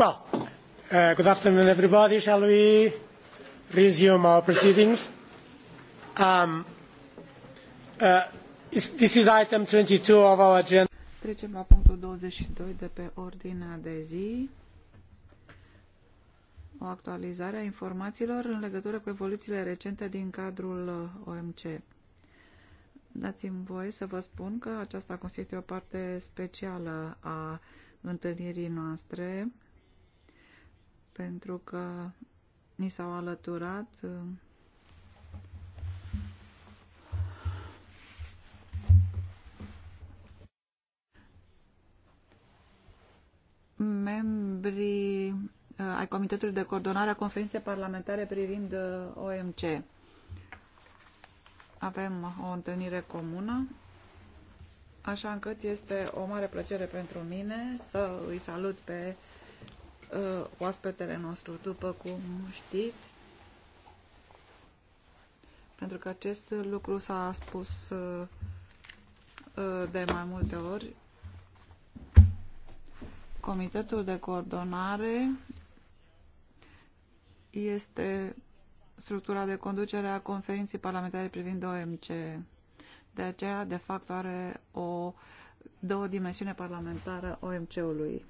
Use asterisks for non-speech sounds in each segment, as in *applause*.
Well, uh, good afternoon, everybody. Shall we resume our proceedings? Um, uh, this is item 22 of our agenda. Trecem la punctul 22 de pe ordinea de zi. O actualizare a informațiilor în legătură cu evoluțiile recente din cadrul uh, OMC. Dați-mi voie să vă spun că aceasta constituie o parte specială a întâlnirii noastre pentru că ni s-au alăturat uh, membrii uh, ai Comitetului de Coordonare a Conferinței Parlamentare privind uh, OMC. Avem o întâlnire comună, așa încât este o mare plăcere pentru mine să îi salut pe uh, uh, oaspetele nostru, după cum știți, pentru că acest lucru s-a spus uh, uh, de mai multe ori. Comitetul de coordonare este structura de conducere a conferinței parlamentare privind OMC. De aceea, de fapt, are o, două o dimensiune parlamentară OMC-ului.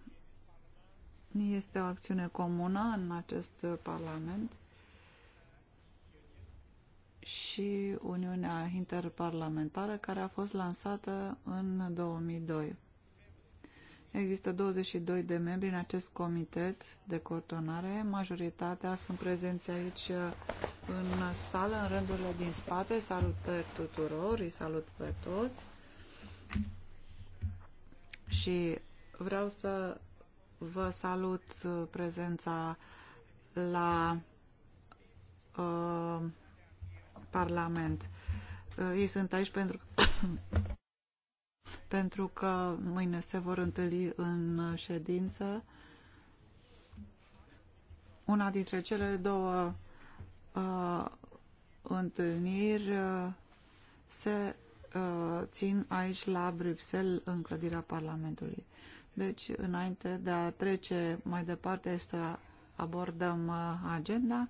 Este o acțiune comună în acest Parlament și Uniunea Interparlamentară care a fost lansată în 2002. Există 22 de membri în acest comitet de coordonare. Majoritatea sunt prezenți aici în sală, în rândurile din spate. Salutări tuturor, îi salut pe toți. Și vreau să Vă salut uh, prezența la uh, Parlament. Uh, ei sunt aici pentru că, *coughs* pentru că mâine se vor întâlni în ședință una dintre cele două uh, întâlniri uh, se uh, țin aici la Bruxelles în clădirea Parlamentului. Uh, deci, înainte de a trece mai departe să abordăm uh, agenda,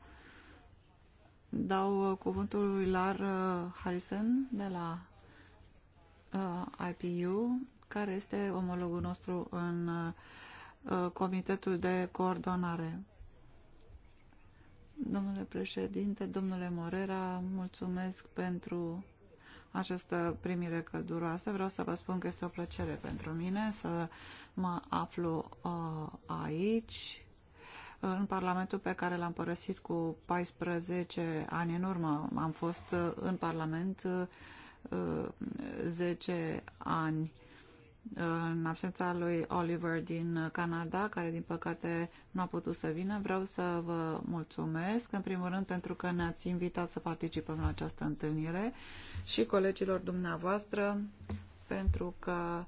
dau uh, cuvântul lui Lar uh, Harrison de la IPU, care este omologul nostru în Comitetul de Coordonare. Domnule președinte, domnule Morera, mulțumesc pentru această primire călduroasă. Vreau să vă spun că este o plăcere pentru mine să mă aflu uh, aici în Parlamentul pe care l-am părăsit cu 14 ani în urmă. Am fost uh, în Parlament 10 uh, ani în absența lui Oliver din Canada, care din păcate nu a putut să vină. Vreau să vă mulțumesc, în primul rând, pentru că ne-ați invitat să participăm la această întâlnire și colegilor dumneavoastră pentru că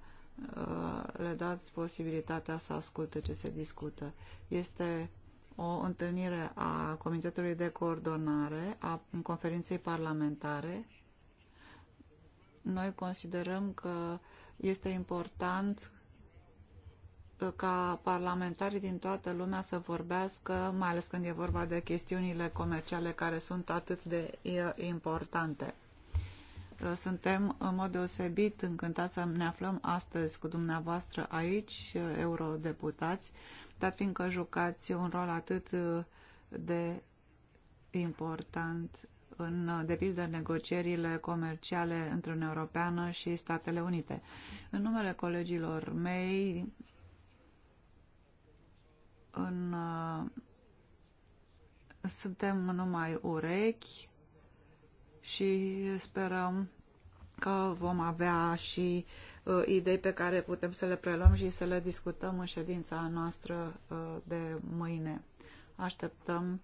uh, le dați posibilitatea să asculte ce se discută. Este o întâlnire a Comitetului de Coordonare a conferinței parlamentare. Noi considerăm că uh, este important uh, ca parlamentarii din toată lumea să vorbească, mai ales când e vorba de chestiunile comerciale care sunt atât de uh, importante. Uh, suntem în mod deosebit încântați să ne aflăm astăzi cu dumneavoastră aici, eurodeputați, dat fiindcă jucați un rol atât de important în, de pildă, negocierile comerciale între Uniunea Europeană și Statele Unite. În numele colegilor mei, în, suntem numai urechi și sperăm că vom avea și uh, idei pe care putem să le preluăm și să le discutăm în ședința noastră uh, de mâine. Așteptăm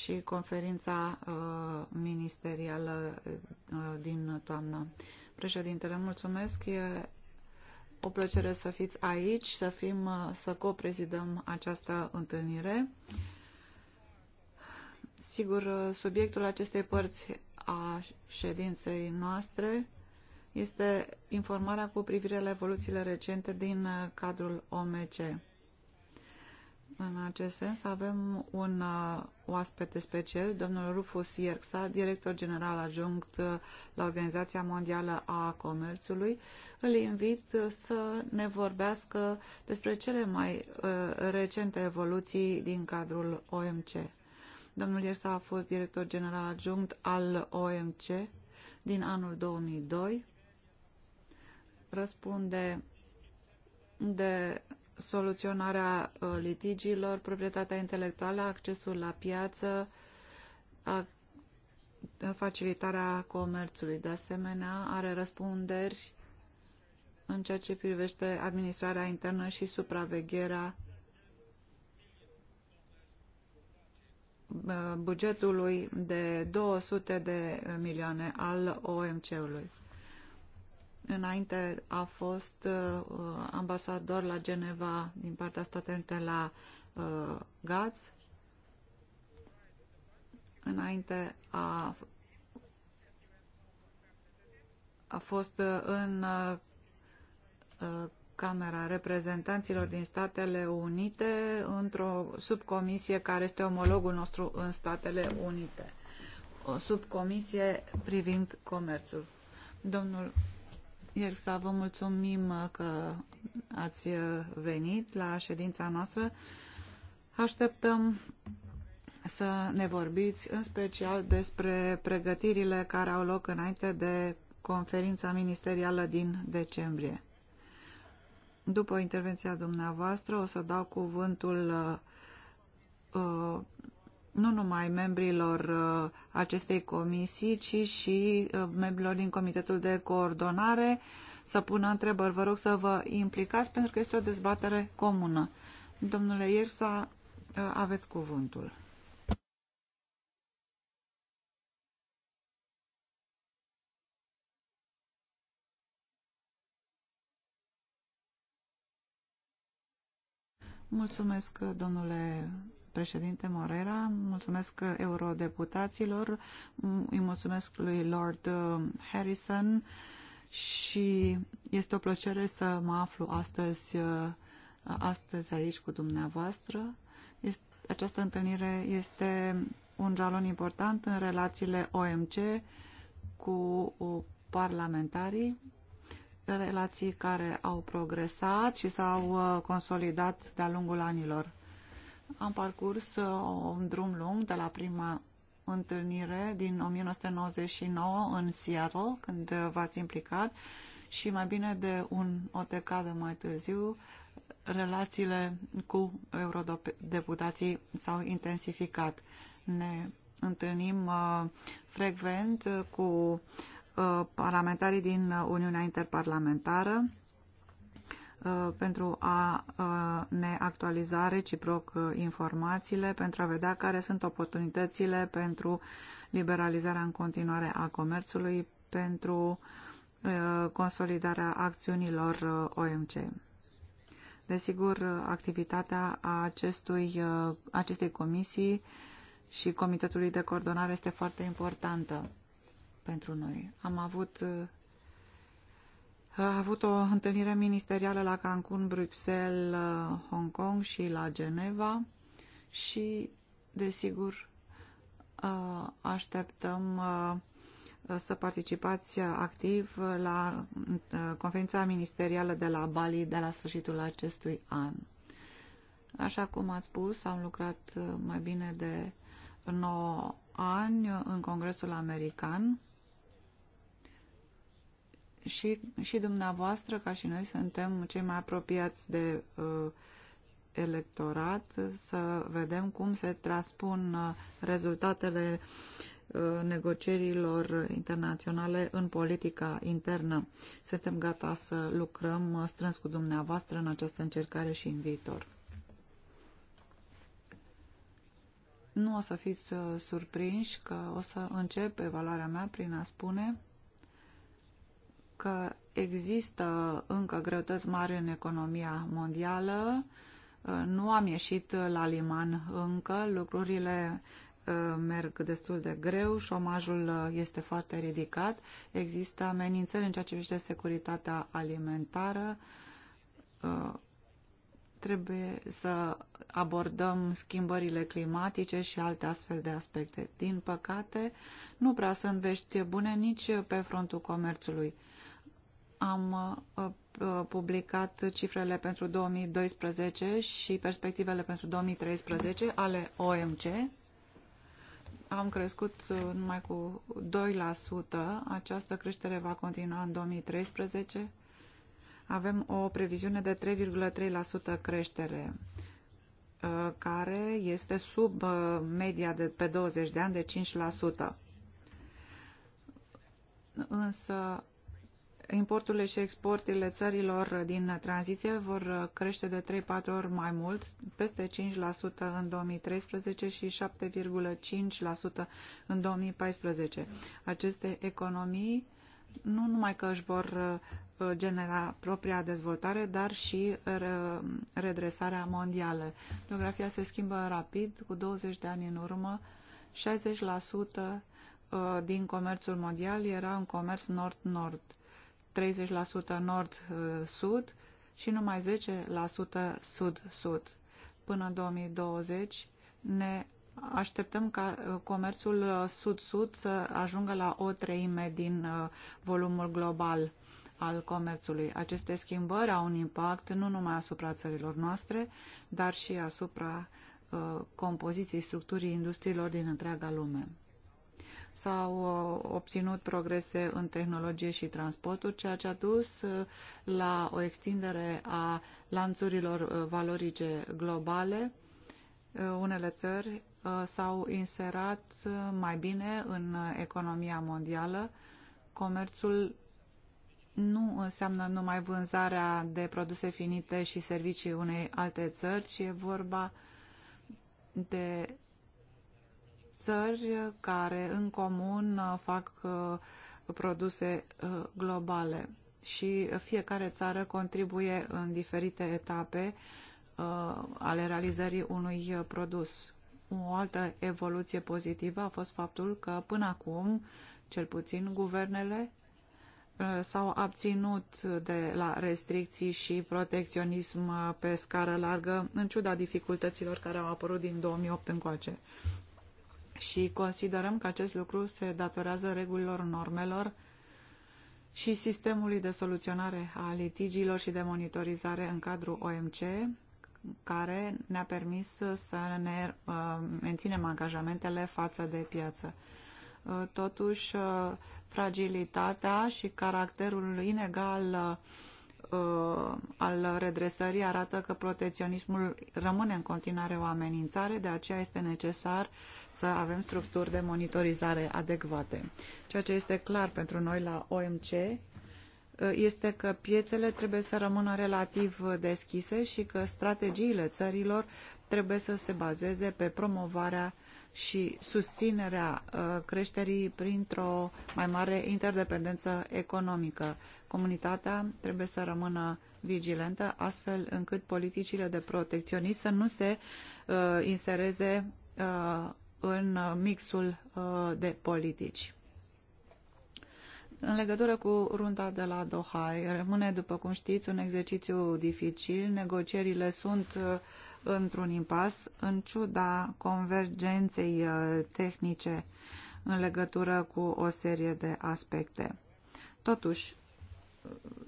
și conferința uh, ministerială uh, din toamnă. Președintele, mulțumesc. E o plăcere să fiți aici, să fim, uh, să coprezidăm această întâlnire. Sigur, subiectul acestei părți a ședinței noastre este informarea cu privire la evoluțiile recente din cadrul OMC. În acest sens avem un uh, oaspete special, domnul Rufus Ierxa, director general adjunct uh, la Organizația Mondială a Comerțului. Îl invit uh, să ne vorbească despre cele mai uh, recente evoluții din cadrul OMC. Domnul Ierxa a fost director general adjunct al OMC din anul 2002. Răspunde de soluționarea uh, litigiilor, proprietatea intelectuală, accesul la piață, facilitarea comerțului. De asemenea, are răspunderi în ceea ce privește administrarea internă și supravegherea uh, bugetului de 200 de milioane al OMC-ului. Înainte a fost uh, ambasador la Geneva din partea Statelor la la uh, GATS. Înainte a, a fost în uh, Camera Reprezentanților din Statele Unite într-o subcomisie care este omologul nostru în Statele Unite. O subcomisie privind comerțul. Domnul Ierxa, vă mulțumim că ați venit la ședința noastră. Așteptăm să ne vorbiți în special despre pregătirile care au loc înainte de conferința ministerială din decembrie. După intervenția dumneavoastră o să dau cuvântul uh, nu numai membrilor uh, acestei comisii, ci și uh, membrilor din Comitetul de Coordonare să pună întrebări. Vă rog să vă implicați pentru că este o dezbatere comună. Domnule Iersa, uh, aveți cuvântul. Mulțumesc, domnule președinte Morera, mulțumesc eurodeputaților, îi mulțumesc lui Lord uh, Harrison și este o plăcere să mă aflu astăzi, uh, astăzi aici cu dumneavoastră. Este, această întâlnire este un jalon important în relațiile OMC cu uh, parlamentarii, relații care au progresat și s-au consolidat de-a lungul anilor. Am parcurs uh, un drum lung de la prima întâlnire din 1999 în Seattle, când uh, v-ați implicat, și mai bine de un, o decadă mai târziu, relațiile cu eurodeputații s-au intensificat. Ne întâlnim uh, frecvent uh, cu uh, parlamentarii din Uniunea Interparlamentară, Uh, pentru a uh, ne actualiza reciproc uh, informațiile, pentru a vedea care sunt oportunitățile pentru liberalizarea în continuare a comerțului, pentru consolidarea acțiunilor OMC. Desigur, activitatea acestui, acestei comisii și Comitetului de Coordonare este foarte importantă pentru noi. Am avut a avut o întâlnire ministerială la Cancun, Bruxelles, uh, Hong Kong și la Geneva și, desigur, uh, așteptăm uh, să participați activ la conferința ministerială de la Bali de la sfârșitul acestui an. Așa cum ați spus, am lucrat mai bine de 9 ani în Congresul American și, și dumneavoastră, ca și noi, suntem cei mai apropiați de uh, electorat, să vedem cum se transpun uh, rezultatele uh, negocierilor internaționale în politica internă. Suntem gata să lucrăm uh, strâns cu dumneavoastră în această încercare și în viitor. Nu o să fiți uh, surprinși că o să încep evaluarea mea prin a spune că există încă greutăți mari în economia mondială. Uh, nu am ieșit la liman încă, lucrurile uh, merg destul de greu, șomajul uh, este foarte ridicat, există amenințări în ceea ce privește securitatea alimentară, trebuie să abordăm schimbările climatice și alte astfel de aspecte. Din păcate, nu prea sunt vești bune nici pe frontul comerțului am uh, uh, publicat cifrele pentru 2012 și perspectivele pentru 2013 ale OMC. Am crescut uh, numai cu 2%. Această creștere va continua în 2013. Avem o previziune de 3,3% creștere care este sub media de pe 20 de ani de 5%. Însă Importurile și exporturile țărilor din tranziție vor crește de 3-4 ori mai mult, peste 5% în 2013 și 7,5% în 2014. Aceste economii nu numai că își vor uh, genera propria dezvoltare, dar și redresarea mondială. Geografia se schimbă rapid, cu 20 de ani în urmă, 60% uh, din comerțul mondial era un comerț nord-nord 30% nord-sud eh, și numai 10% sud-sud. Până în 2020 ne așteptăm ca eh, comerțul eh, sud-sud să ajungă la o treime din volumul global al comerțului. Aceste schimbări au un impact nu numai asupra țărilor noastre, dar și asupra compoziției structurii industriilor din întreaga lume s-au uh, obținut progrese în tehnologie și transporturi, ceea ce a dus uh, la o extindere a lanțurilor uh, valorice globale. Unele țări s-au inserat mai bine în economia mondială. Comerțul nu înseamnă numai vânzarea de produse finite și servicii unei alte țări, ci e vorba de țări care în comun uh, fac uh, produse uh, globale și fiecare țară contribuie în diferite etape ale realizării unui produs. O altă evoluție pozitivă a fost faptul că până acum, cel puțin, guvernele s-au abținut de la restricții și protecționism pe scară largă, în ciuda dificultăților care au apărut din 2008 încoace și considerăm că acest lucru se datorează regulilor, normelor și sistemului de soluționare a litigiilor și de monitorizare în cadrul OMC, care ne-a permis să ne uh, menținem angajamentele față de piață. Uh, totuși, uh, fragilitatea și caracterul inegal uh, al redresării arată că protecționismul rămâne în continuare o amenințare, de aceea este necesar să avem structuri de monitorizare adecvate. Ceea ce este clar pentru noi la OMC uh, este că piețele trebuie să rămână relativ deschise și că strategiile țărilor trebuie să se bazeze pe promovarea și susținerea uh, creșterii printr-o mai mare interdependență economică. Comunitatea trebuie să rămână vigilentă, astfel încât politicile de protecționism să nu se uh, insereze uh, în mixul de politici. În legătură cu runda de la Doha, rămâne, după cum știți, un exercițiu dificil. Negocierile sunt uh, într-un impas, în ciuda convergenței uh, tehnice în legătură cu o serie de aspecte. Totuși,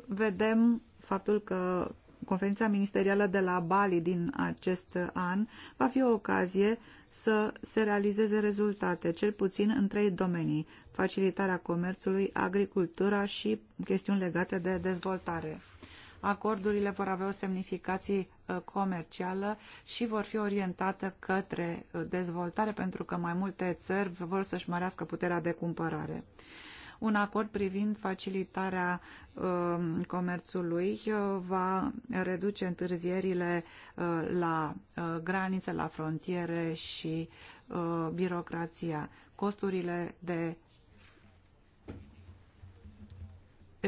vedem faptul că conferința ministerială de la Bali din acest an va fi o ocazie să se realizeze rezultate, cel puțin în trei domenii, facilitarea comerțului, agricultura și chestiuni legate de dezvoltare. Acordurile vor avea o semnificație Uh, comercială și vor fi orientate către uh, dezvoltare pentru că mai multe țări vor să-și mărească puterea de cumpărare un acord privind facilitarea um, comerțului uh, va reduce întârzierile la granițe, la frontiere și birocrația. Costurile de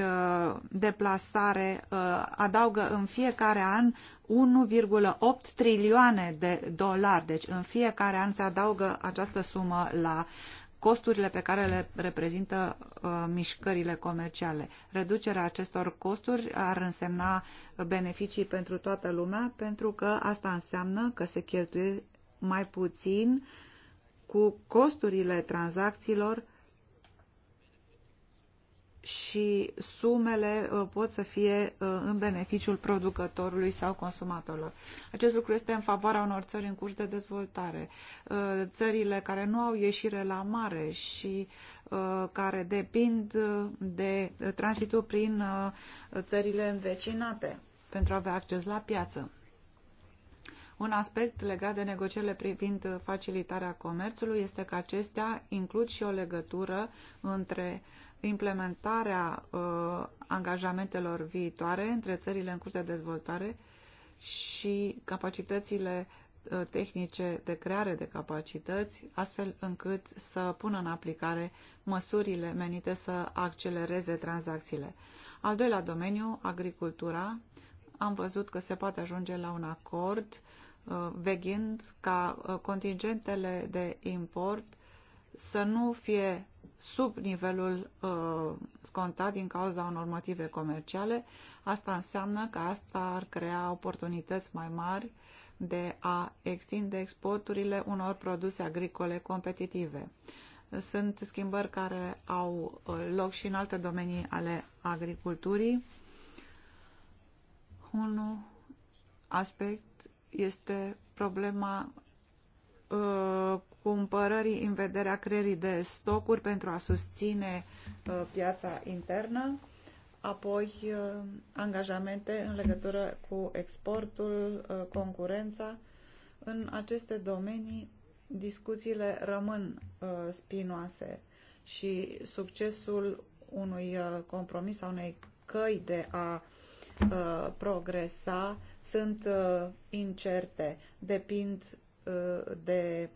Uh, deplasare uh, adaugă în fiecare an 1,8 trilioane de dolari. Deci în fiecare an se adaugă această sumă la costurile pe care le reprezintă uh, mișcările comerciale. Reducerea acestor costuri ar însemna beneficii pentru toată lumea, pentru că asta înseamnă că se cheltuie mai puțin cu costurile tranzacțiilor și sumele uh, pot să fie uh, în beneficiul producătorului sau consumatorilor. Acest lucru este în favoarea unor țări în curs de dezvoltare. Uh, țările care nu au ieșire la mare și care depind de tranzitul prin țările învecinate pentru a avea acces la piață. Un aspect legat de negocierile privind facilitarea comerțului este că acestea includ și o legătură între uh, implementarea uh, angajamentelor viitoare între țările în curs de dezvoltare și capacitățile uh, tehnice de creare de capacități, astfel încât să pună în aplicare măsurile menite să accelereze tranzacțiile. Al doilea domeniu, agricultura, am văzut că se poate ajunge la un acord uh, veghind ca uh, contingentele de import să nu fie sub nivelul uh, scontat din cauza unor motive comerciale, asta înseamnă că asta ar crea oportunități mai mari de a extinde exporturile unor produse agricole competitive. Sunt schimbări care au uh, loc și în alte domenii ale agriculturii. Un aspect este problema uh, cumpărării în vederea creierii de stocuri pentru a susține uh, piața internă, apoi uh, angajamente în legătură cu exportul, uh, concurența. În aceste domenii discuțiile rămân spinoase și succesul unui compromis sau unei căi de a progresa sunt incerte, depind de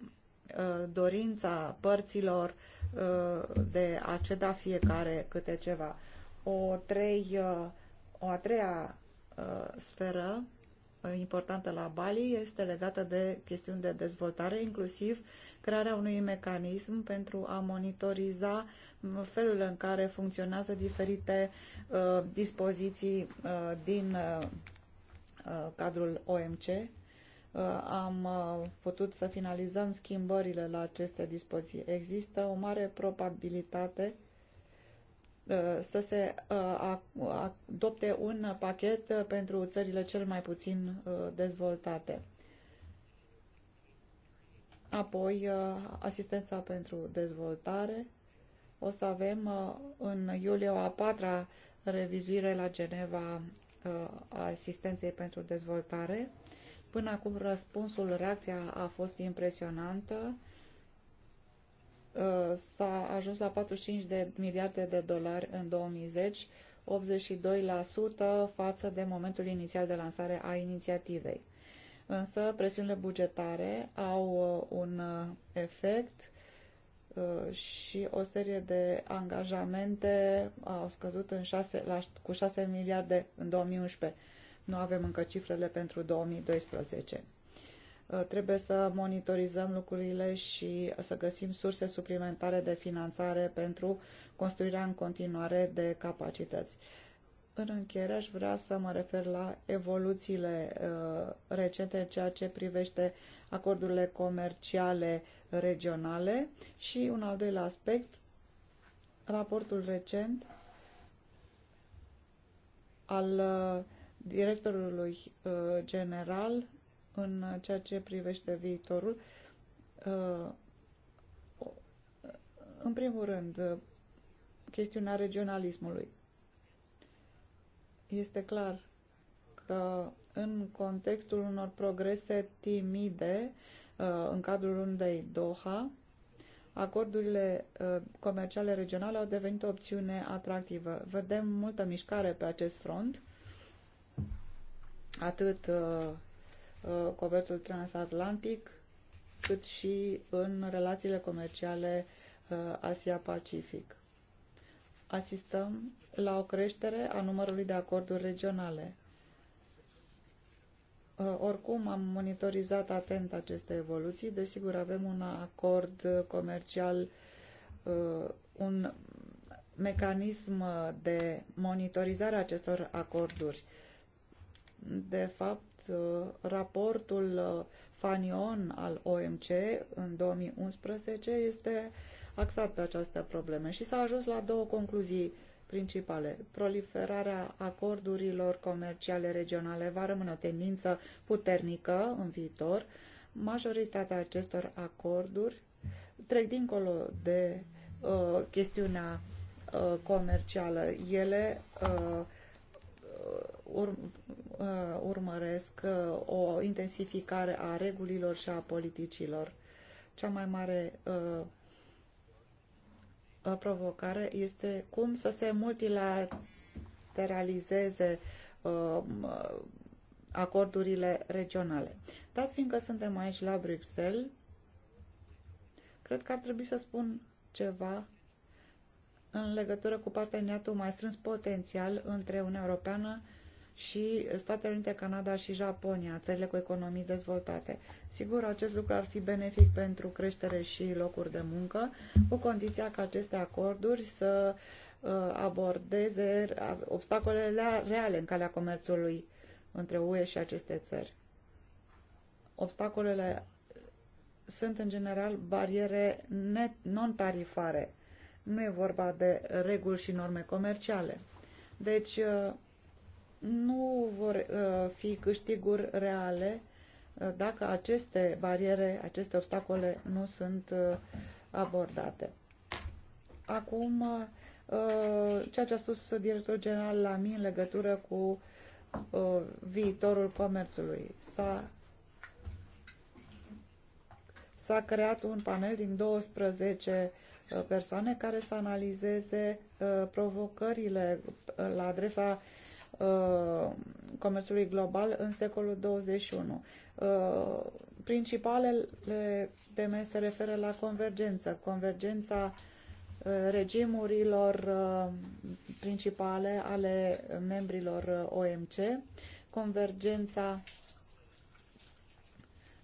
Uh, dorința părților uh, de a ceda fiecare câte ceva. O, trei, uh, o a treia sferă importantă la Bali este legată de chestiuni de dezvoltare, inclusiv crearea unui mecanism pentru a monitoriza felul în care funcționează diferite dispoziții din cadrul OMC Uh, am uh, putut să finalizăm schimbările la aceste dispoziții. Există o mare probabilitate uh, să se adopte un pachet pentru țările cel mai puțin dezvoltate. Apoi, asistența pentru dezvoltare. O să avem în iulie o a patra revizuire la Geneva a asistenței pentru dezvoltare Până acum răspunsul, reacția a fost impresionantă. Uh, s-a ajuns la 45 de miliarde de dolari în 2010, 82% față de momentul inițial de lansare a inițiativei. Însă presiunile bugetare au uh, un uh, efect și o serie de angajamente au scăzut în 6, la, cu 6 miliarde în 2011 nu avem încă cifrele pentru 2012. Uh, trebuie să monitorizăm lucrurile și să găsim surse suplimentare de finanțare pentru construirea în continuare de capacități. În încheiere aș vrea să mă refer la evoluțiile uh, recente în ceea ce privește acordurile comerciale regionale și un al doilea aspect, raportul recent al uh, directorului uh, general în ceea ce privește viitorul. Uh, în primul rând, chestiunea regionalismului. Este clar că în contextul unor progrese timide uh, în cadrul rundei Doha, acordurile comerciale regionale au devenit o opțiune atractivă. Vedem multă mișcare pe acest front atât uh, uh, comerțul transatlantic, cât și în relațiile comerciale uh, Asia-Pacific. Asistăm la o creștere a numărului de acorduri regionale. Oricum am monitorizat atent aceste evoluții. Desigur, avem un acord comercial, un mecanism de monitorizare a acestor acorduri de fapt, raportul Fanion al OMC în 2011 este axat pe această probleme și s-a ajuns la două concluzii principale. Proliferarea acordurilor comerciale regionale va rămâne o tendință puternică în viitor. Majoritatea acestor acorduri trec dincolo de uh, chestiunea uh, comercială. Ele uh, Uh, urmăresc uh, o intensificare a regulilor și a politicilor. Cea mai mare uh, provocare este cum să se multilateralizeze acordurile regionale. Dat fiindcă suntem aici la Bruxelles, cred că ar trebui să spun ceva în legătură cu parteneriatul mai strâns potențial între Uniunea Europeană și Statele Unite, Canada și Japonia, țările cu economii dezvoltate. Sigur, acest lucru ar fi benefic pentru creștere și locuri de muncă, cu condiția ca aceste acorduri să uh, abordeze obstacolele reale în calea comerțului între UE și aceste țări. Obstacolele sunt, în general, bariere non-tarifare. Nu e vorba de reguli și norme comerciale. Deci, uh, nu vor uh, fi câștiguri reale uh, dacă aceste bariere, aceste obstacole nu sunt uh, abordate. Acum, ceea ce a spus directorul general la mine în legătură cu viitorul comerțului. S-a, creat un panel din 12 persoane care să analizeze provocările la adresa uh, comerțului global în secolul 21. Uh, principalele teme se referă la convergență, convergența uh, regimurilor uh, principale ale membrilor uh, OMC, convergența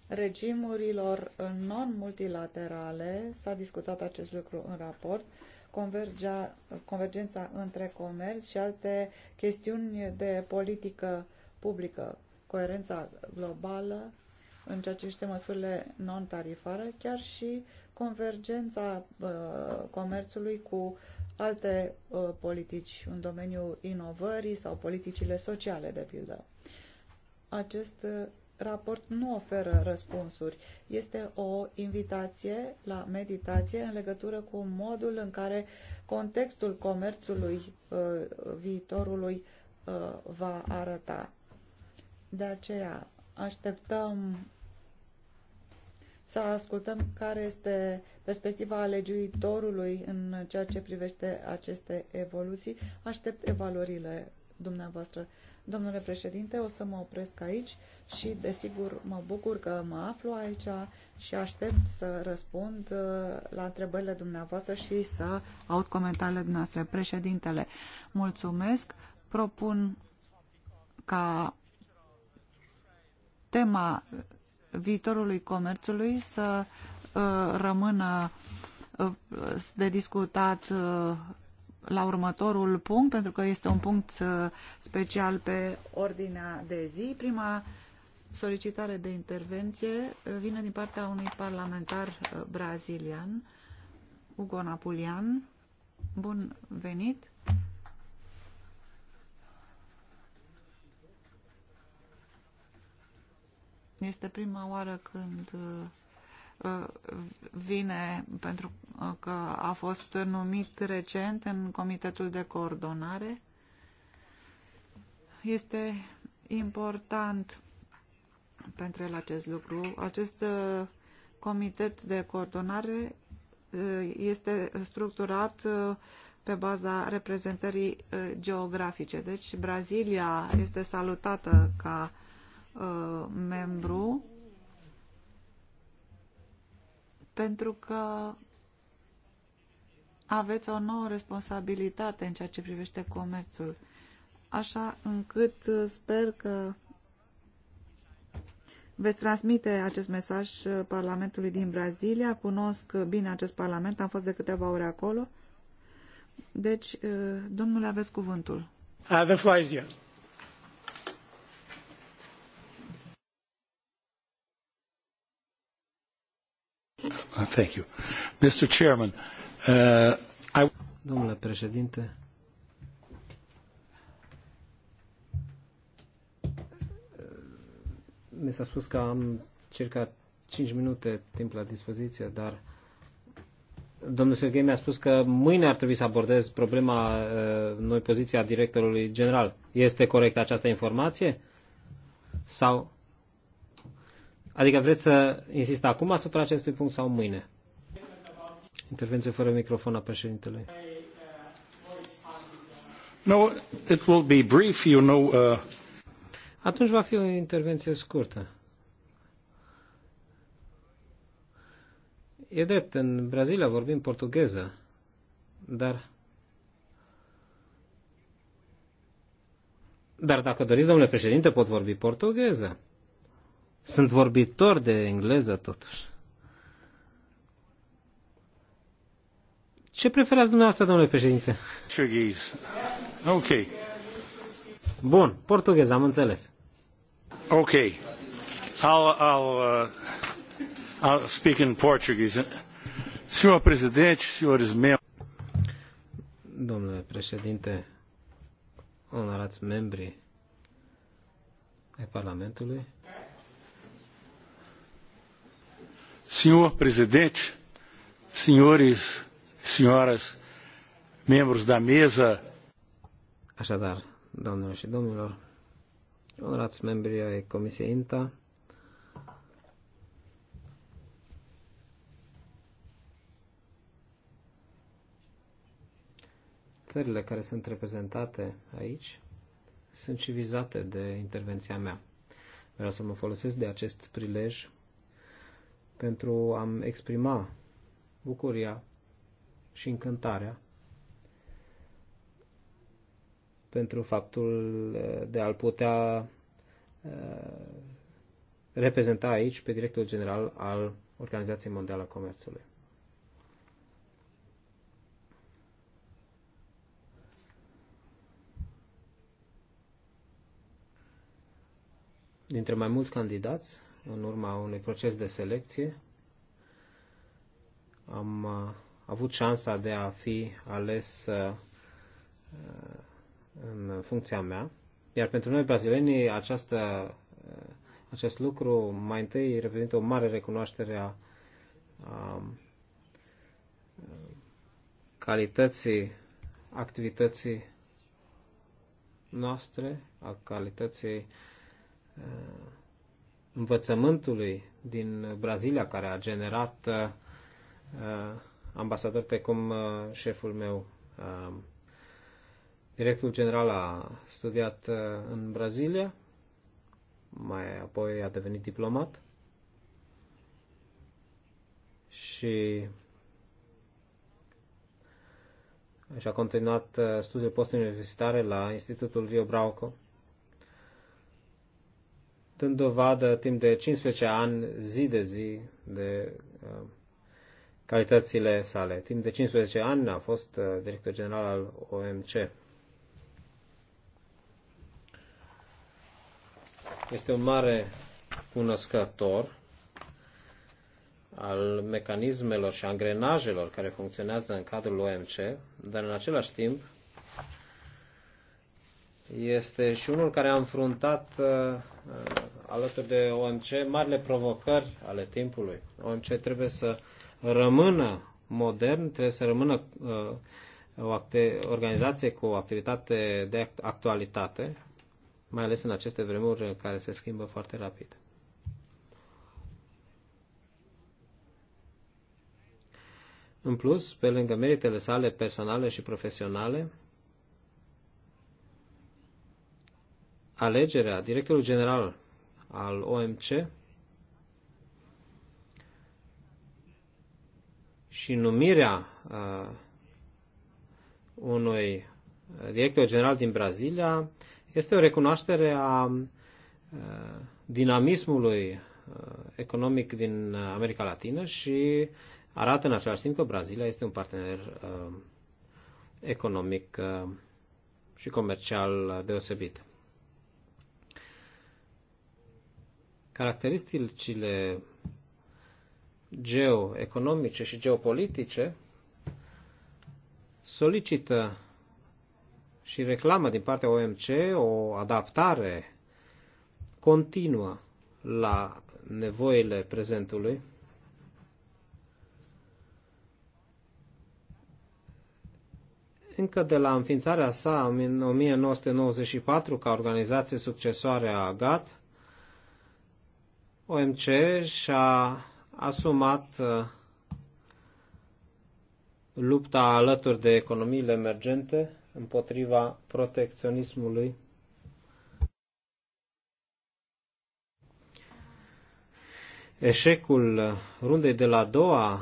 regimurilor non-multilaterale, s-a discutat acest lucru în raport, convergea, convergența între comerț și alte chestiuni de politică publică, coerența globală în ceea ce este măsurile non-tarifare, chiar și convergența uh, comerțului cu alte uh, politici în domeniul inovării sau politicile sociale, de pildă. Acest raport nu oferă răspunsuri. Este o invitație la meditație în legătură cu modul în care contextul comerțului uh, viitorului uh, va arăta. De aceea așteptăm să ascultăm care este perspectiva alegiuitorului în ceea ce privește aceste evoluții. Aștept evaluările dumneavoastră. Domnule președinte, o să mă opresc aici și, desigur, mă bucur că mă aflu aici și aștept să răspund uh, la întrebările dumneavoastră și să aud comentariile dumneavoastră. Președintele, mulțumesc. Propun ca tema viitorului comerțului să uh, rămână uh, de discutat la următorul punct, pentru că este un punct uh, special pe ordinea de zi. Prima solicitare de intervenție uh, vine din partea unui parlamentar uh, brazilian, Hugo Napulian. Bun venit! Este prima oară când Uh, vine pentru uh, că a fost numit recent în Comitetul de Coordonare. Este important pentru el acest lucru. Acest uh, comitet de coordonare este structurat pe baza reprezentării geografice. Deci Brazilia este salutată ca membru pentru că aveți o nouă responsabilitate în ceea ce privește comerțul, așa încât sper că veți transmite acest mesaj Parlamentului din Brazilia. Cunosc bine acest Parlament, am fost de câteva ore acolo. Deci, domnule, aveți cuvântul. Uh, the floor is yours. Uh, thank you. Mr. Chairman, uh, I... Domnule președinte, uh, mi s-a spus că am circa 5 minute timp la dispoziție, dar domnul Serghei mi-a spus că mâine ar trebui să abordez problema uh, noi poziția directorului general. Este corectă această informație? Sau Adică vreți să insist acum asupra acestui punct sau mâine? Intervenție fără microfon a președintelui. No, it will be brief, you know. Uh... Atunci va fi o intervenție scurtă. E drept, în Brazilia vorbim portugheză, dar... Dar dacă doriți, domnule președinte, pot vorbi portugheză. Sunt vorbitor de engleză, totuși. Ce preferați dumneavoastră, domnule președinte? Portughez. Ok. Bun, portughez, am înțeles. Ok. I'll, I'll, uh, I'll speak in Portuguese. Senhor Presidente, senhores membros. Domnule președinte, onorați membri ai Parlamentului, Senhor presidente, senhores, senhoras, membros da mesa. Așadar, doamnelor și domnilor, onorați membri ai Comisiei INTA, țările care sunt reprezentate aici sunt și vizate de intervenția mea. Vreau să mă folosesc de acest prilej pentru a-mi exprima bucuria și încântarea pentru faptul uh, de a-l putea uh, reprezenta aici pe directorul general al Organizației Mondiale a Comerțului. Dintre mai mulți candidați, în urma unui proces de selecție. Am uh, avut șansa de a fi ales uh, uh, în funcția mea. Iar pentru noi, brazilenii, această, acest lucru mai întâi reprezintă o mare recunoaștere a, a calității activității noastre, a calității învățământului din Brazilia, care a generat pe uh, uh, precum uh, șeful meu, directul general a studiat în Brazilia, mai apoi a devenit diplomat și și a continuat studiul post-universitare la Institutul Vio Brauco dând dovadă timp de 15 ani, zi de zi, de uh, calitățile sale. Timp de 15 ani a fost uh, director general al OMC. Este un mare cunoscător al mecanismelor și angrenajelor care funcționează în cadrul OMC, dar în același timp este și unul care a înfruntat uh, Uh, alături de ONC, marile provocări ale timpului. ONC trebuie să rămână modern, trebuie să rămână uh, o organizație cu o activitate de actualitate, mai ales în aceste vremuri care se schimbă foarte rapid. În plus, pe lângă meritele sale personale și profesionale, alegerea directorului general al OMC și numirea uh, unui uh, director general din Brazilia este o recunoaștere a uh, dinamismului uh, economic din America Latină și arată în același timp că Brazilia este un partener uh, economic uh, și comercial deosebit. Caracteristicile geoeconomice și geopolitice solicită și reclamă din partea OMC o adaptare continuă la nevoile prezentului. Încă de la înființarea sa în 1994 ca organizație succesoare a GATT, OMC și-a asumat uh, lupta alături de economiile emergente împotriva protecționismului. Eșecul rundei de la a doua,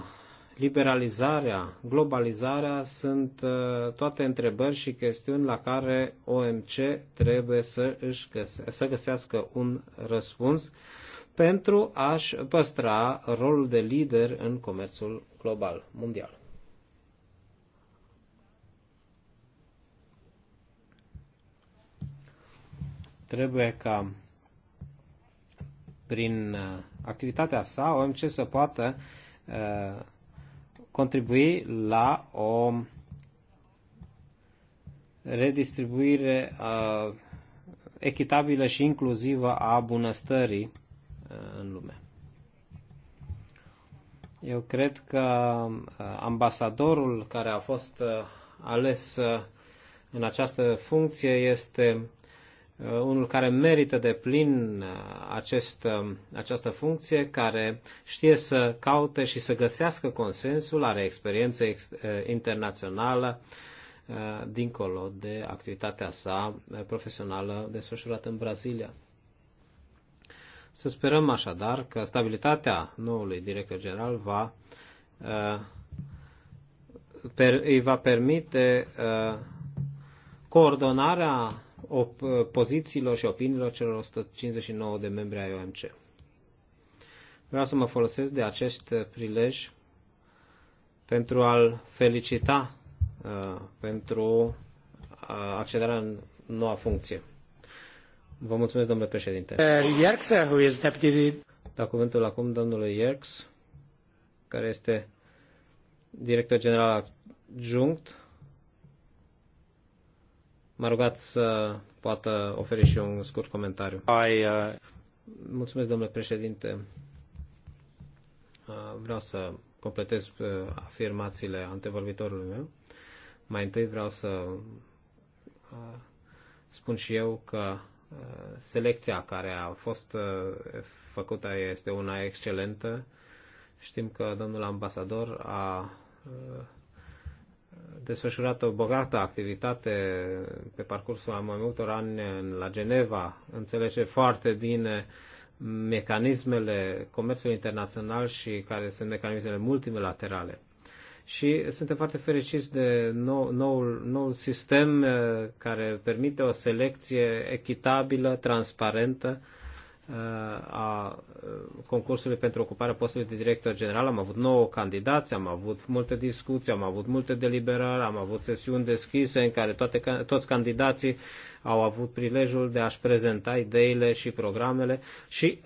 liberalizarea, globalizarea sunt uh, toate întrebări și chestiuni la care OMC trebuie să, își găse- să găsească un răspuns pentru a-și păstra rolul de lider în comerțul global, mondial. Trebuie ca prin uh, activitatea sa OMC să poată uh, contribui la o redistribuire uh, echitabilă și inclusivă a bunăstării în lume. Eu cred că uh, ambasadorul care a fost uh, ales uh, în această funcție este unul care merită de plin acest, această funcție, care știe să caute și să găsească consensul, are experiență internațională dincolo de activitatea sa profesională desfășurată în Brazilia. Să sperăm așadar că stabilitatea noului director general va, uh, îi va permite uh, coordonarea uh, pozițiilor și opiniilor celor 159 de membri ai OMC. Vreau să mă folosesc de acest prilej pentru a-l felicita uh, pentru uh, accederea în noua funcție. Vă mulțumesc, domnule președinte. Da cuvântul acum domnului Yerks, care este director general adjunct. M-a rugat să poată oferi și un scurt comentariu. I, uh... Mulțumesc, domnule președinte. Uh, vreau să completez afirmațiile antevorbitorului meu. Mai întâi vreau să spun și eu că Selecția care a fost uh, făcută este una excelentă. Știm că domnul ambasador a uh, desfășurat o bogată activitate pe parcursul a mai multor ani la Geneva. Înțelege foarte bine mecanismele comerțului internațional și care sunt mecanismele multilaterale și suntem foarte fericiți de nou, noul, noul sistem eh, care permite o selecție echitabilă, transparentă eh, a eh, concursului pentru ocuparea postului de director general. Am avut nouă candidați, am avut multe discuții, am avut multe deliberări, am avut sesiuni deschise în care toate, toți candidații au avut prilejul de a-și prezenta ideile și programele și,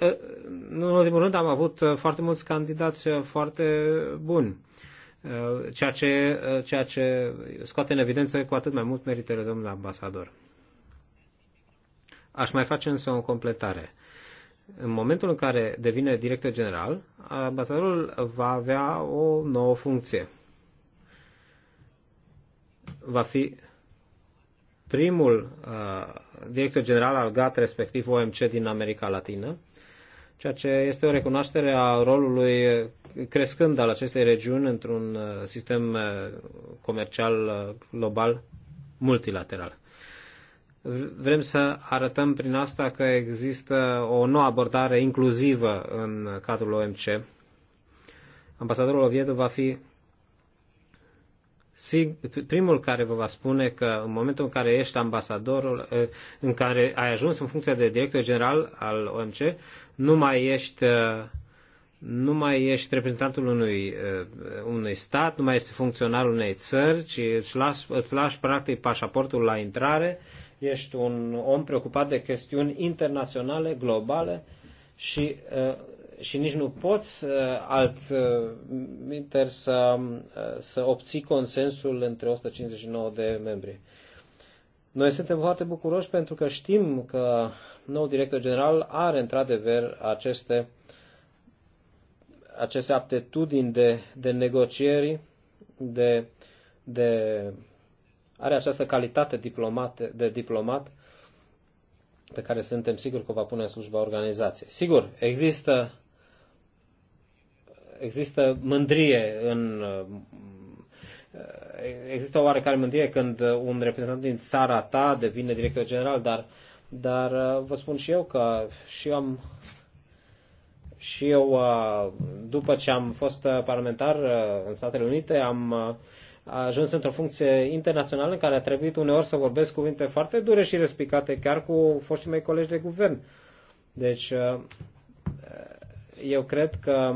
în ultimul rând, am avut foarte mulți candidați foarte buni. Eh, ceea ce, eh, ceea ce scoate în evidență cu atât mai mult meritele domnului ambasador. Aș mai face însă o completare. În momentul în care devine director general, ambasadorul va avea o nouă funcție. Va fi primul uh, director general al GAT, respectiv OMC din America Latină, ceea ce este o recunoaștere a rolului crescând al acestei regiuni într-un uh, sistem uh, comercial uh, global multilateral. Vrem să arătăm prin asta că există o nouă abordare inclusivă în cadrul OMC. Ambasadorul Oviedo va fi primul care vă va spune că în momentul în care ești ambasadorul, eh, în care ai ajuns în funcție de director general al OMC, nu mai ești eh, nu mai ești reprezentantul unui, eh, unui stat, nu mai ești funcționarul unei țări, ci îți lași, îți lași practic pașaportul la intrare, ești un om preocupat de chestiuni internaționale, globale și și nici nu poți uh, alt minter uh, să, uh, să obții consensul între 159 de membri. Noi suntem foarte bucuroși pentru că știm că nou director general are într-adevăr aceste, aceste aptitudini de, de negocieri, de, de, are această calitate diplomat, de diplomat pe care suntem siguri că o va pune în slujba organizației. Sigur, există există mândrie în uh, există o oarecare mândrie când un reprezentant din țara ta devine director general, dar, dar uh, vă spun și eu că și eu am și eu, uh, după ce am fost parlamentar în Statele Unite, am ajuns într-o funcție internațională în care a trebuit uneori să vorbesc cuvinte foarte dure și respicate, chiar cu foștii mei colegi de guvern. Deci, eu cred că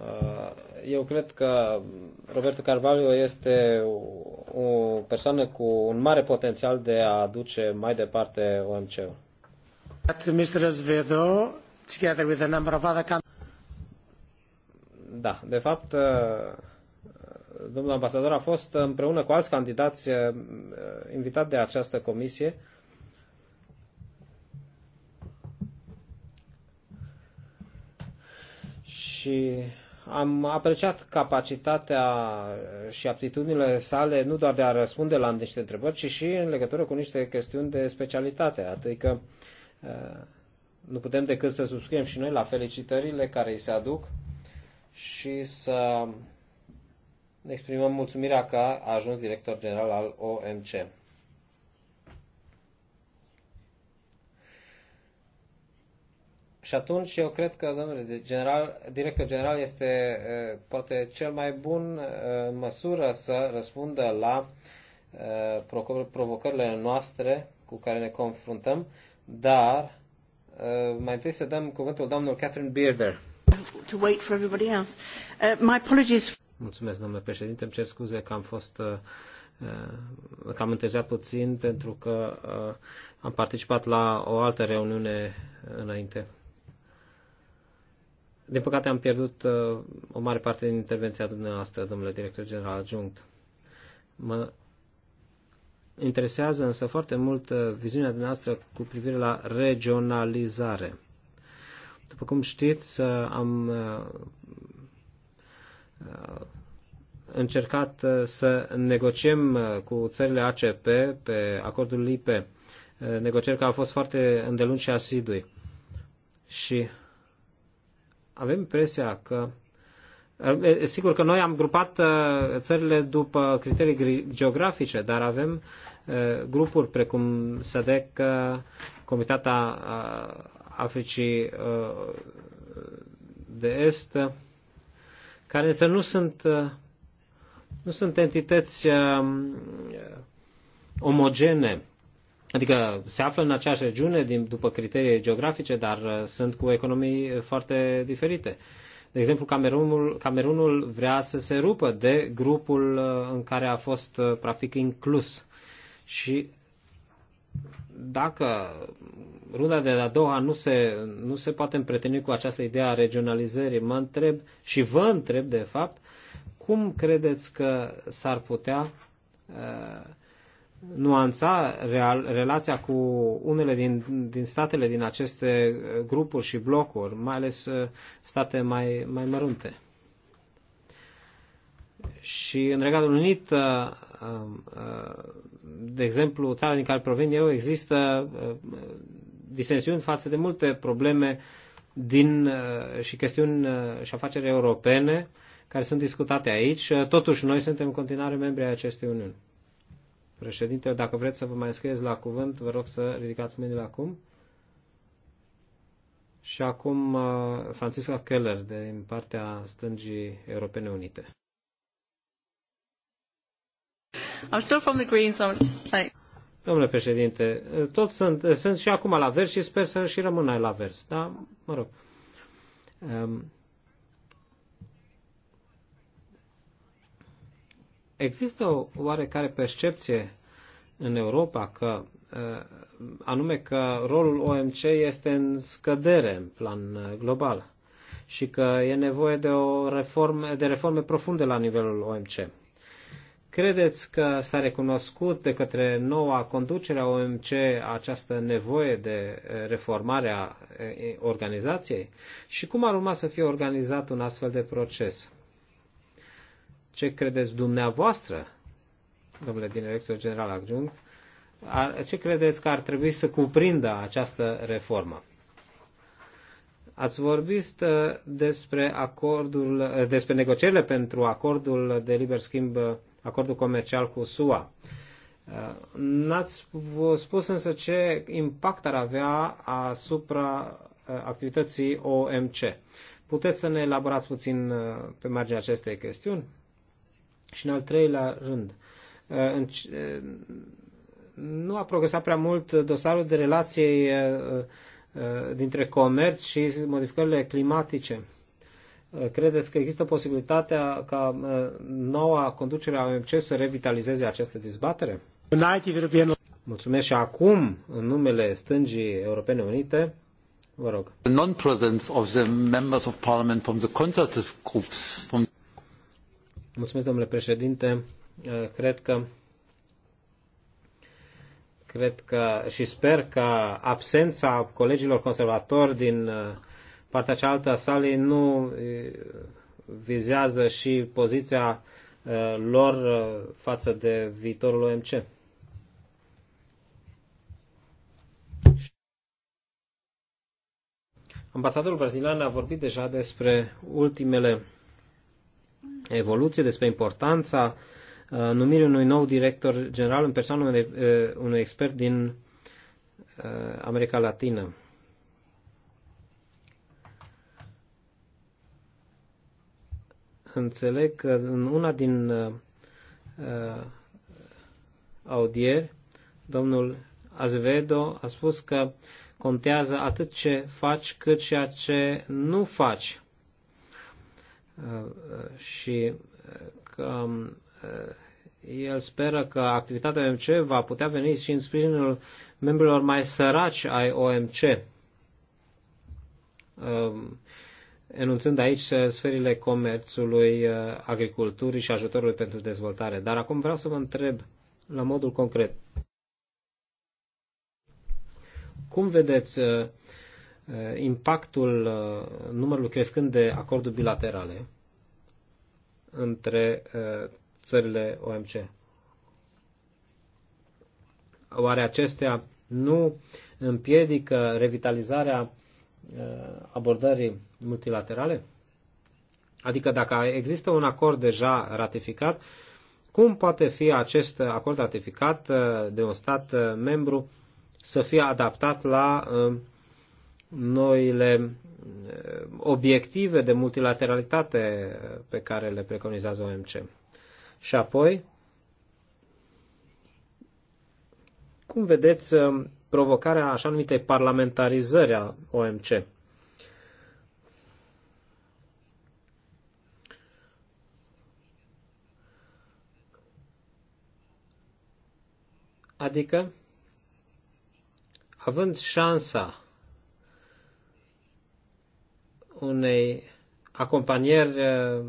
Uh, eu cred că Roberto Carvalho este o persoană cu un mare potențial de a aduce mai departe OMC-ul. Da, de fapt, uh, domnul ambasador a fost împreună cu alți candidați uh, invitat de această comisie. Și am apreciat capacitatea și aptitudinile sale nu doar de a răspunde la niște întrebări, ci și în legătură cu niște chestiuni de specialitate. Adică nu putem decât să subscriem și noi la felicitările care îi se aduc și să exprimăm mulțumirea că a ajuns director general al OMC. Și atunci eu cred că domnule general, director general este poate cel mai bun în măsură să răspundă la provocările noastre cu care ne confruntăm, dar mai întâi să dăm cuvântul domnului Catherine Bearder. To wait for everybody else. Uh, my apologies. Mulțumesc, domnule președinte. Îmi cer scuze că am fost că am întârziat puțin pentru că am participat la o altă reuniune înainte. Din păcate am pierdut uh, o mare parte din intervenția dumneavoastră, domnule director general adjunct. Mă interesează însă foarte mult uh, viziunea dumneavoastră cu privire la regionalizare. După cum știți, uh, am uh, uh încercat uh, să negociem uh, cu țările ACP pe acordul IP, negocieri care au fost foarte îndelungi și asidui. Și avem impresia că Sigur că noi am grupat uh, țările după criterii geografice, dar avem uh, grupuri precum SADEC, Comitata uh, Africii de Est, care însă nu sunt, nu sunt entități um, omogene adică se află în aceeași regiune din, după criterii geografice, dar uh, sunt cu economii foarte diferite. De exemplu, Camerunul, Camerunul vrea să se rupă de grupul uh, în care a fost uh, practic inclus. Și dacă runda de la Doha nu se, nu se poate împreteni cu această idee a regionalizării, mă întreb și vă întreb, de fapt, cum credeți că s-ar putea uh, nuanța real, relația cu unele din, din statele din aceste eh, grupuri și blocuri, mai ales eh, state mai, mai mărunte. Și în Regatul Unit, eh, de exemplu, țara din care provin eu, există disensiuni față de multe probleme din, și chestiuni și afaceri europene care sunt discutate aici. Totuși, noi suntem în continuare membri ai acestei Uniuni. Președinte, dacă vreți să vă mai scrieți la cuvânt, vă rog să ridicați mâinile acum. Și acum uh, Francisca Keller, din partea stângii Europene Unite. I'm still from the Greens, so I'm Domnule președinte, uh, tot sunt, sunt și acum la vers și sper să și rămână la vers, da? Mă rog. Um, Există o oarecare percepție în Europa că anume că rolul OMC este în scădere în plan global și că e nevoie de, o reforme, de reforme profunde la nivelul OMC. Credeți că s-a recunoscut de către noua conducere a OMC această nevoie de reformare a organizației? Și cum ar urma să fie organizat un astfel de proces? ce credeți dumneavoastră, domnule director general adjunct, ce credeți că ar trebui să cuprindă această reformă? Ați vorbit uh, despre acordul, uh, despre negocierile pentru acordul de liber schimb, uh, acordul comercial cu SUA. N-ați spus însă ce impact ar avea asupra activității OMC. Puteți să ne elaborați puțin pe marginea acestei chestiuni? Și în al treilea rând, uh, uh, nu a progresat prea mult dosarul de relației uh, dintre comerț și modificările climatice. Credeți că există posibilitatea ca noua conducere a OMC să revitalizeze această dezbatere? Mulțumesc și acum, în numele stângii Europene Unite, vă rog. non-presence of the members of parliament from the conservative groups from Mulțumesc, domnule președinte. Uh, cred că cred că și sper că absența colegilor conservatori din uh, partea cealaltă a salei nu uh, vizează și poziția lor față de viitorul OMC. Ambasadorul brazilian a vorbit deja despre ultimele evoluție, despre importanța uh, numirii unui nou director general în persoană uh, unui, expert din uh, America Latină. Înțeleg că în una din audieri, domnul Azvedo, a spus că contează atât ce faci cât și a ce nu faci și uh, că uh, el speră că activitatea OMC va putea veni și în sprijinul membrilor mai săraci ai OMC, um, enunțând aici sferile comerțului, uh, agriculturii și ajutorului pentru dezvoltare. Dar acum vreau să vă întreb la modul concret. Cum vedeți Eh, impactul eh, numărului crescând de acorduri bilaterale între eh, țările OMC. Oare acestea nu împiedică revitalizarea abordării multilaterale? Adică dacă există un acord deja ratificat, cum poate fi acest acord ratificat de un stat membru să fie adaptat la noile eh, obiective de multilateralitate pe care le preconizează OMC. Și apoi, cum vedeți eh, provocarea așa numitei parlamentarizări a OMC? Adică, având șansa unei acompanieri uh,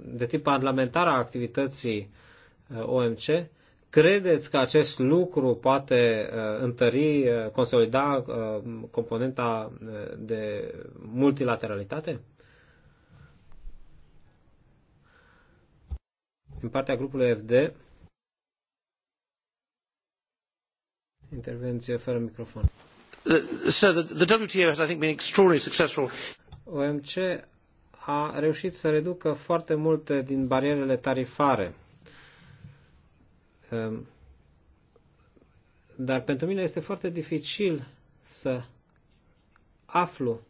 de tip parlamentar a activității uh, OMC, credeți că acest lucru poate uh, întări, consolida componenta de multilateralitate? Din partea grupului FD, intervenție fără microfon. So the, the WTO has, I think, been extraordinarily successful OMC a reușit să reducă foarte multe din barierele tarifare. Ehm, dar pentru mine este foarte dificil să aflu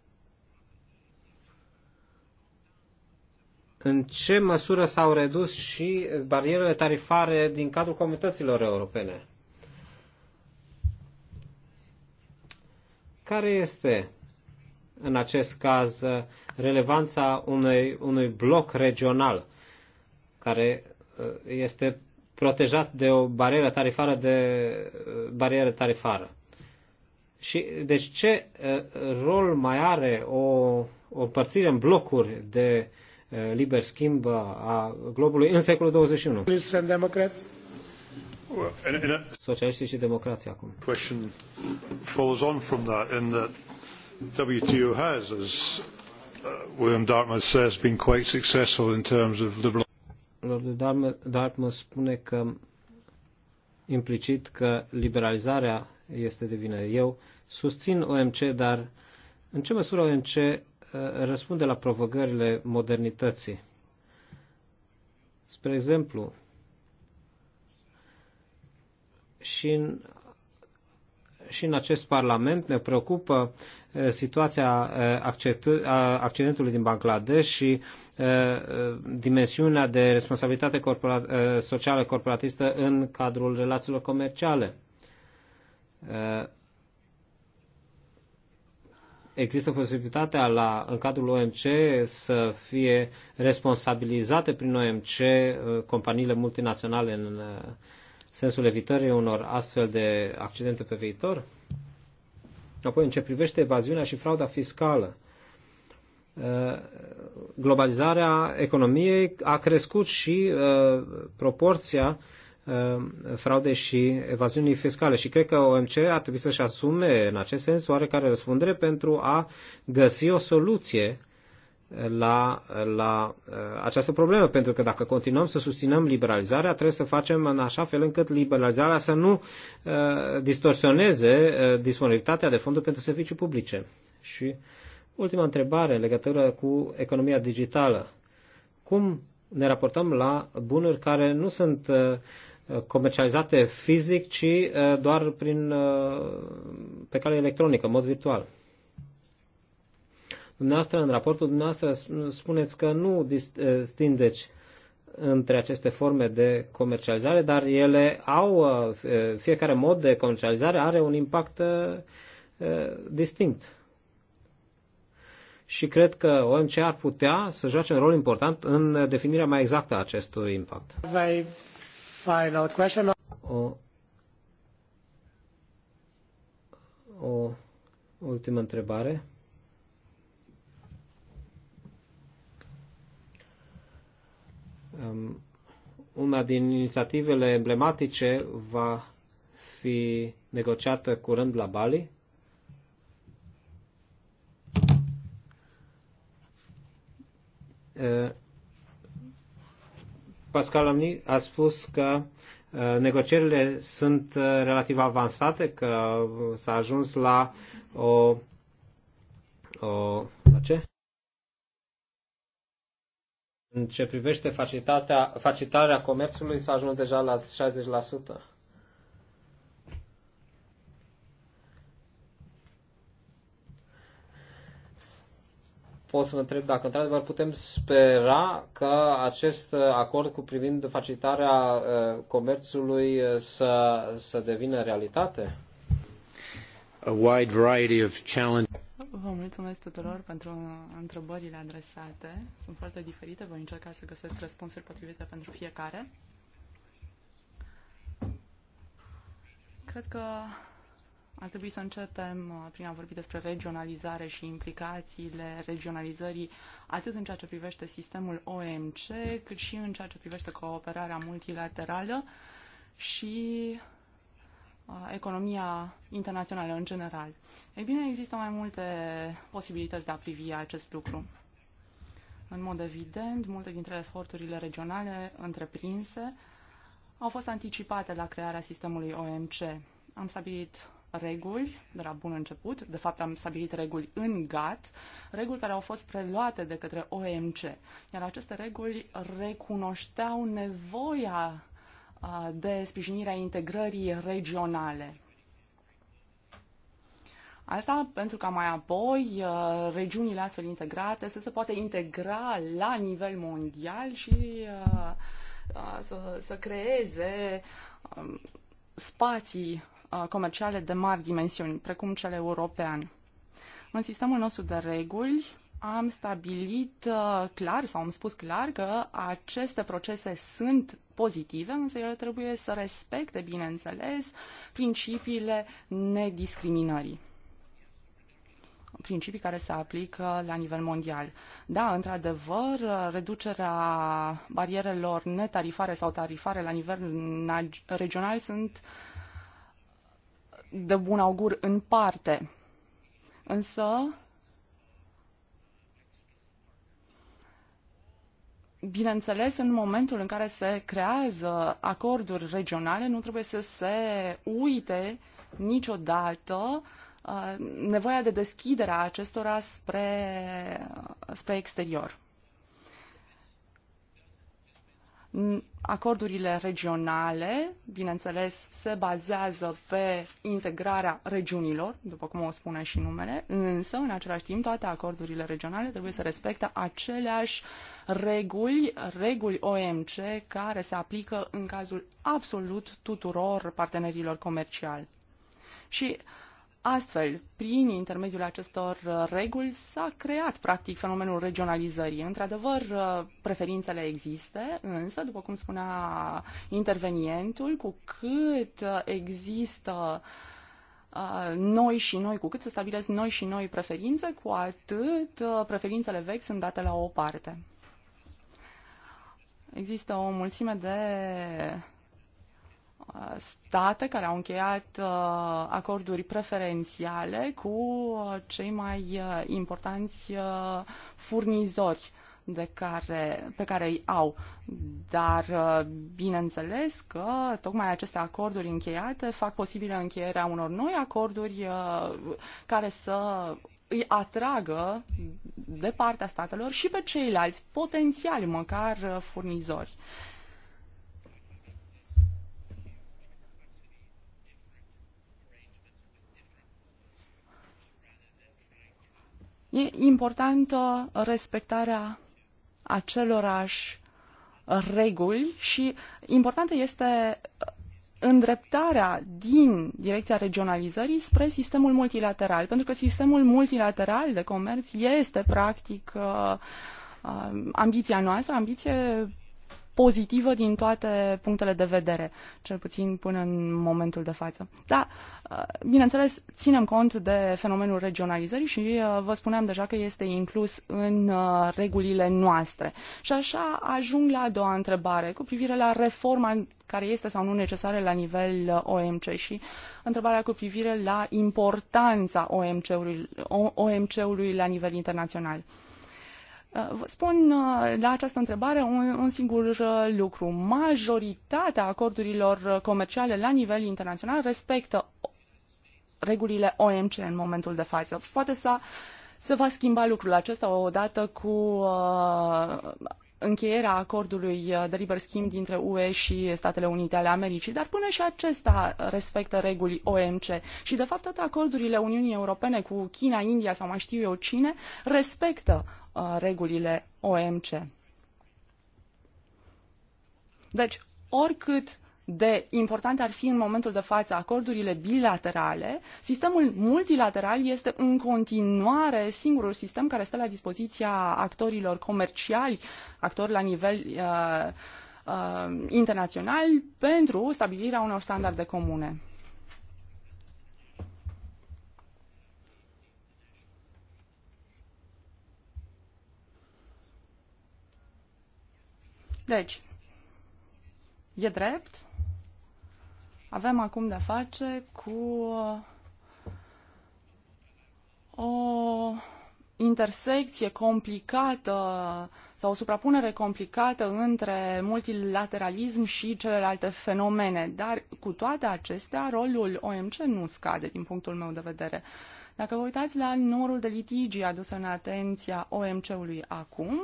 în ce măsură s-au redus și barierele tarifare din cadrul comunităților europene. Care este în acest caz uh, relevanța unui, unui bloc regional care uh, este protejat de o barieră tarifară de uh, barieră tarifară. Și deci ce rol mai are o, o împărțire în blocuri de liber schimb a globului în secolul 21? Socialiștii și democrația acum. Question follows on from that in that WTO has, as uh, William Dartmouth says, been quite successful in terms of liberal. Lord Dartmouth spune că implicit că liberalizarea este de vină. Eu susțin OMC, dar în ce măsură OMC uh, răspunde la provocările modernității? Spre exemplu, și în și în acest Parlament ne preocupă situația accidentului din Bangladesh și dimensiunea de responsabilitate socială corporatistă în cadrul relațiilor comerciale. Există posibilitatea la, în cadrul OMC să fie responsabilizate prin OMC companiile multinaționale în sensul evitării unor astfel de accidente pe viitor? Apoi, în ce privește evaziunea și frauda fiscală, uh, globalizarea economiei a crescut și uh, proporția uh, fraude și evaziunii fiscale și cred că OMC ar trebui să-și asume în acest sens oarecare răspundere pentru a găsi o soluție la, la uh, această problemă, pentru că dacă continuăm să susținem liberalizarea, trebuie să facem în așa fel încât liberalizarea să nu uh, distorsioneze uh, disponibilitatea de fonduri pentru servicii publice. Și ultima întrebare în legătură cu economia digitală. Cum ne raportăm la bunuri care nu sunt uh, comercializate fizic, ci uh, doar prin, uh, pe cale electronică, în mod virtual? Dumneavoastră, în raportul dumneavoastră, spuneți că nu distindeți eh, între aceste forme de comercializare, dar ele au, eh, fiecare mod de comercializare are un impact eh, distinct. Și cred că OMC ar putea să joace un rol important în definirea mai exactă a acestui impact. O, o ultimă întrebare. Una din inițiativele emblematice va fi negociată curând la Bali. Pascal Amni a spus că negocierile sunt relativ avansate, că s-a ajuns la o, o la ce? În ce privește facilitatea, facilitarea comerțului s-a ajuns deja la 60%. pot să vă întreb dacă într-adevăr putem spera că acest acord cu privind facilitarea uh, comerțului uh, să, să devină realitate? A wide variety of challenges. Vă mulțumesc tuturor pentru întrebările adresate. Sunt foarte diferite. Voi încerca să găsesc răspunsuri potrivite pentru fiecare. Cred că ar trebui să începem uh, prin a vorbi despre regionalizare și implicațiile regionalizării atât în ceea ce privește sistemul OMC, cât și în ceea ce privește cooperarea multilaterală și economia internațională în general. Ei bine, există mai multe posibilități de a privi acest lucru. În mod evident, multe dintre eforturile regionale întreprinse au fost anticipate la crearea sistemului OMC. Am stabilit reguli de la bun început, de fapt am stabilit reguli în GATT, reguli care au fost preluate de către OMC, iar aceste reguli recunoșteau nevoia de sprijinire a integrării regionale. Asta pentru ca mai apoi regiunile astfel integrate să se poată integra la nivel mondial și să, să creeze spații comerciale de mari dimensiuni, precum cele european. În sistemul nostru de reguli, am stabilit uh, clar sau am spus clar că aceste procese sunt pozitive, însă ele trebuie să respecte, bineînțeles, principiile nediscriminării principii care se aplică la nivel mondial. Da, într-adevăr, reducerea barierelor netarifare sau tarifare la nivel regional sunt de bun augur în parte. Însă, Bineînțeles, în momentul în care se creează acorduri regionale, nu trebuie să se uite niciodată uh, nevoia de deschidere a acestora spre, spre exterior. Acordurile regionale, bineînțeles, se bazează pe integrarea regiunilor, după cum o spune și numele, însă, în același timp, toate acordurile regionale trebuie să respecte aceleași reguli, reguli OMC, care se aplică în cazul absolut tuturor partenerilor comerciali. Și uh, Astfel, prin intermediul acestor uh, reguli s-a creat practic fenomenul regionalizării. Într-adevăr, uh, preferințele există, însă, după cum spunea intervenientul, cu cât uh, există noi și noi, cu cât se stabilesc noi și noi preferințe, cu atât preferințele vechi sunt date la o parte. Există o mulțime de Uh, state care au încheiat uh, acorduri preferențiale cu uh, cei mai importanți furnizori de care, pe care îi au. Dar, bineînțeles că tocmai aceste acorduri încheiate fac posibilă încheierea unor noi acorduri care să îi atragă de partea statelor și pe ceilalți potențiali măcar furnizori. Uh, E importantă respectarea acelorași reguli și importantă este îndreptarea din direcția regionalizării spre sistemul multilateral, pentru că sistemul multilateral de comerț este practic uh, uh, ambiția noastră, ambiție pozitivă din toate punctele de vedere, cel puțin până în momentul de față. Da, uh, bineînțeles, ținem cont de fenomenul regionalizării și uh, vă spuneam deja că este inclus în uh, regulile noastre. Și așa ajung la a doua întrebare cu privire la reforma care este sau nu necesară la nivel OMC și întrebarea cu privire la importanța OMC-ului, OMC-ului la nivel internațional. Spun uh, la această întrebare un, un singur uh, lucru. Majoritatea acordurilor uh, comerciale la nivel internațional respectă regulile OMC în momentul de față. Poate să se va schimba lucrul acesta odată cu uh, încheierea acordului uh, de liber schimb dintre UE și Statele Unite ale Americii, dar până și acesta respectă reguli OMC. Și, de fapt, toate acordurile Uniunii Europene cu China, India sau mai știu eu cine respectă uh, regulile OMC. Deci, oricât de importante ar fi în momentul de față acordurile bilaterale, sistemul multilateral este în continuare singurul sistem care stă la dispoziția actorilor comerciali, actori la nivel uh, uh, internațional, pentru stabilirea unor standarde comune. Deci, e drept avem acum de face cu uh, o intersecție complicată sau o suprapunere complicată între multilateralism și celelalte fenomene, dar cu toate acestea rolul OMC nu scade din punctul meu de vedere. Uh, dacă vă uitați la numărul de litigii aduse în atenția OMC-ului acum,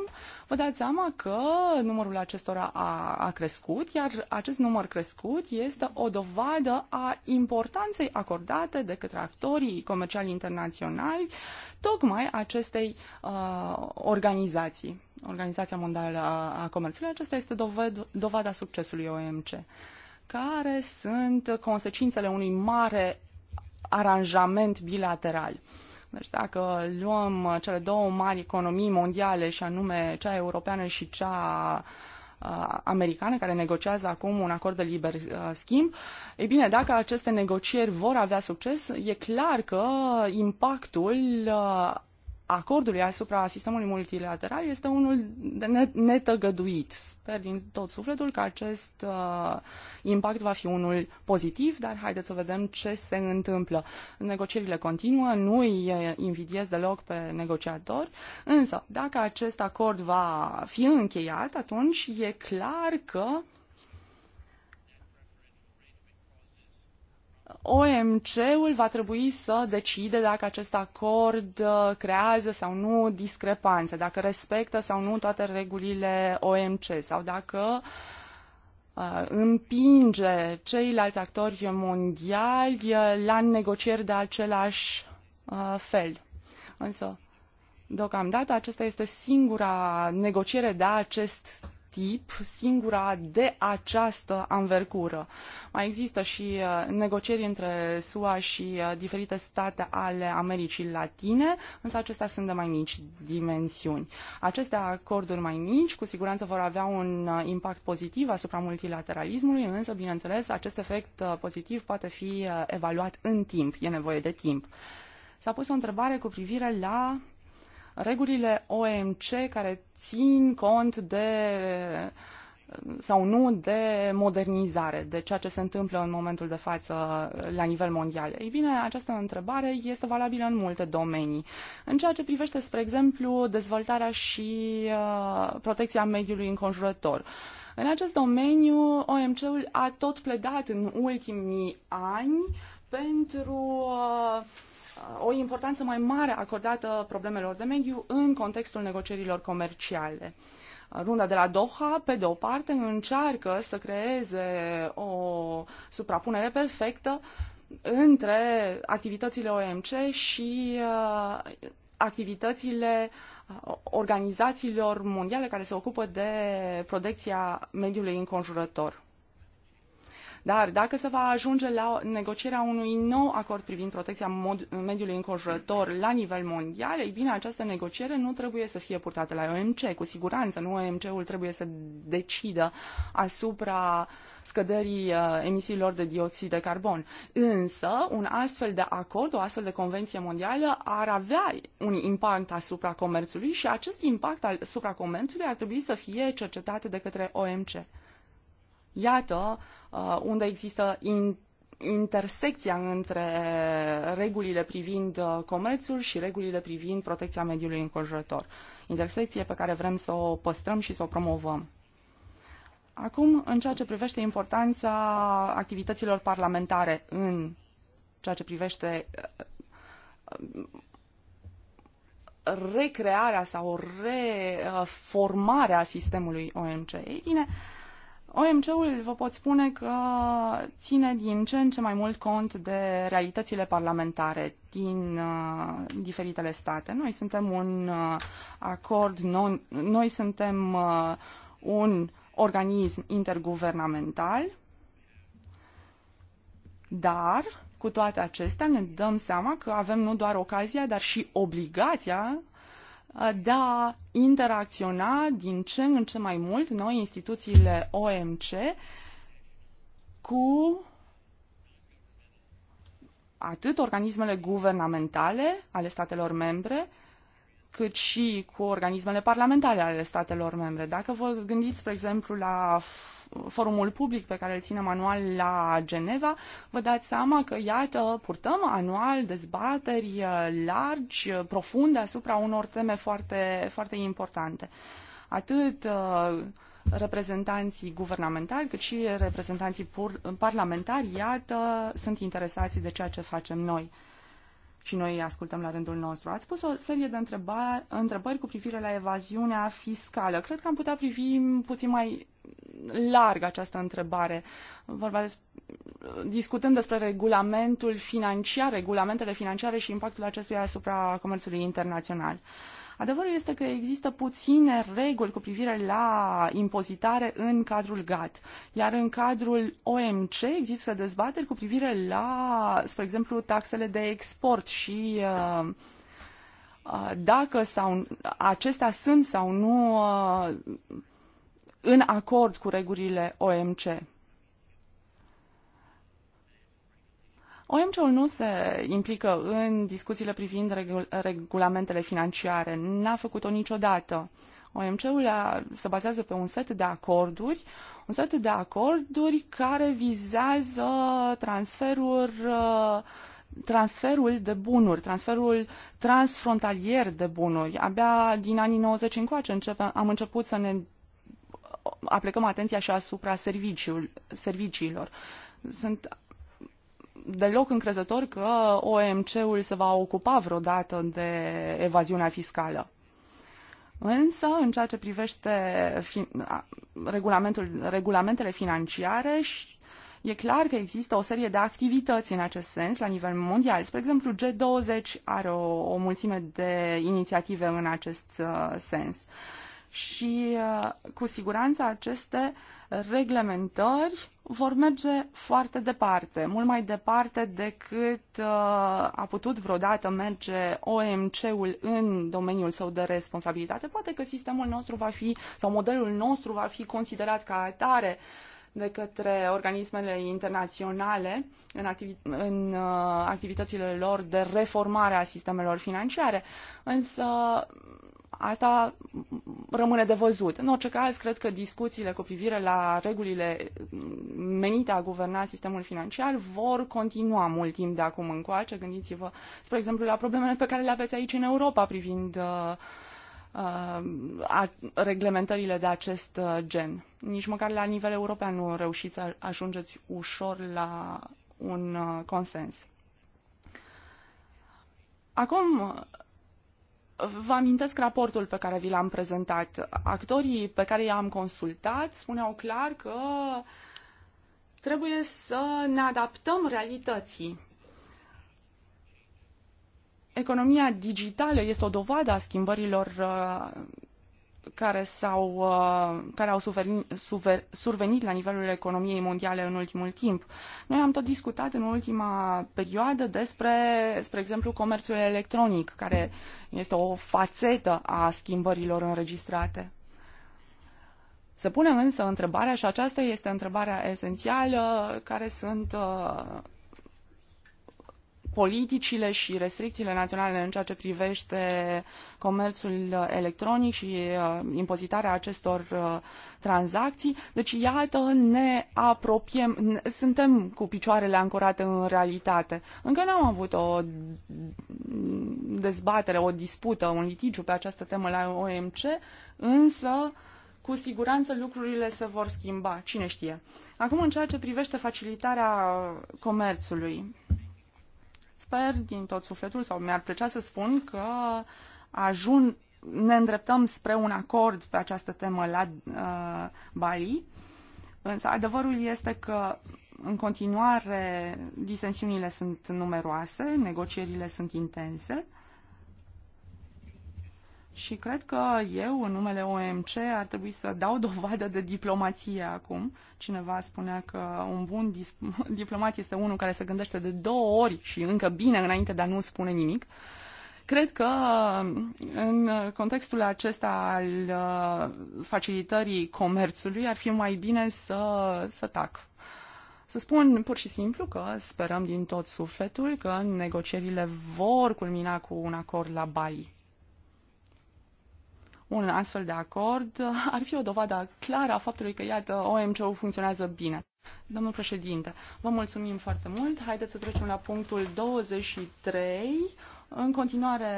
vă dați seama că numărul acestora a, a crescut, iar acest număr crescut este o dovadă a importanței acordate de către actorii comerciali internaționali tocmai acestei uh, organizații, Organizația Mondială a Comerțului. Aceasta este doved, dovada succesului OMC care sunt consecințele unui mare aranjament bilateral. Deci dacă luăm cele două mari economii mondiale și anume cea europeană și cea uh, americane care negociază acum un acord de liber uh, schimb. Ei bine, dacă aceste negocieri vor avea succes, e clar că impactul uh, acordului asupra sistemului multilateral este unul de netăgăduit. Sper din tot sufletul că acest uh, impact va fi unul pozitiv, dar haideți să vedem ce se întâmplă. Negocierile continuă, nu îi uh, invidiez deloc pe negociator, însă dacă acest acord va fi încheiat, atunci e clar că uh, OMC-ul va trebui să decide dacă acest acord uh, creează sau nu discrepanțe, dacă respectă sau nu toate regulile OMC sau dacă uh, împinge ceilalți actori mondiali uh, la negocieri de același fel. Însă, deocamdată, acesta este singura negociere de acest tip, singura de această anvergură. Mai există și uh, negocieri între SUA și uh, diferite state ale Americii Latine, însă acestea sunt de mai mici dimensiuni. Aceste acorduri mai mici, cu siguranță, vor avea un uh, impact pozitiv asupra multilateralismului, însă, bineînțeles, acest efect pozitiv poate fi evaluat în timp, e nevoie de timp. S-a pus o întrebare cu privire la regulile OMC care țin cont de sau nu de modernizare, de ceea ce se întâmplă în momentul de față la nivel mondial? Ei bine, această întrebare este valabilă în multe domenii. În ceea ce privește, spre exemplu, dezvoltarea și uh, protecția mediului înconjurător. În acest domeniu, OMC-ul a tot pledat în ultimii ani pentru uh, o importanță mai mare acordată problemelor de mediu în contextul negocierilor comerciale. Runda de la Doha, pe de o parte, încearcă să creeze o suprapunere perfectă între activitățile OMC și uh, activitățile uh, organizațiilor mondiale care se ocupă de protecția mediului înconjurător. Dar dacă se va ajunge la negocierea unui nou acord privind protecția mod- mediului înconjurător la nivel mondial, ei bine, această negociere nu trebuie să fie purtată la OMC. Cu siguranță nu OMC-ul trebuie să decidă asupra scăderii uh, emisiilor de dioxid de carbon. Însă, un astfel de acord, o astfel de convenție mondială ar avea un impact asupra comerțului și acest impact asupra comerțului ar trebui să fie cercetat de către OMC. Iată Uh, unde există in, intersecția între regulile privind uh, comerțul și regulile privind protecția mediului înconjurător. Intersecție pe care vrem să o păstrăm și să o promovăm. Acum, în ceea ce privește importanța activităților parlamentare în ceea ce privește uh, recrearea sau reformarea sistemului OMC. Ei bine, uh, OMC-ul vă pot spune că ține din ce în ce mai mult cont de realitățile parlamentare din uh, diferitele state. Noi suntem un uh, acord, non, noi suntem uh, un organism interguvernamental, dar cu toate acestea ne dăm seama că avem nu doar ocazia, dar și obligația de a interacționa din ce în ce mai mult noi, instituțiile OMC, cu atât organismele guvernamentale ale statelor membre, cât și cu organismele parlamentare ale statelor membre. Dacă vă gândiți, spre exemplu, la forumul public pe care îl ținem anual la Geneva, vă dați seama că, iată, purtăm anual dezbateri uh, largi, uh, profunde asupra unor teme foarte, foarte importante. Atât uh, reprezentanții guvernamentali, cât și reprezentanții parlamentari, iată, sunt interesați de ceea ce facem noi și noi îi ascultăm la rândul nostru. Ați pus o serie de întrebări, întrebări cu privire la evaziunea fiscală. Cred că am putea privi puțin mai larg această întrebare. Vorba de, discutând despre regulamentul financiar, regulamentele financiare și impactul acestuia asupra comerțului internațional. Uh, Adevărul este că există puține reguli cu privire la impozitare în cadrul GATT, iar în cadrul OMC există dezbateri cu privire la, spre exemplu, taxele de export și uh, uh, dacă sau acestea sunt sau nu uh, în acord cu regulile OMC. OMC-ul nu se implică în discuțiile privind regul regulamentele financiare, n-a făcut-o niciodată. OMC-ul se bazează pe un set de acorduri, un set de acorduri care vizează transferul, uh, transferul de bunuri, transferul transfrontalier de bunuri. Abia din anii 90 încoace începe, am început să ne aplicăm atenția și asupra serviciilor. Sunt deloc încrezător că OMC-ul se va ocupa vreodată de evaziunea fiscală. Însă, în ceea ce privește fi, regulamentul, regulamentele financiare, e clar că există o serie de activități în acest sens la nivel mondial. Spre exemplu, G20 are o, o mulțime de inițiative în acest uh, sens. Și, uh, cu siguranță, aceste reglementări vor merge foarte departe, mult mai departe decât uh, a putut vreodată merge OMC-ul în domeniul său de responsabilitate. Poate că sistemul nostru va fi, sau modelul nostru va fi considerat ca atare de către organismele internaționale în, activi- în uh, activitățile lor de reformare a sistemelor financiare. Însă Asta rămâne de văzut. În orice caz, cred că discuțiile cu privire la regulile menite a guverna sistemul financiar vor continua mult timp de acum încoace. Gândiți-vă, spre exemplu, la problemele pe care le aveți aici în Europa privind uh, uh a, reglementările de acest uh, gen. Nici măcar la nivel european nu reușiți să ajungeți ușor la un uh, consens. Acum, Vă amintesc raportul pe care vi l-am prezentat. Actorii pe care i-am consultat spuneau clar că trebuie să ne adaptăm realității. Economia digitală este o dovadă a schimbărilor uh, care, s-au, uh, care au suferin, suver, survenit la nivelul economiei mondiale în ultimul timp. Noi am tot discutat în ultima perioadă despre, spre exemplu, comerțul electronic, care este o fațetă a schimbărilor înregistrate. Se pune însă întrebarea, și aceasta este întrebarea esențială, care sunt uh, politicile și restricțiile naționale în ceea ce privește comerțul electronic și uh, impozitarea acestor uh, tranzacții. Deci, iată, ne apropiem, suntem cu picioarele ancorate în realitate. Încă nu am avut o dezbatere, o dispută, un litigiu pe această temă la OMC, însă cu siguranță lucrurile se vor schimba, cine știe. Acum, în ceea ce privește facilitarea comerțului, Sper din tot sufletul, sau mi-ar plăcea să spun că ajun, ne îndreptăm spre un acord pe această temă la uh, Bali, însă adevărul este că în continuare disensiunile sunt numeroase, negocierile sunt intense, uh, și cred că eu, în numele OMC, ar trebui să dau *laughs* dovadă de diplomație acum. Cineva spunea că un bun *laughs* diplomat este unul care se gândește de două ori și încă bine înainte de a nu spune nimic. Cred că în contextul acesta al uh, facilitării comerțului ar fi mai bine să, să tac. Să spun pur și simplu că sperăm din tot sufletul că negocierile vor culmina cu un acord la Bali un astfel de acord ar fi o dovadă clară a faptului că, iată, OMC-ul funcționează bine. Domnul președinte, vă mulțumim foarte mult. Haideți să trecem la punctul 23. În continuare,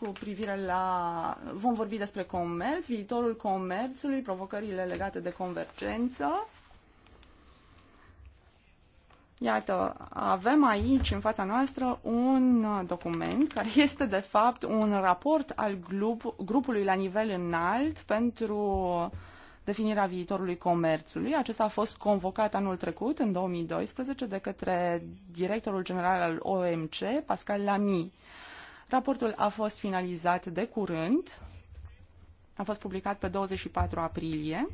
cu privire la... Vom vorbi despre comerț, viitorul comerțului, provocările legate de convergență. Iată, avem aici, în fața noastră, un document care *laughs* este, de fapt, un raport al grup, grupului la nivel înalt pentru definirea viitorului comerțului. Acesta a fost convocat anul trecut, în 2012, de către directorul general al OMC, Pascal Lamy. Raportul a fost finalizat de curând, a fost publicat pe 24 aprilie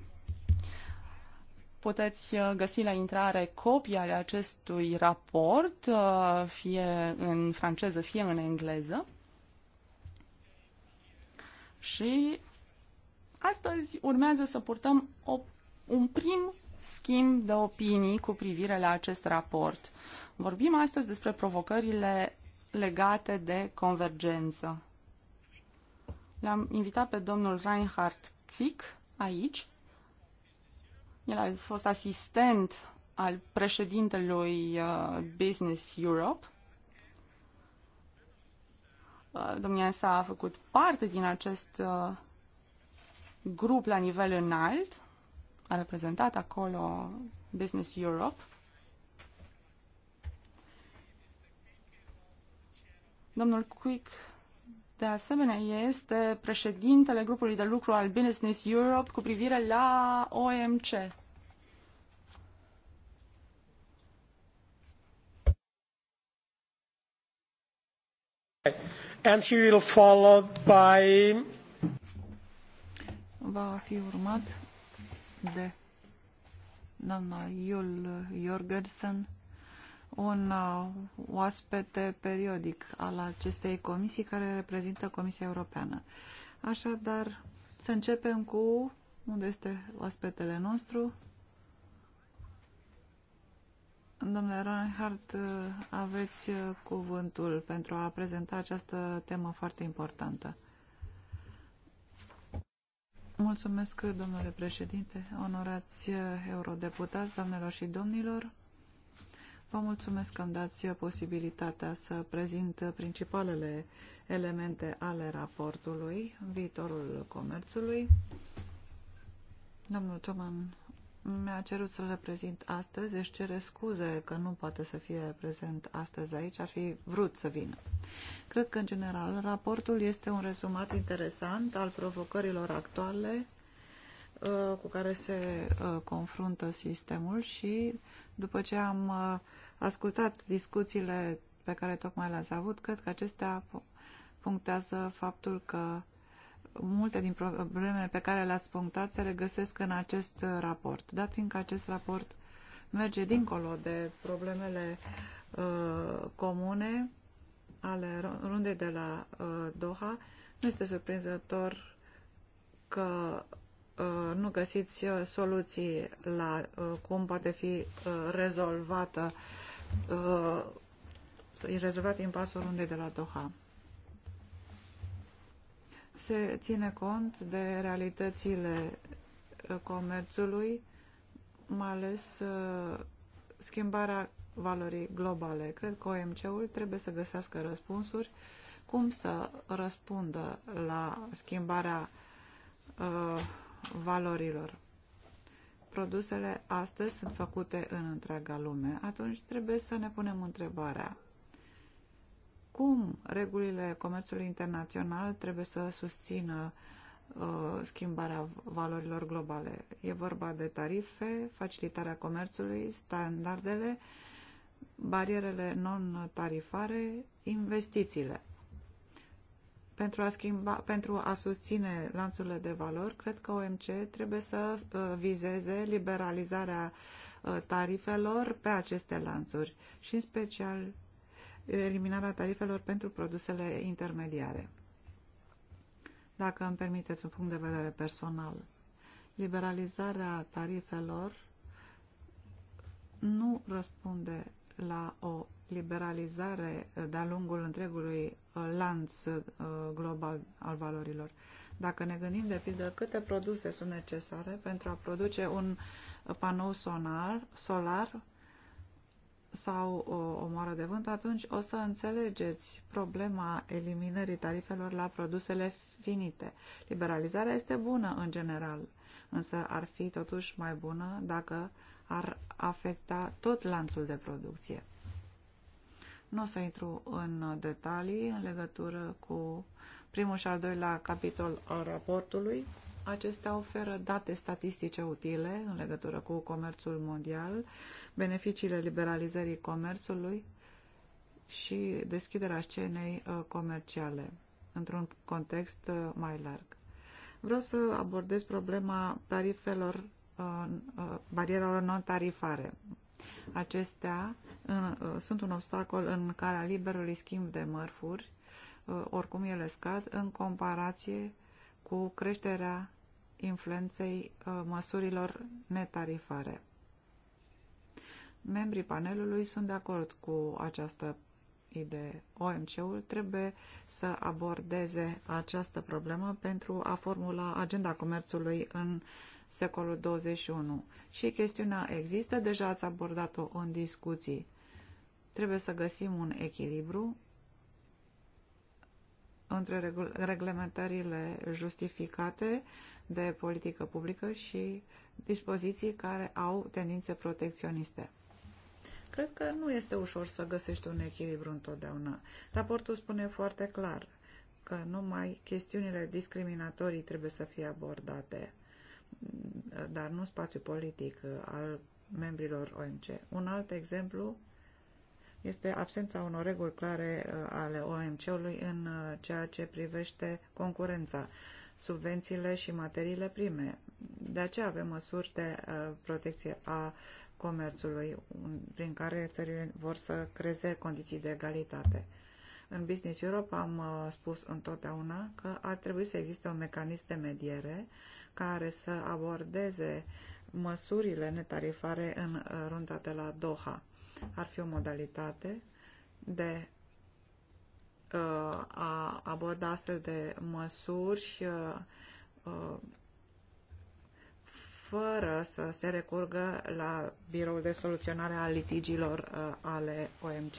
Puteți uh, găsi la intrare copii ale acestui raport, uh, fie în franceză, fie în engleză. Și astăzi urmează să purtăm o, un prim schimb de opinii cu privire la acest raport. Vorbim astăzi despre provocările legate de convergență. L-am invitat pe domnul Reinhard Quick aici el a fost asistent al președintelui uh, Business Europe. Uh, domnia sa a făcut parte din acest uh, grup la nivel înalt, a reprezentat acolo Business Europe. Domnul Quick de asemenea, este președintele grupului de lucru al Business Europe cu privire la OMC. And he will by... Va fi urmat de doamna Iul Jorgensen un uh, oaspete periodic al acestei comisii care reprezintă Comisia Europeană. Așadar, să începem cu unde este oaspetele nostru. Domnule Reinhardt, uh, aveți uh, cuvântul pentru a prezenta această temă foarte importantă. Mulțumesc, domnule președinte, onorați eurodeputați, doamnelor și domnilor. Vă mulțumesc că îmi dați posibilitatea să prezint principalele elemente ale raportului, viitorul comerțului. Domnul Toman, mi-a cerut să le prezint astăzi, își deci cere scuze că nu poate să fie prezent astăzi aici, ar fi vrut să vină. Cred că, în general, raportul este un rezumat interesant al provocărilor actuale Uh, cu care se uh, confruntă sistemul și după ce am uh, ascultat discuțiile pe care tocmai le-ați avut, cred că acestea punctează faptul că multe din problemele pe care le-ați punctat se regăsesc în acest raport. Dat fiindcă acest raport merge dincolo de problemele uh, comune ale rundei de la uh, Doha, nu este surprinzător că Uh, nu găsiți uh, soluții la uh, cum poate fi rezolvată rezolvat impasul unde de la Doha. Se ține cont de realitățile comerțului, mai ales schimbarea valorii globale. Cred că OMC-ul trebuie să găsească răspunsuri cum să răspundă la schimbarea uh, valorilor. Produsele astăzi sunt făcute în întreaga lume, atunci trebuie să ne punem întrebarea cum regulile comerțului internațional trebuie să susțină uh, schimbarea valorilor globale. E vorba de tarife, facilitarea comerțului, standardele, barierele non-tarifare, investițiile. Pentru a, schimba, pentru a susține lanțurile de valori, cred că OMC trebuie să uh, vizeze liberalizarea uh, tarifelor pe aceste lanțuri și în special eliminarea tarifelor pentru produsele intermediare. Dacă îmi permiteți un punct de vedere personal, liberalizarea tarifelor nu răspunde la o liberalizare de-a lungul întregului uh, lanț uh, global al valorilor. Dacă ne gândim de pildă câte produse sunt necesare pentru a produce un panou sonar, solar sau o, o moară de vânt, atunci o să înțelegeți problema eliminării tarifelor la produsele finite. Liberalizarea este bună în general, însă ar fi totuși mai bună dacă uh, ar afecta tot lanțul de producție. Nu o să intru în detalii în legătură cu primul și al doilea capitol al raportului. Acestea oferă date statistice utile în legătură cu comerțul mondial, beneficiile liberalizării comerțului și deschiderea scenei uh, comerciale într-un context uh, mai larg. Vreau să abordez problema tarifelor Uh, barierelor non-tarifare. Acestea uh, sunt un obstacol în calea liberului schimb de mărfuri, uh, oricum ele scad, în comparație cu creșterea influenței măsurilor netarifare. Membrii panelului sunt de acord cu această idee. OMC-ul trebuie să abordeze această problemă pentru a formula agenda comerțului în secolul 21. Și chestiunea există, deja ați abordat-o în discuții. Trebuie să găsim un echilibru între reglementările justificate de politică publică și dispoziții care au tendințe protecționiste. Cred că nu este ușor să găsești un echilibru întotdeauna. Raportul spune foarte clar că numai chestiunile discriminatorii trebuie să fie abordate dar nu spațiu politic uh, al membrilor OMC. Un alt exemplu este absența unor reguli clare uh, ale OMC-ului în uh, ceea ce privește concurența, subvențiile și materiile prime. De aceea avem măsuri de protecție a comerțului, prin care țările vor să creeze condiții de egalitate. În Business Europe am spus întotdeauna că ar trebui să existe un mecanism de mediere care să abordeze măsurile netarifare în uh, runda de la Doha. Ar fi o modalitate de uh, a aborda astfel de măsuri uh, fără să se recurgă la biroul de soluționare a litigiilor uh, ale OMC.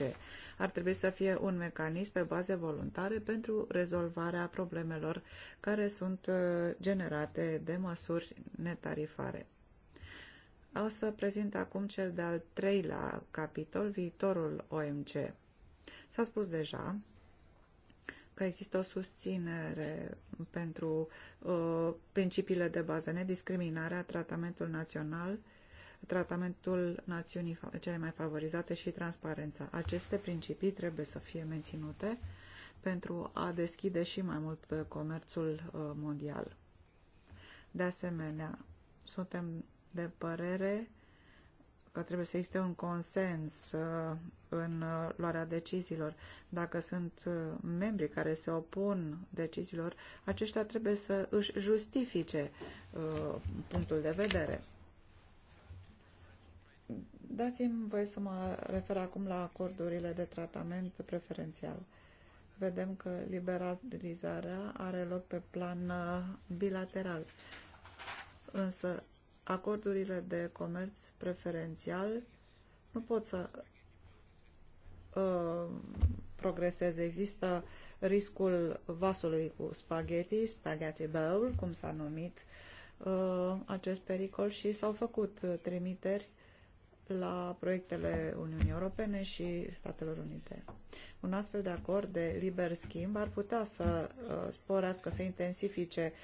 Ar trebui să fie un mecanism pe baze voluntare pentru rezolvarea problemelor care sunt uh, generate de măsuri netarifare. O să prezint acum cel de-al treilea capitol, viitorul OMC. S-a spus deja că există o susținere pentru uh, principiile de bază, nediscriminarea, tratamentul național, tratamentul națiunii cele mai favorizate și transparența. Aceste principii trebuie să fie menținute pentru a deschide și mai mult uh, comerțul uh, mondial. De asemenea, suntem de părere că trebuie să existe un consens uh, în uh, luarea deciziilor. Dacă sunt uh, membri care se opun deciziilor, aceștia trebuie să își justifice punctul de vedere. Dați-mi voi să mă refer acum la acordurile de tratament preferențial. Vedem că liberalizarea are loc pe plan bilateral. Însă acordurile de comerț preferențial nu pot să uh, progreseze. Există riscul vasului cu spaghetti, spaghetti bowl, cum s-a numit uh, acest pericol și s-au făcut trimiteri la proiectele Uniunii Europene și Statelor Unite. Un astfel de acord de liber schimb ar putea să uh, sporească, să intensifice uh,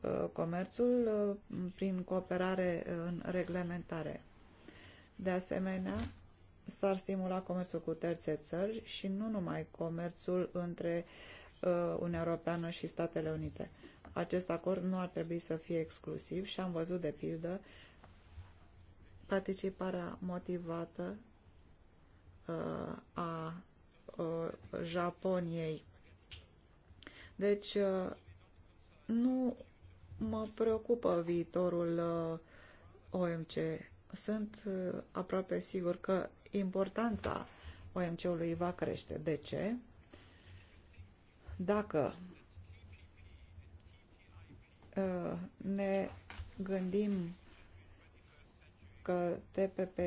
Uh, comerțul uh, prin cooperare uh, în reglementare. De asemenea, s-ar stimula comerțul cu terțe țări și nu numai comerțul între Uniunea Europeană și Statele Unite. Acest acord nu ar trebui să fie exclusiv și am văzut, de pildă, participarea motivată a Japoniei. Deci, nu mă preocupă viitorul uh, OMC. Sunt uh, aproape sigur că importanța OMC-ului va crește. De ce? Dacă uh, ne gândim că TPP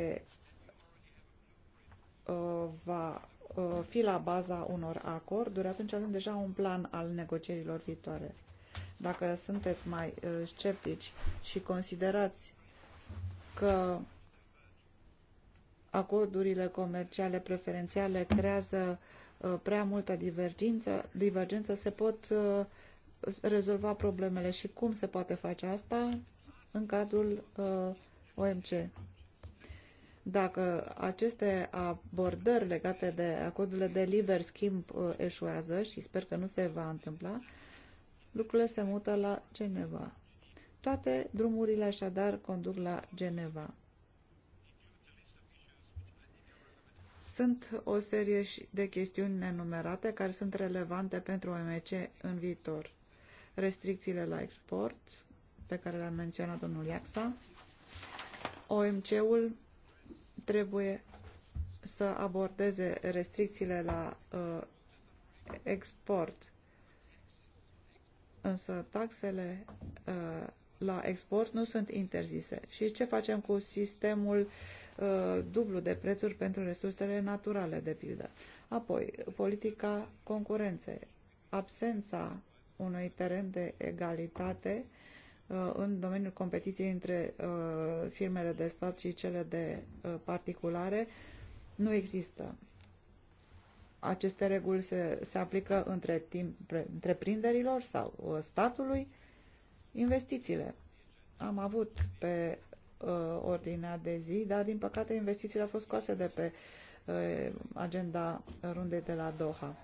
va fi la baza unor acorduri, atunci avem deja un plan al negocierilor viitoare. Dacă sunteți mai uh, sceptici și considerați că acordurile comerciale preferențiale creează uh, prea multă divergență, divergență se pot uh, rezolva problemele și cum se poate face asta în cadrul OMC. Dacă aceste abordări legate de acordurile de liber schimb eșuează și sper că nu se va întâmpla, lucrurile se mută la Geneva. Toate drumurile așadar conduc la Geneva. Sunt o serie de chestiuni nenumerate care sunt relevante pentru OMC în viitor. Restricțiile la export, pe care le-a menționat domnul Iaxa, OMC-ul trebuie să abordeze restricțiile la uh, export însă taxele uh, la export nu sunt interzise. Și ce facem cu sistemul uh, dublu de prețuri pentru resursele naturale, de pildă? Apoi, politica concurenței, absența unui teren de egalitate uh, în domeniul competiției între uh, firmele de stat și cele de uh, particulare nu există aceste reguli se, se aplică între timp, întreprinderilor sau uh, statului. Investițiile. Am avut pe uh, ordinea de zi, dar din păcate investițiile au fost scoase de pe uh, agenda rundei de la Doha.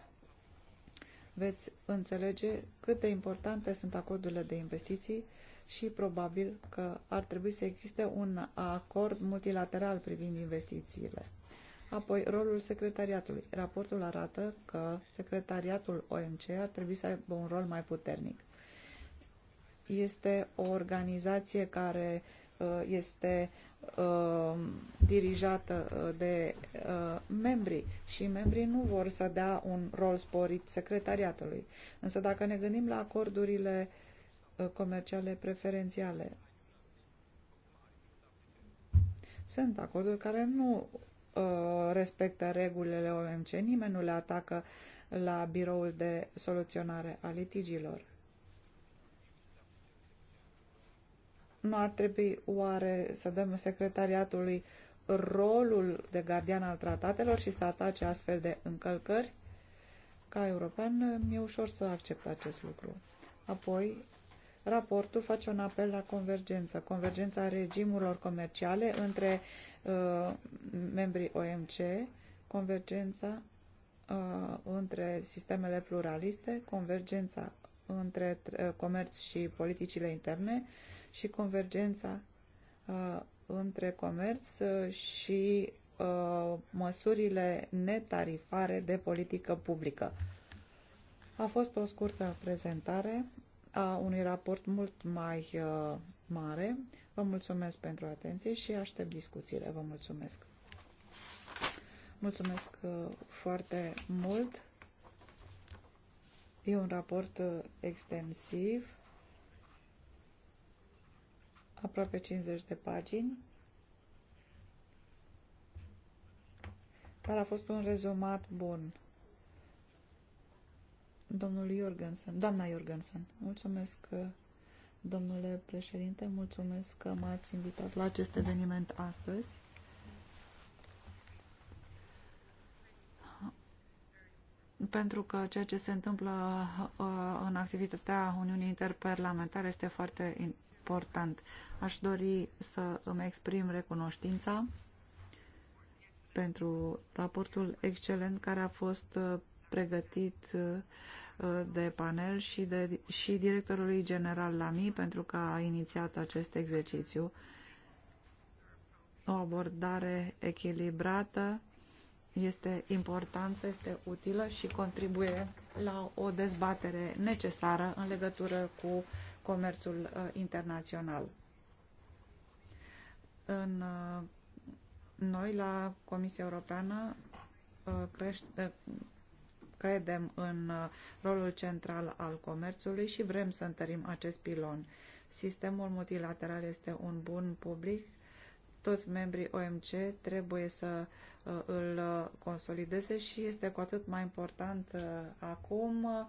Veți înțelege cât de importante sunt acordurile de investiții și probabil că ar trebui să existe un acord multilateral privind investițiile. Apoi, rolul secretariatului. Raportul arată că secretariatul OMC ar trebui să aibă un rol mai puternic. Este o organizație care uh, este uh, dirijată uh, de membri și membrii nu vor să dea un rol sporit secretariatului. Însă dacă ne gândim la acordurile comerciale preferențiale, sunt acorduri care nu Uh, respectă regulile OMC, nimeni nu le atacă la biroul de soluționare a litigilor. Nu ar trebui oare să dăm secretariatului rolul de gardian al tratatelor și să atace astfel de încălcări? Ca european, mi-e ușor să accept acest lucru. Apoi, Raportul face un apel la convergență, convergența regimurilor comerciale între uh, membrii OMC, convergența uh, între sistemele pluraliste, convergența între uh, comerț și politicile interne și convergența uh, între comerț uh, și uh, măsurile netarifare de politică publică. A fost o scurtă prezentare a unui raport mult mai uh, mare. Vă mulțumesc pentru atenție și aștept discuțiile. Vă mulțumesc. Mulțumesc uh, foarte mult. E un raport uh, extensiv, aproape 50 de pagini, dar a fost un rezumat bun domnul Jorgensen, doamna Jorgensen. Mulțumesc, uh, domnule președinte, mulțumesc că m-ați invitat la acest eveniment astăzi. Pentru că ceea ce se întâmplă uh, în activitatea Uniunii Interparlamentare este foarte important. Aș dori să îmi exprim recunoștința pentru raportul excelent care a fost uh, pregătit uh, de panel și, de, și directorului general Lamy pentru că a inițiat acest exercițiu. O abordare echilibrată este importantă, este utilă și contribuie la o dezbatere necesară în legătură cu comerțul uh, internațional. În, uh, noi, la Comisia Europeană, crește, credem în uh, rolul central al comerțului și vrem să întărim acest pilon. Sistemul multilateral este un bun public. Toți membrii OMC trebuie să uh, îl uh, consolideze și este cu atât mai important acum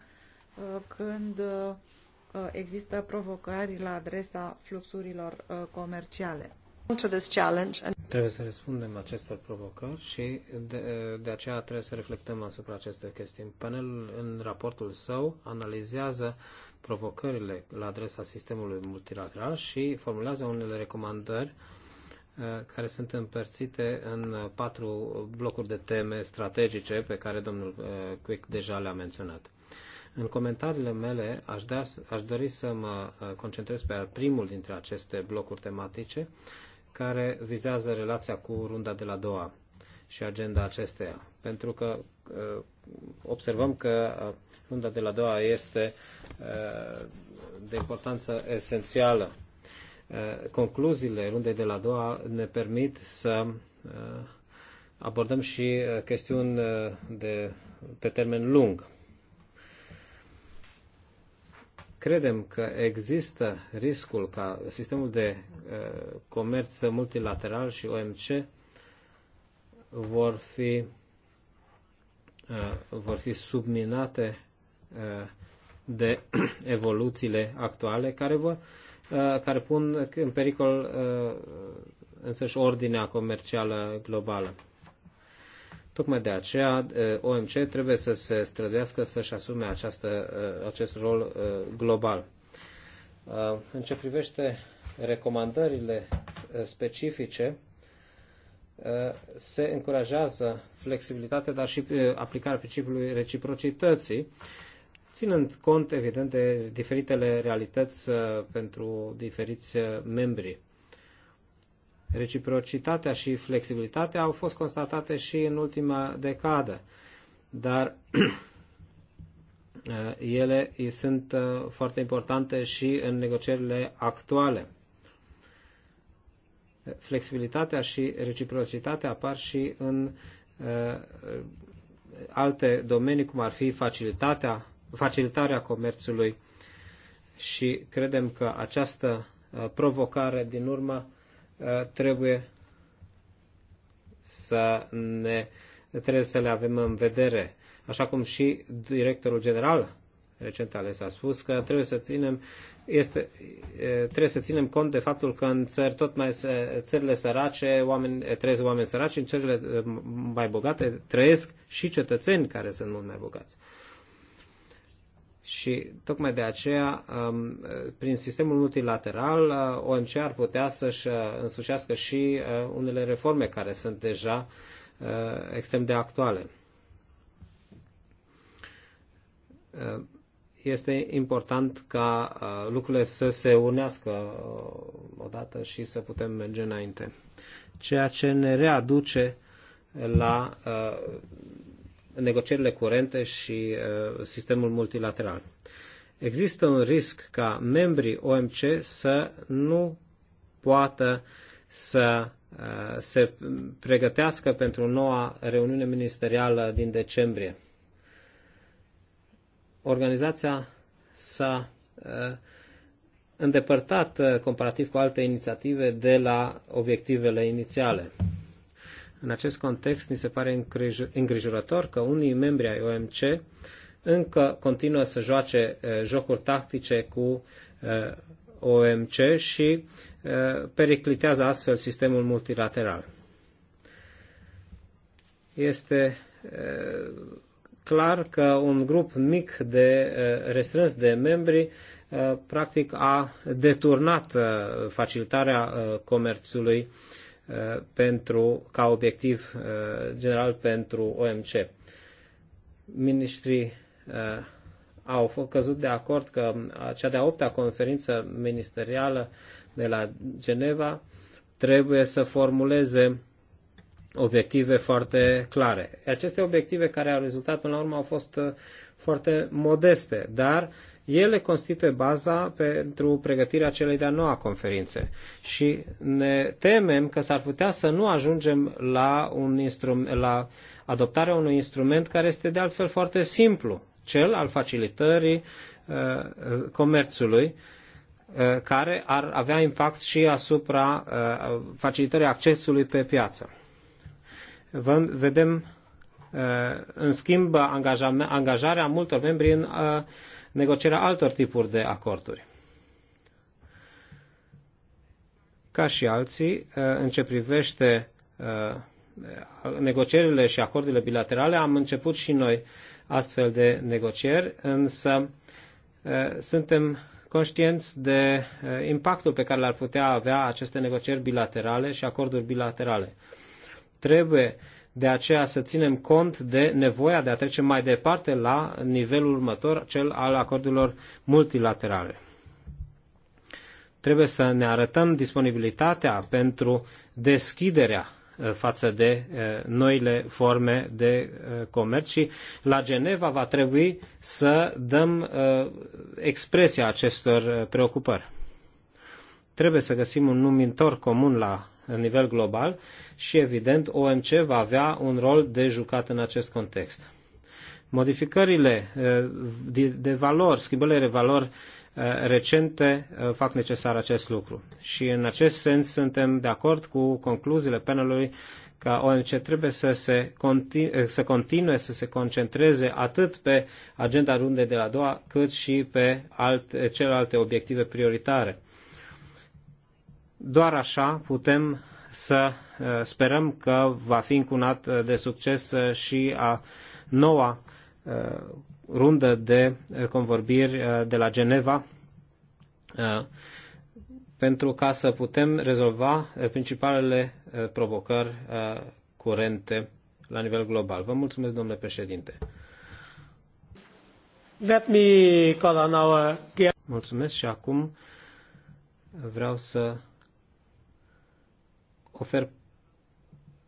când există provocări la adresa fluxurilor comerciale. To this challenge and Trebuie să răspundem acestor provocări și de, de aceea trebuie să reflectăm asupra acestor chestiuni. Panelul în raportul său analizează provocările la adresa sistemului multilateral și formulează unele recomandări uh, care sunt împărțite în patru blocuri de teme strategice pe care domnul uh, Quick deja le-a menționat. În comentariile mele aș, da, aș dori să mă uh, concentrez pe primul dintre aceste blocuri tematice care vizează relația cu runda de la doua și agenda acesteia. Pentru că uh, observăm că uh, runda de la doua este uh, de importanță esențială. Concluziile rundei de la doua ne permit să abordăm și chestiuni de, pe termen lung. Credem că există riscul ca sistemul de uh, comerț multilateral și OMC vor fi, uh, vor fi subminate uh, de *clears throat* evoluțiile actuale care, vor, care pun în pericol însăși ordinea comercială globală. Tocmai de aceea eh, OMC trebuie să se străduiască să-și asume această, eh, acest rol eh, global. În ce privește recomandările specifice, se încurajează flexibilitatea, dar și aplicarea principiului reciprocității, ținând cont, evident, de diferitele realități pentru diferiți membri. Reciprocitatea și flexibilitatea au fost constatate și în ultima decadă, dar *clears throat* eh, ele sunt eh, foarte importante și în negocierile actuale. Flexibilitatea și reciprocitatea apar și în eh, alte domenii, cum ar fi facilitatea, facilitarea comerțului și credem că această provocare din urmă Uh, trebuie să ne trebuie să le avem în vedere. Așa cum și directorul general recent ales a spus că trebuie să ținem este, uh, trebuie să ținem cont de faptul că în țări tot mai țările sărace, oameni, eh, trăiesc oameni săraci, în țările eh, mai bogate trăiesc și cetățeni care sunt mult mai bogați. Și tocmai de aceea, um, prin sistemul multilateral, uh, OMC ar putea să-și uh, însușească și uh, unele reforme care sunt deja extrem de actuale. Este important ca lucrurile să se unească odată și să putem merge înainte. Ceea ce ne readuce la negocierile curente și uh, sistemul multilateral. Există un risc ca membrii OMC să nu poată să uh, se pregătească pentru noua reuniune ministerială din decembrie. Organizația s-a uh, îndepărtat comparativ cu alte inițiative de la obiectivele inițiale. În acest context, ni se pare îngrijorător că unii membri ai OMC încă continuă să joace eh, jocuri tactice cu eh, OMC și eh, periclitează astfel sistemul multilateral. Este clar că un grup mic de restrâns de membri practic a deturnat facilitarea comerțului pentru, ca obiectiv uh, general pentru OMC. Ministrii uh, au căzut de acord că uh, cea de-a opta conferință ministerială de la Geneva trebuie să formuleze obiective foarte clare. Aceste obiective care au rezultat până la urmă au fost foarte modeste, dar ele constituie baza pentru pregătirea celei de-a noua conferințe și ne temem că s-ar putea să nu ajungem la, un la adoptarea unui instrument care este de altfel foarte simplu, cel al facilitării uh, comerțului, uh, care ar avea impact și asupra uh, facilitării accesului pe piață. Vedem Uh, în schimb angajarea multor membri în uh, negocierea altor tipuri de acorduri. Ca și alții, uh, în ce privește negocierile și acordurile bilaterale, am început și noi astfel de negocieri, însă suntem conștienți de impactul pe care l-ar putea avea aceste negocieri bilaterale și acorduri bilaterale. Trebuie uh, de aceea să ținem cont de nevoia de a trece mai departe la nivelul următor, cel al acordurilor multilaterale. Trebuie să ne arătăm disponibilitatea pentru deschiderea eh, față de eh, noile forme de eh, comerț și la Geneva va trebui să dăm expresia acestor preocupări. Trebuie să găsim un numitor comun la la nivel global și, evident, OMC va avea un rol de jucat în acest context. Modificările eh, de valori, schimbările de valori eh, recente eh, fac necesar acest lucru. Și în acest sens suntem de acord cu concluziile panelului că OMC trebuie să se continue, să continue să se concentreze atât pe agenda rundei de la doua, cât și pe alte, celelalte obiective prioritare. Doar așa putem să eh, sperăm că va fi încunat eh, de succes eh, și a noua rundă de convorbiri de la Geneva pentru ca să putem rezolva principalele provocări curente la nivel global. Vă mulțumesc, domnule președinte. Let me call on our... Mulțumesc și acum vreau să ofer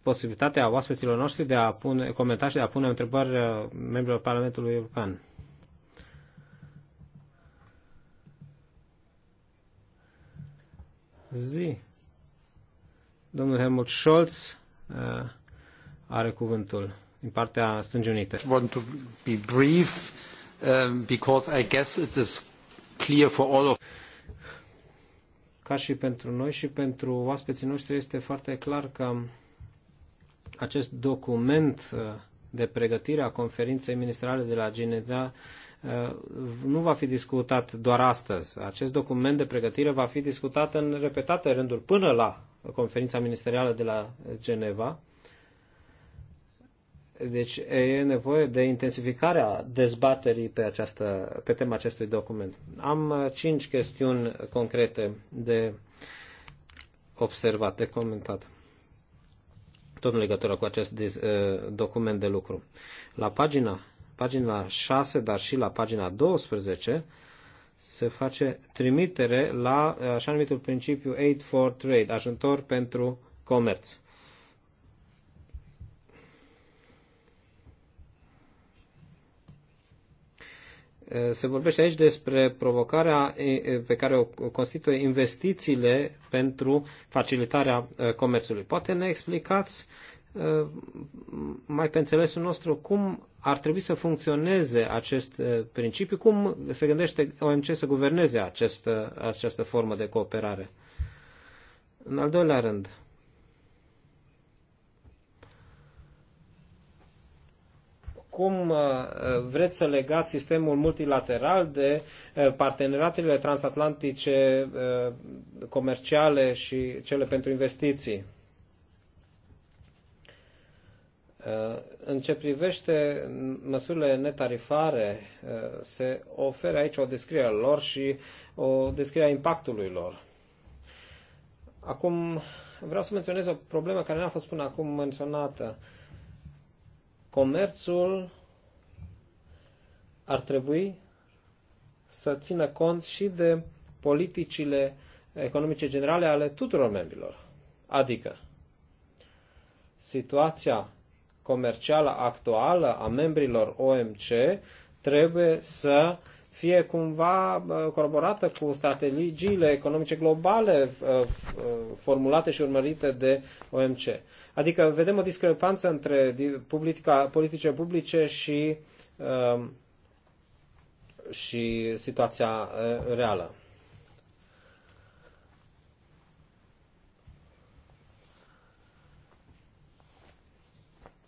posibilitatea oaspeților noștri de a pune comentarii, și de a pune întrebări uh, membrilor Parlamentului European. Zi. Domnul Helmut Scholz uh, are cuvântul din partea Stângii Unite. want to be brief um, because I guess it is clear for all of ca și pentru noi și pentru oaspeții noștri este foarte clar că acest document uh, de pregătire a conferinței ministrale de la Geneva uh, nu va fi discutat doar astăzi. Acest document de pregătire va fi discutat în repetate rânduri până la conferința ministerială de la Geneva deci e nevoie de intensificarea dezbaterii pe, această, pe tema acestui document. Am uh, cinci chestiuni concrete de observat, de comentat, tot în legătură cu acest uh, document de lucru. La pagina, pagina 6, dar și la pagina 12, se face trimitere la uh, așa numitul principiu Aid for Trade, ajutor pentru comerț. Uh, se vorbește aici despre provocarea pe care o constituie investițiile pentru facilitarea comerțului. Poate ne explicați mai pe înțelesul nostru cum ar trebui să funcționeze acest principiu, cum se gândește OMC să guverneze această această formă de cooperare. În al doilea rând, cum uh, vreți să legați sistemul multilateral de uh, parteneratele transatlantice uh, comerciale și cele pentru investiții. În ce privește măsurile netarifare, se oferă aici o descriere a lor și o descriere a impactului lor. Acum vreau să menționez o problemă care n-a fost până acum menționată. Uh, comerțul ar trebui să țină cont și de politicile economice generale ale tuturor membrilor. Adică, situația comercială actuală a membrilor OMC trebuie să uh, fie cumva uh, coroborată cu strategiile economice globale uh, uh, formulate și urmărite de OMC. Adică vedem o discrepanță între politica, politice publice și, um, și situația reală.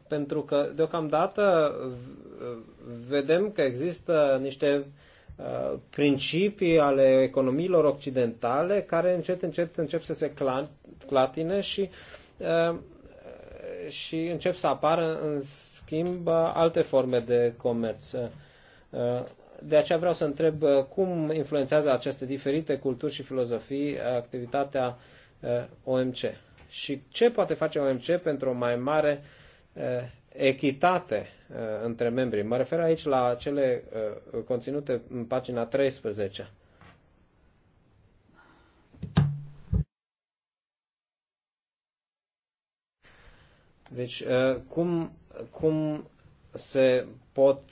pentru că deocamdată vedem că există niște Uh, principii ale economiilor occidentale care încet, încet încep să se clatine și, uh, și încep să apară, în schimb, uh, alte forme de comerț. De aceea vreau să întreb cum influențează aceste diferite culturi și filozofii activitatea OMC și ce poate face OMC pentru o mai mare echitate uh, între membrii. Mă refer aici la cele uh, conținute în pagina 13. Deci, uh, cum, cum se pot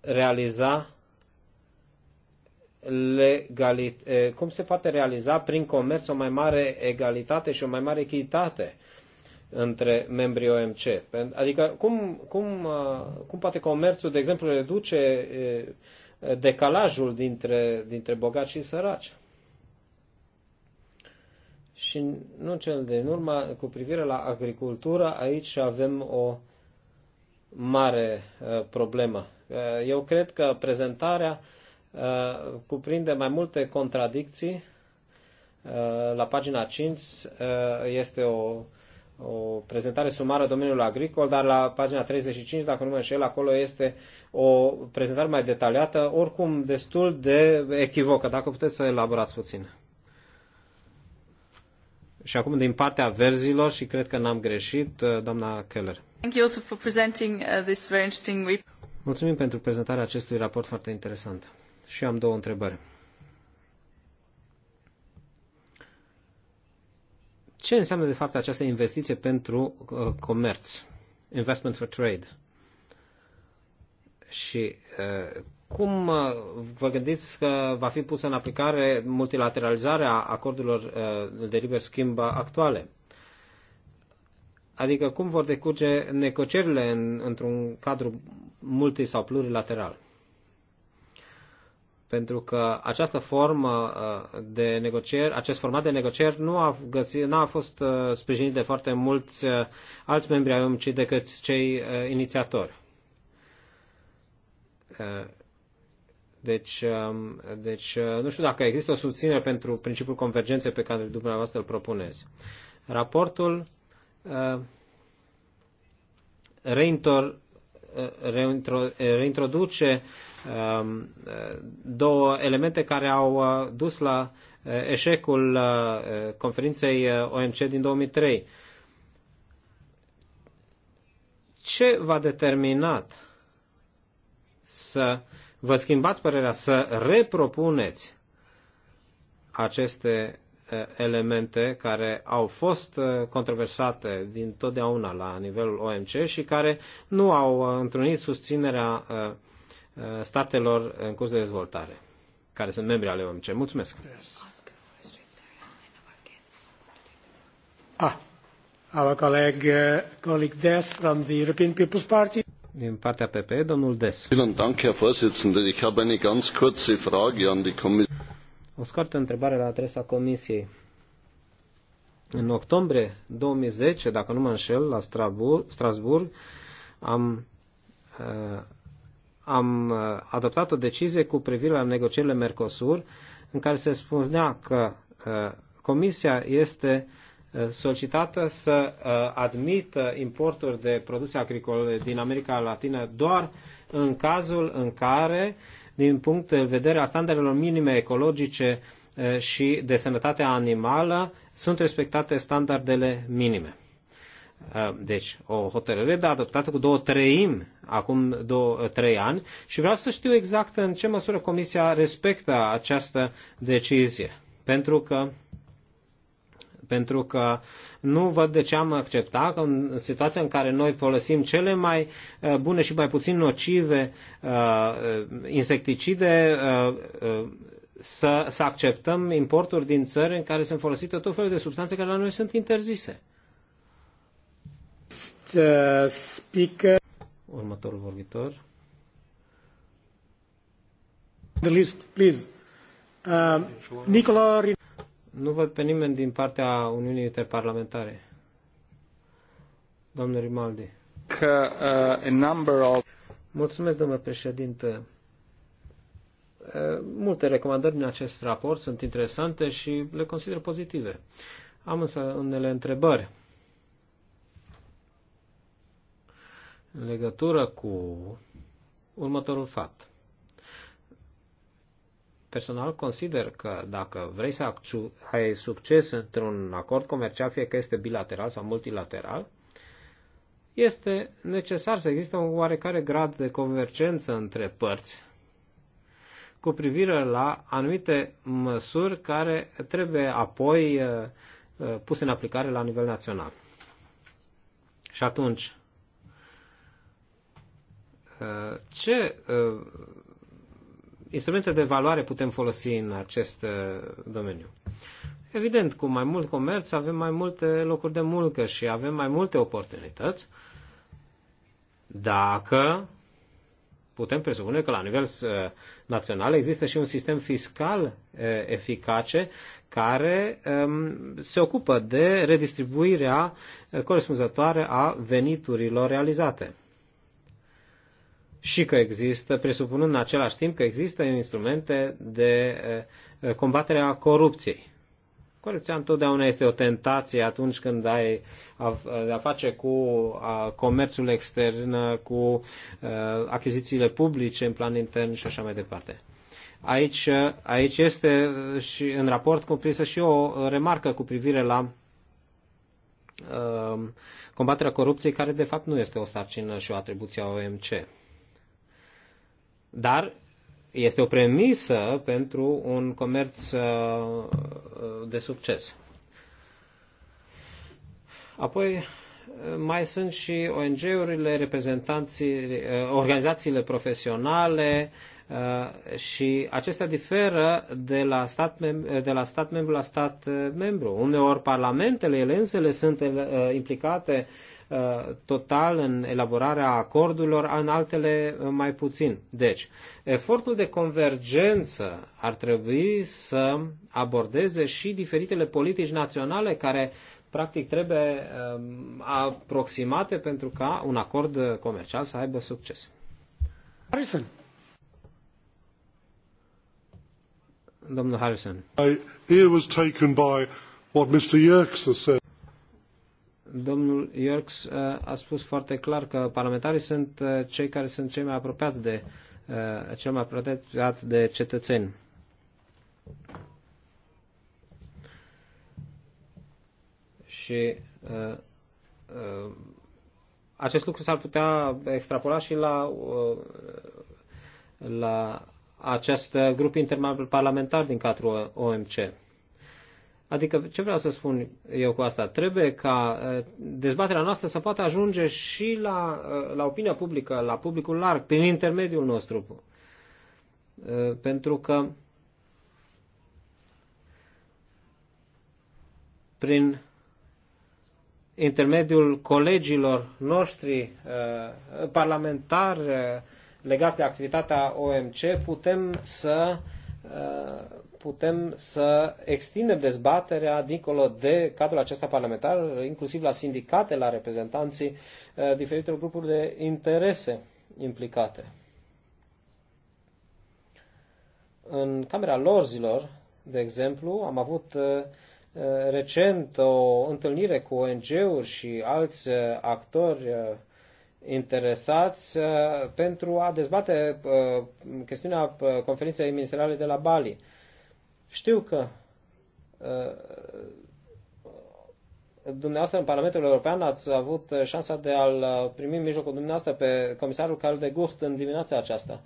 realiza legalit, eh, cum se poate realiza prin comerț o mai mare egalitate și o mai mare echitate între membrii OMC. Adică cum, cum, uh, cum poate comerțul, de exemplu, reduce eh, decalajul dintre, dintre bogați și săraci? Și nu cel de urmă, cu privire la agricultură, aici avem o mare eh, problemă. Eu cred că prezentarea uh, Uh, cuprinde mai multe contradicții. Uh, la pagina 5 uh, este o, o prezentare sumară domeniului agricol, dar la pagina 35, dacă nu mă înșel, acolo este o prezentare mai detaliată, oricum destul de echivocă, dacă puteți să elaborați puțin. Și acum din partea verzilor și cred că n-am greșit, doamna Keller. Thank you also for presenting this very interesting Mulțumim pentru prezentarea acestui raport foarte interesant și am două întrebări. Ce înseamnă de fapt această investiție pentru uh, comerț? Investment for trade. Și uh, cum uh, vă gândiți că va fi pusă în aplicare multilateralizarea acordurilor uh, de liber schimb actuale? Adică cum vor decurge negocierile în, într-un cadru multi- sau plurilateral? pentru că această formă uh, de negocieri, acest format de negocieri nu a, găsit, nu a fost uh, sprijinit de foarte mulți uh, alți membri ai OMC decât cei inițiatori. Deci, um, deci, nu știu dacă există o susținere pentru principiul convergenței pe care dumneavoastră îl propuneți. Raportul reintroduce Um, două elemente care au uh, dus la uh, eșecul uh, conferinței OMC din 2003. Ce v-a determinat să vă schimbați părerea, să repropuneți aceste elemente care au fost controversate din totdeauna la nivelul OMC și care nu au întrunit susținerea uh, Uh, statelor în curs de dezvoltare, care sunt membri ale OMC. Mulțumesc! Ah, our colleague, uh, colleague Des from the European People's Party. Din partea PPE, domnul Des. Vielen Dank, Herr Vorsitzender. Ich habe eine ganz kurze Frage an die Kommission. O scurtă întrebare la adresa Comisiei. În octombrie 2010, dacă nu mă înșel, la Strasburg, am uh, am uh, adoptat o decizie cu privire la negocierile Mercosur, în care se spunea că uh, Comisia este uh, solicitată să admită importuri de produse agricole din America Latină doar în cazul în care, din punct de vedere a standardelor minime ecologice și de sănătate animală, sunt respectate standardele minime. Uh, deci, o hotărâre de adoptată cu două treimi acum două, uh, trei ani și vreau să știu exact în ce măsură Comisia respectă această decizie. Pentru că pentru că nu văd de ce am accepta că în situația în care noi folosim cele mai uh, bune și mai puțin nocive insecticide să, să acceptăm importuri din țări în care sunt folosite tot felul de substanțe care la noi sunt interzise. Uh, speaker. Următorul vorbitor. The list, please. Uh, Nicola... Nu văd pe nimeni din partea Uniunii Interparlamentare. Domnul Rimaldi. Că, uh, a number of... Mulțumesc, domnule președinte. Uh, multe recomandări din acest raport sunt interesante și le consider pozitive. Am însă unele întrebări în legătură cu următorul fapt. Personal consider că dacă vrei să ai succes într-un acord comercial, fie că este bilateral sau multilateral, este necesar să există un oarecare grad de convergență între părți cu privire la anumite măsuri care trebuie apoi uh, uh, puse în aplicare la nivel național. Și atunci, Uh, ce uh, instrumente de valoare putem folosi în acest uh, domeniu? Evident, cu mai mult comerț avem mai multe locuri de muncă și avem mai multe oportunități dacă putem presupune că la nivel național există și un sistem fiscal eficace care um, se ocupă de redistribuirea corespunzătoare a veniturilor realizate și că există, presupunând în același timp că există instrumente de eh, combatere a corupției. Corupția întotdeauna este o tentație atunci când ai de a face cu comerțul extern, cu eh, achizițiile publice în plan intern și așa mai departe. Aici, aici este eh, și în raport cuprinsă și o remarcă cu privire la combaterea corupției, care de fapt nu este o sarcină și o atribuție a OMC. Dar este o premisă pentru un comerț uh, de succes. Apoi mai sunt și ONG-urile, reprezentanții, uh, organizațiile profesionale uh, și acestea diferă de la, stat mem- de la stat membru la stat membru. Uneori parlamentele ele însele sunt implicate Uh, total în elaborarea acordurilor, în altele uh, mai puțin. Deci, efortul de convergență ar trebui să abordeze și diferitele politici naționale care practic trebuie uh, aproximate pentru ca un acord comercial să aibă succes. Harrison. Domnul Harrison. I, was taken by what Mr. Yerkes said. Domnul Iorx uh, a spus foarte clar că parlamentarii sunt uh, cei care sunt cei mai apropiați de uh, cel mai apropiați de cetățeni. Și uh, uh, acest lucru s-ar putea extrapola și la, uh, la acest grup interparlamentar din cadrul OMC. Adică, ce vreau să spun eu cu asta? Trebuie ca dezbaterea noastră să poată ajunge și la, la opinia publică, la publicul larg, prin intermediul nostru. Pentru că prin intermediul colegilor noștri parlamentari legați de activitatea OMC, putem să putem să extindem dezbaterea dincolo de cadrul acesta parlamentar, inclusiv la sindicate, la reprezentanții eh, diferitelor grupuri de interese implicate. În Camera Lorzilor, de exemplu, am avut eh, eh, recent o întâlnire cu ONG-uri și alți actori interesați pentru a dezbate chestiunea conferinței ministeriale de la Bali. Știu că uh, uh, dumneavoastră în Parlamentul European ați avut uh, șansa de a-l primi în mijlocul dumneavoastră pe comisarul Carl de Gucht în dimineața aceasta.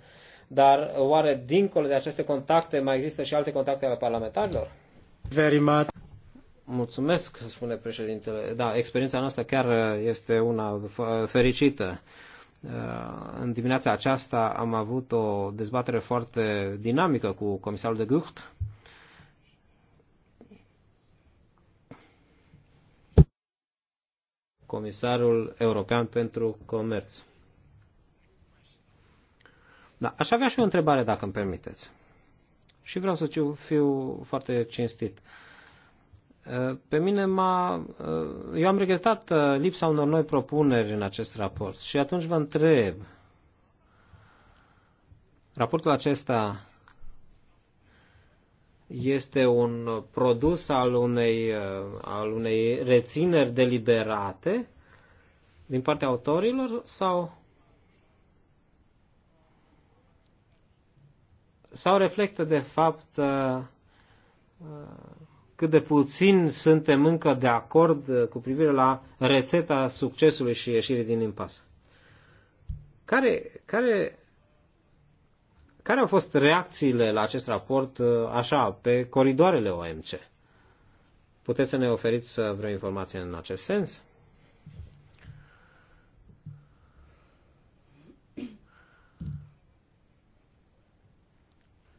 Dar oare dincolo de aceste contacte mai există și alte contacte ale parlamentarilor? Very much. Mulțumesc, spune președintele. Da, experiența noastră chiar este una fericită. În dimineața aceasta am avut o dezbatere foarte dinamică cu comisarul de Gucht Comisarul European pentru Comerț. Da, aș avea și o întrebare, dacă îmi permiteți. Și vreau să fiu, foarte cinstit. Uh, pe mine m-a... Uh, eu am regretat uh, lipsa unor noi propuneri în acest raport și atunci vă întreb. Raportul acesta este un produs al unei, uh, al unei rețineri deliberate din partea autorilor sau sau reflectă de fapt uh, uh, cât de puțin suntem încă de acord cu privire la rețeta succesului și ieșirii din impas. Care, care care au fost reacțiile la acest raport, uh, așa, pe coridoarele OMC? Puteți să ne oferiți uh, vreo informație în acest sens?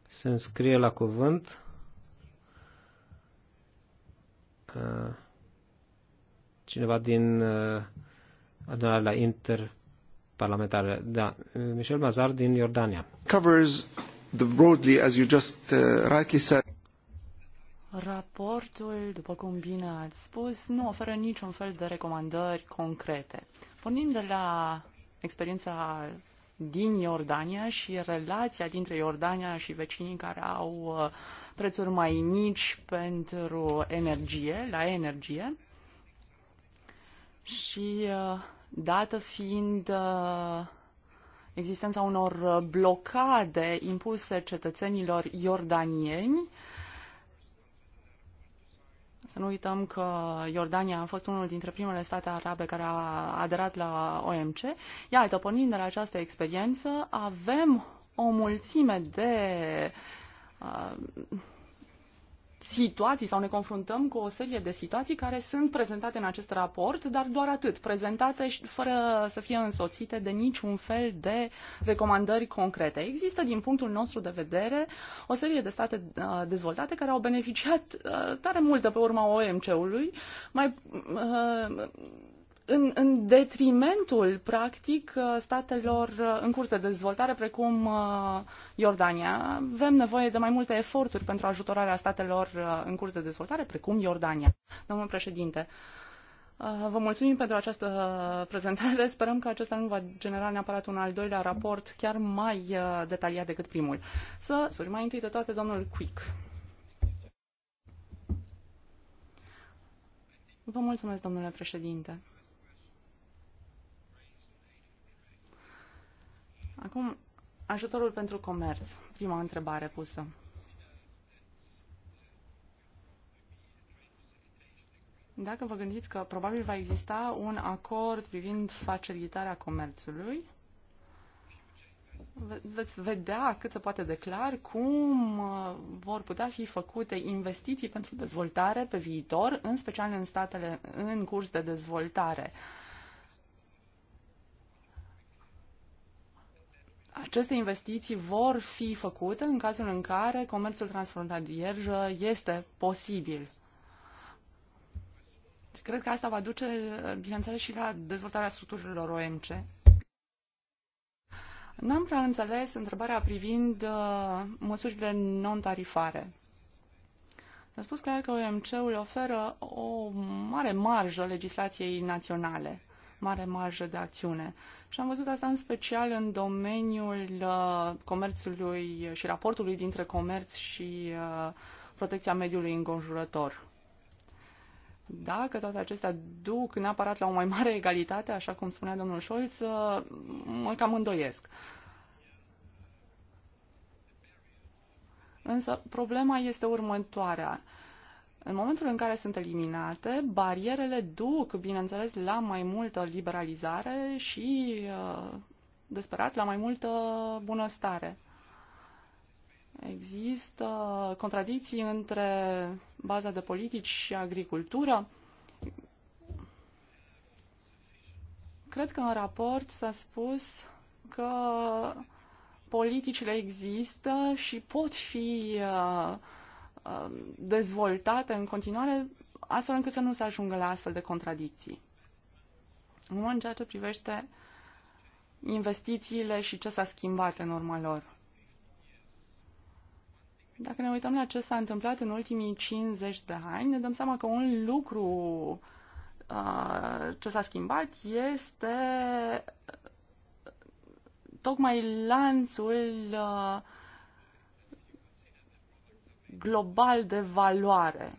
Se înscrie la cuvânt uh, cineva din adunarea la inter parlamentare. Da, Michel Mazar din Iordania. Covers the broadly, as you just uh, rightly said. Raportul, după cum bine ați spus, nu oferă niciun fel de recomandări concrete. Pornind de la experiența din Iordania și relația dintre Iordania și vecinii care au uh, prețuri mai mici pentru energie, la energie. Și uh, dată fiind uh, existența unor uh, blocade impuse cetățenilor iordanieni. Să nu uităm că Iordania a fost unul dintre primele state arabe care a aderat la OMC. Iată, pornind de la această experiență, avem o mulțime de uh, situații sau ne confruntăm cu o serie de situații care sunt prezentate în acest raport, dar doar atât, prezentate și fără să fie însoțite de niciun fel de recomandări concrete. Există, din punctul nostru de vedere, o serie de state uh, dezvoltate care au beneficiat uh, tare mult de pe urma OMC-ului, mai uh, în, în detrimentul, practic, uh, statelor uh, în curs de dezvoltare, precum uh, Iordania. Avem nevoie de mai multe eforturi pentru ajutorarea statelor în curs de dezvoltare, precum Iordania. Domnul președinte, vă mulțumim pentru această prezentare. *laughs* Sperăm că acesta nu va genera neapărat un al doilea raport chiar mai detaliat decât primul. Să suri mai întâi de toate domnul Quick. Vă mulțumesc, domnule președinte. Acum, ajutorul pentru comerț. Prima întrebare pusă. Dacă vă gândiți că probabil va exista un acord privind facilitarea comerțului, veți vedea cât se poate declar cum uh, vor putea fi făcute investiții pentru dezvoltare pe viitor, în special în statele în curs de dezvoltare. Uh, Aceste investiții vor fi făcute în cazul în care comerțul transfrontalier este posibil. Și deci, cred că asta va duce, bineînțeles, și la dezvoltarea structurilor OMC. N-am prea înțeles întrebarea privind uh, măsurile non-tarifare. S-a spus clar că OMC-ul oferă o mare marjă legislației naționale, mare marjă de acțiune. Și am văzut asta în special în domeniul uh, comerțului și raportului dintre comerț și uh, protecția mediului înconjurător. Dacă toate acestea duc neapărat la o mai mare egalitate, așa cum spunea domnul Scholz, uh, mă cam îndoiesc. Însă problema este următoarea în momentul în care sunt eliminate, barierele duc, bineînțeles, la mai multă liberalizare și, uh, desperat, la mai multă bunăstare. Există contradicții între baza de politici și agricultură. Cred că în raport s-a spus că politicile există și pot fi uh, Um, dezvoltate în continuare, astfel încât să nu se ajungă la astfel de contradicții. În în ceea ce privește investițiile și ce s-a schimbat în urma lor. Dacă ne uităm la ce s-a întâmplat în ultimii 50 de ani, ne dăm seama că un lucru uh, ce s-a schimbat este tocmai lanțul uh, global de valoare.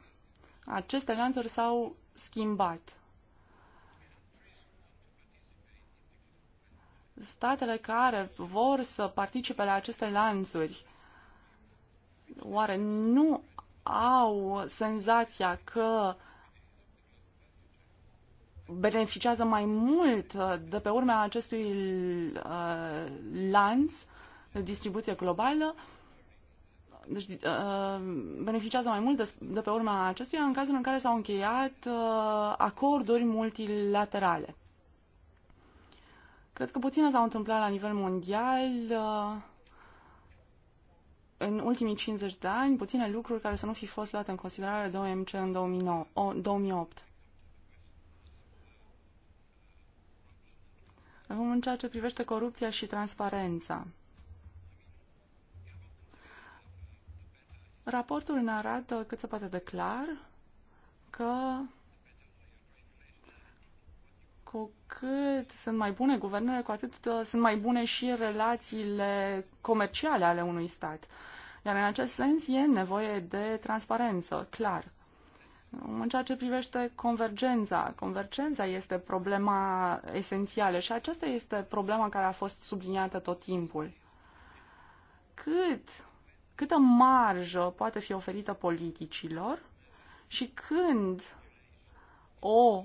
Aceste lanțuri s-au schimbat. Statele care vor să participe la aceste lanțuri, oare nu au senzația că beneficiază mai mult uh, de pe urma acestui uh, lanț de distribuție globală deci, uh, beneficiază mai mult de, de pe urma acestuia în cazul în care s-au încheiat uh, acorduri multilaterale. Cred că puține s-au întâmplat la nivel mondial uh, în ultimii 50 de ani, puține lucruri care să nu fi fost luate în considerare de OMC în 2009, 2008. Acum, în ceea ce privește corupția și transparența. Raportul ne arată cât se poate de clar că cu cât sunt mai bune guvernele, cu atât uh, sunt mai bune și relațiile comerciale ale unui stat. Iar în acest sens e nevoie de transparență, clar. În ceea ce privește convergența, convergența este problema esențială și aceasta este problema care a fost subliniată tot timpul. Cât câtă marjă poate fi oferită politicilor și când o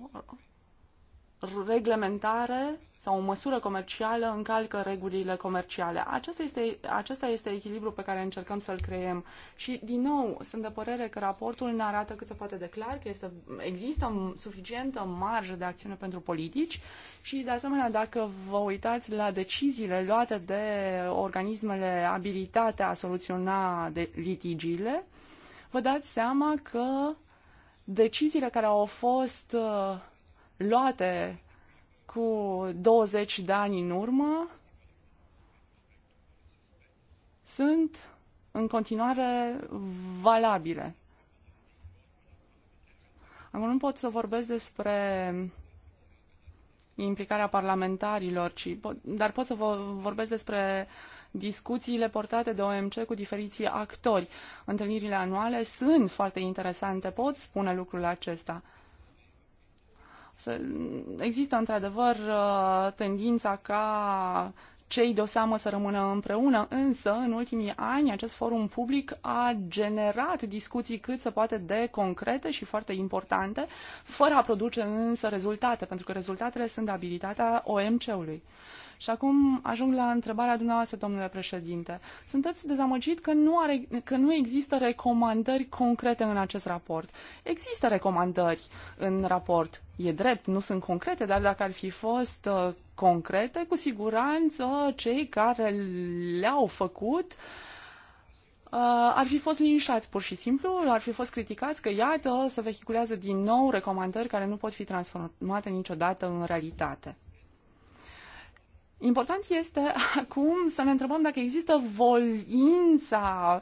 reglementare sau o măsură comercială încalcă regulile comerciale. Acesta este, acesta este echilibrul pe care încercăm să-l creăm. Și, din nou, sunt de părere că raportul ne arată cât se poate de clar că este, există suficientă marjă de acțiune pentru politici și, de asemenea, dacă vă uitați la deciziile luate de organismele abilitate a soluționa de litigiile, vă dați seama că deciziile care au fost uh, luate cu 20 de ani în urmă sunt în continuare valabile. Acum nu pot să vorbesc despre implicarea parlamentarilor, ci, dar pot să vorbesc despre discuțiile portate de OMC cu diferiții actori. Întâlnirile anuale sunt foarte interesante, pot spune lucrul acesta. Există într-adevăr uh, tendința ca cei de o seamă să rămână împreună, însă în ultimii ani acest forum public a generat discuții cât se poate de concrete și foarte importante, fără a produce însă rezultate, pentru că rezultatele sunt de abilitatea OMC-ului. Și acum ajung la întrebarea dumneavoastră, domnule președinte. Sunteți dezamăgit că nu, are, că nu există recomandări concrete în acest raport. Există recomandări în raport. E drept, nu sunt concrete, dar dacă ar fi fost uh, concrete, cu siguranță cei care le-au făcut uh, ar fi fost linișați pur și simplu, ar fi fost criticați că, iată, se vehiculează din nou recomandări care nu pot fi transformate niciodată în realitate. Important este *laughs* acum să ne întrebăm dacă există voința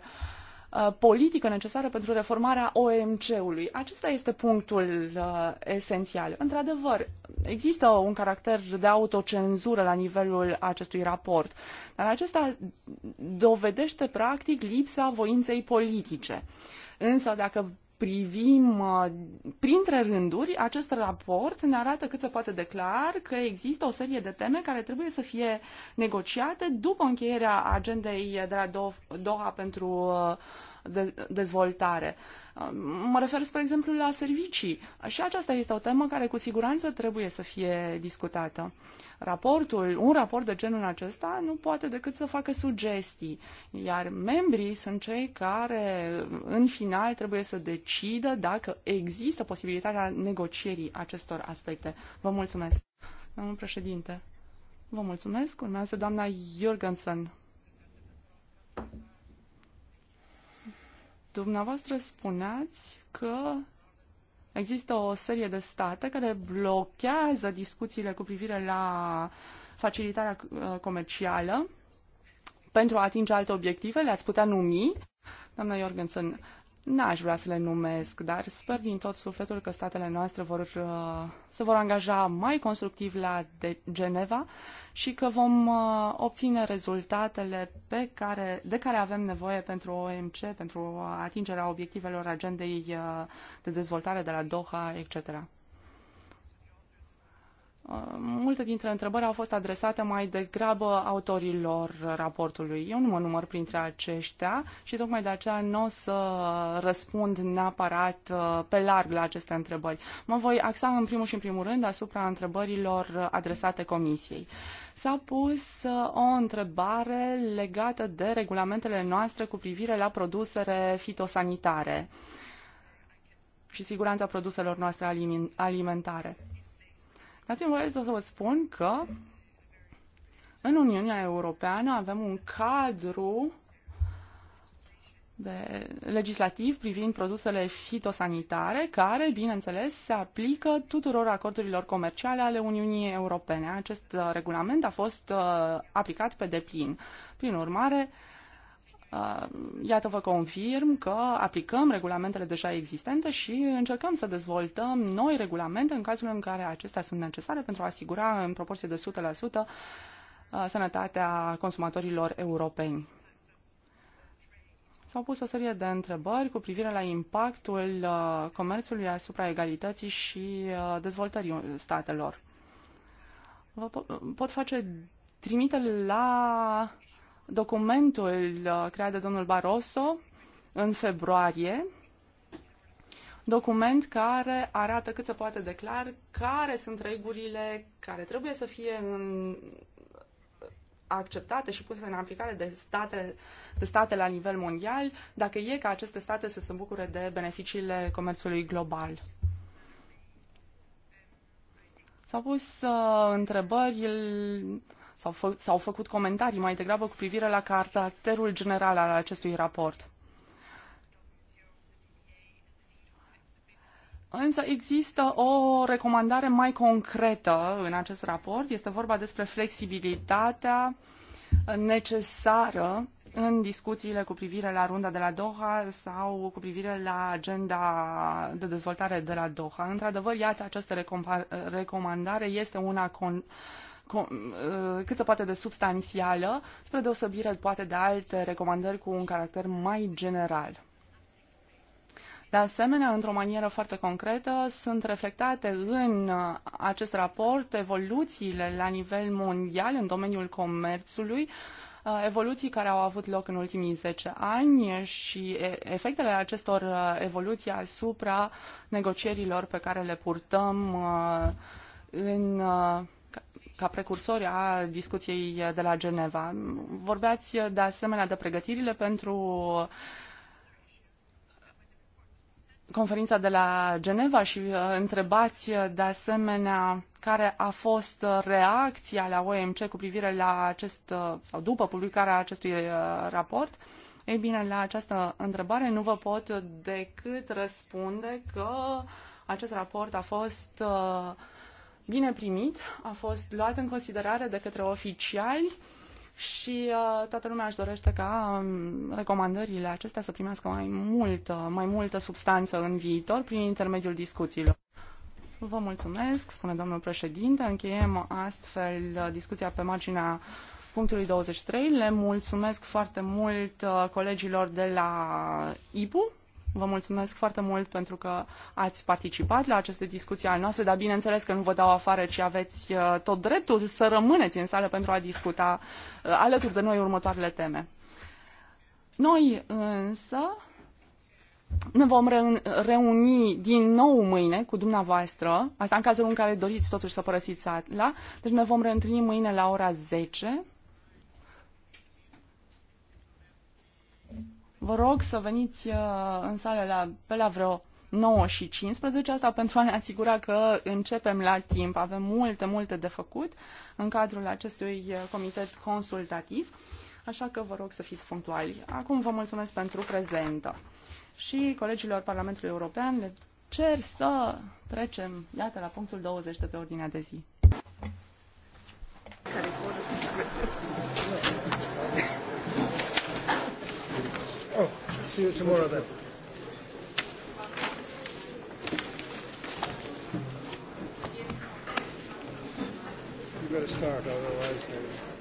uh, politică necesară pentru reformarea OMC-ului. Acesta este punctul uh, esențial. Într-adevăr, există un caracter de autocenzură la nivelul acestui raport, dar acesta dovedește practic lipsa voinței politice. Însă, dacă privim uh, printre rânduri, acest raport ne arată cât se poate de clar că există o serie de teme care trebuie să fie negociate după încheierea agendei de la Doha pentru uh, dezvoltare. Mă refer, spre exemplu, la servicii. Și aceasta este o temă care cu siguranță trebuie să fie discutată. Raportul, un raport de genul acesta nu poate decât să facă sugestii, iar membrii sunt cei care, în final, trebuie să decidă dacă există posibilitatea negocierii acestor aspecte. Vă mulțumesc. Domnul președinte, vă mulțumesc. Urmează doamna Jorgensen. Dumneavoastră spuneați că există o serie de state care blochează discuțiile cu privire la facilitarea uh, comercială pentru a atinge alte obiective, le-ați putea numi. Doamna Jorgensen, N-aș vrea să le numesc, dar sper din tot sufletul că statele noastre vor, uh, se vor angaja mai constructiv la de Geneva și că vom uh, obține rezultatele pe care, de care avem nevoie pentru OMC, pentru atingerea obiectivelor agendei uh, de dezvoltare de la Doha, etc. Multe dintre întrebări au fost adresate mai degrabă autorilor raportului. Eu nu mă număr printre aceștia și tocmai de aceea nu o să răspund neapărat uh, pe larg la aceste întrebări. Mă voi axa în primul și în primul rând asupra întrebărilor adresate Comisiei. S-a pus uh, o întrebare legată de regulamentele noastre cu privire la produsele fitosanitare și siguranța produselor noastre alimentare. Dați-mi voie să vă spun că în Uniunea Europeană avem un cadru de legislativ privind produsele fitosanitare, care, bineînțeles, se aplică tuturor acordurilor comerciale ale Uniunii Europene. Acest uh, regulament a fost uh, aplicat pe deplin. Prin urmare, Uh, iată, vă confirm că aplicăm regulamentele deja existente și încercăm să dezvoltăm noi regulamente în cazul în care acestea sunt necesare pentru a asigura în proporție de 100% uh, sănătatea consumatorilor europeni. S-au pus o serie de întrebări cu privire la impactul uh, comerțului asupra egalității și dezvoltării statelor. Vă pot face trimite la documentul uh, creat de domnul Barroso în februarie, document care arată cât se poate declar care sunt regulile care trebuie să fie în, acceptate și puse în aplicare de, state, de state la nivel mondial, dacă e ca aceste state să se bucure de beneficiile comerțului global. S-au pus uh, întrebări sau fă, s-au făcut comentarii mai degrabă cu privire la caracterul general al acestui raport. Însă există o recomandare mai concretă în acest raport. Este vorba despre flexibilitatea necesară în discuțiile cu privire la runda de la Doha sau cu privire la agenda de dezvoltare de la Doha. Într-adevăr, iată, această recomandare este una con- Uh, cât se poate de substanțială, spre deosebire poate de alte recomandări cu un caracter mai general. De asemenea, într-o manieră foarte concretă, sunt reflectate în uh, acest raport evoluțiile la nivel mondial în domeniul comerțului, uh, evoluții care au avut loc în ultimii 10 ani și efectele acestor evoluții asupra negocierilor pe care le purtăm în ca precursori a discuției de la Geneva. Vorbeați de asemenea de pregătirile pentru conferința de la Geneva și uh, întrebați de asemenea care a fost reacția la OMC cu privire la acest, uh, sau după publicarea acestui uh, raport. Ei bine, la această întrebare nu vă pot decât răspunde că acest raport a fost uh, bine primit, a fost luat în considerare de către oficiali și uh, toată lumea își dorește ca um, recomandările acestea să primească mai multă, mai multă substanță în viitor prin intermediul discuțiilor. Vă mulțumesc, spune domnul președinte. Încheiem astfel uh, discuția pe marginea punctului 23. Le mulțumesc foarte mult uh, colegilor de la IPU Vă mulțumesc foarte mult pentru că ați participat la aceste discuții ale noastre, dar bineînțeles că nu vă dau afară, ci aveți uh, tot dreptul să rămâneți în sală pentru a discuta uh, alături de noi următoarele teme. Noi însă ne vom reuni din nou mâine cu dumneavoastră, asta în cazul în care doriți totuși să părăsiți sala, deci ne vom reîntâlni mâine la ora 10 Vă rog să veniți uh, în sală la, pe la vreo 9 și 15, asta pentru a ne asigura că începem la timp. Avem multe, multe de făcut în cadrul acestui uh, comitet consultativ, așa că vă rog să fiți punctuali. Acum vă mulțumesc pentru prezentă și colegilor Parlamentului European le cer să trecem, iată, la punctul 20 de pe ordinea de zi. Care See you tomorrow then. You better start, otherwise. They...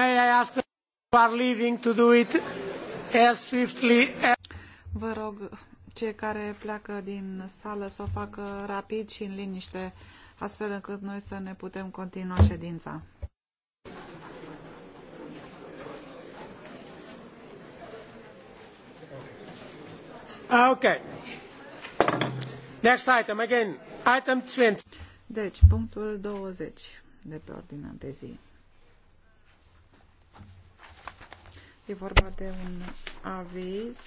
May I ask who are leaving to do it as swiftly as... Vă rog, cei care pleacă din sală să o facă rapid și în liniște, astfel încât noi să ne putem continua ședința. Ah, okay. Next item again. Item 20. Deci, punctul 20 de pe ordinea de zi. E vorba de un aviz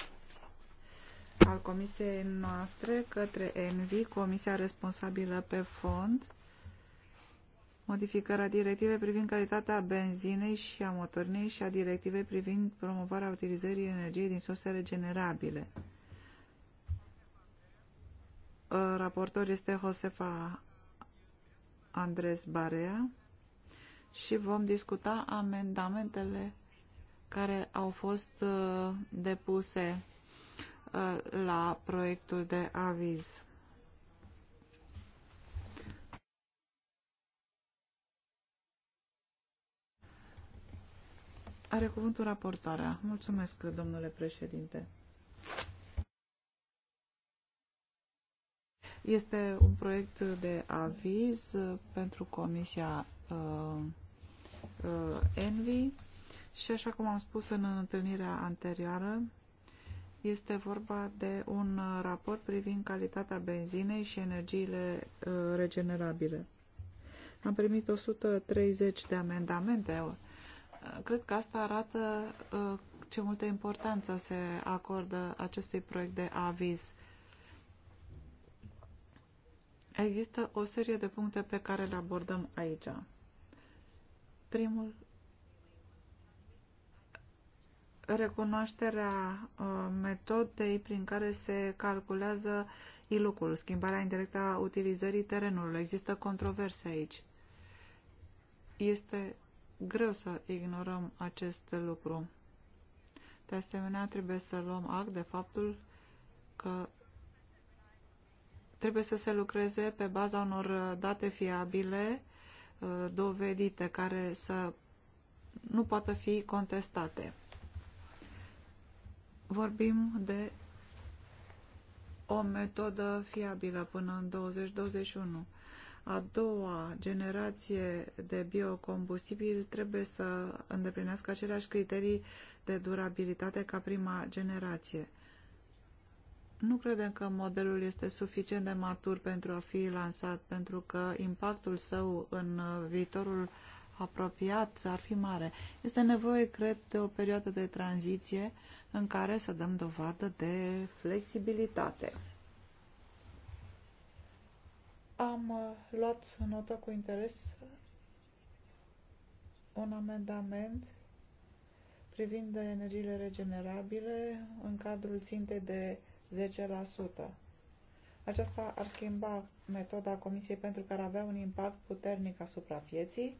al comisiei noastre către ENVI, comisia responsabilă pe fond, modificarea directivei privind calitatea benzinei și a motorinei și a directivei privind promovarea utilizării energiei din surse regenerabile. Ă, raportor este Josefa Andres Barea și vom discuta amendamentele care au fost uh, depuse uh, la proiectul de aviz. Are cuvântul raportoarea. Mulțumesc, domnule președinte. Este un proiect de aviz uh, pentru Comisia uh, uh, Envi și așa cum am spus în întâlnirea anterioară, este vorba de un raport privind calitatea benzinei și energiile uh, regenerabile. Am primit 130 de amendamente. Uh, cred că asta arată uh, ce multă importanță se acordă acestui proiect de aviz. Există o serie de puncte pe care le abordăm aici. Primul recunoașterea uh, metodei prin care se calculează ilucul, schimbarea indirectă a utilizării terenului. Există controverse aici. Este greu să ignorăm acest lucru. De asemenea, trebuie să luăm act de faptul că trebuie să se lucreze pe baza unor date fiabile, uh, dovedite, care să nu poată fi contestate. Vorbim de o metodă fiabilă până în 2021. A doua generație de biocombustibil trebuie să îndeplinească aceleași criterii de durabilitate ca prima generație. Nu credem că modelul este suficient de matur pentru a fi lansat, pentru că impactul său în viitorul apropiat ar fi mare. Este nevoie, cred, de o perioadă de tranziție în care să dăm dovadă de flexibilitate. Am uh, luat notă cu interes un amendament privind energiile regenerabile în cadrul țintei de 10%. Aceasta ar schimba metoda Comisiei pentru că ar avea un impact puternic asupra pieții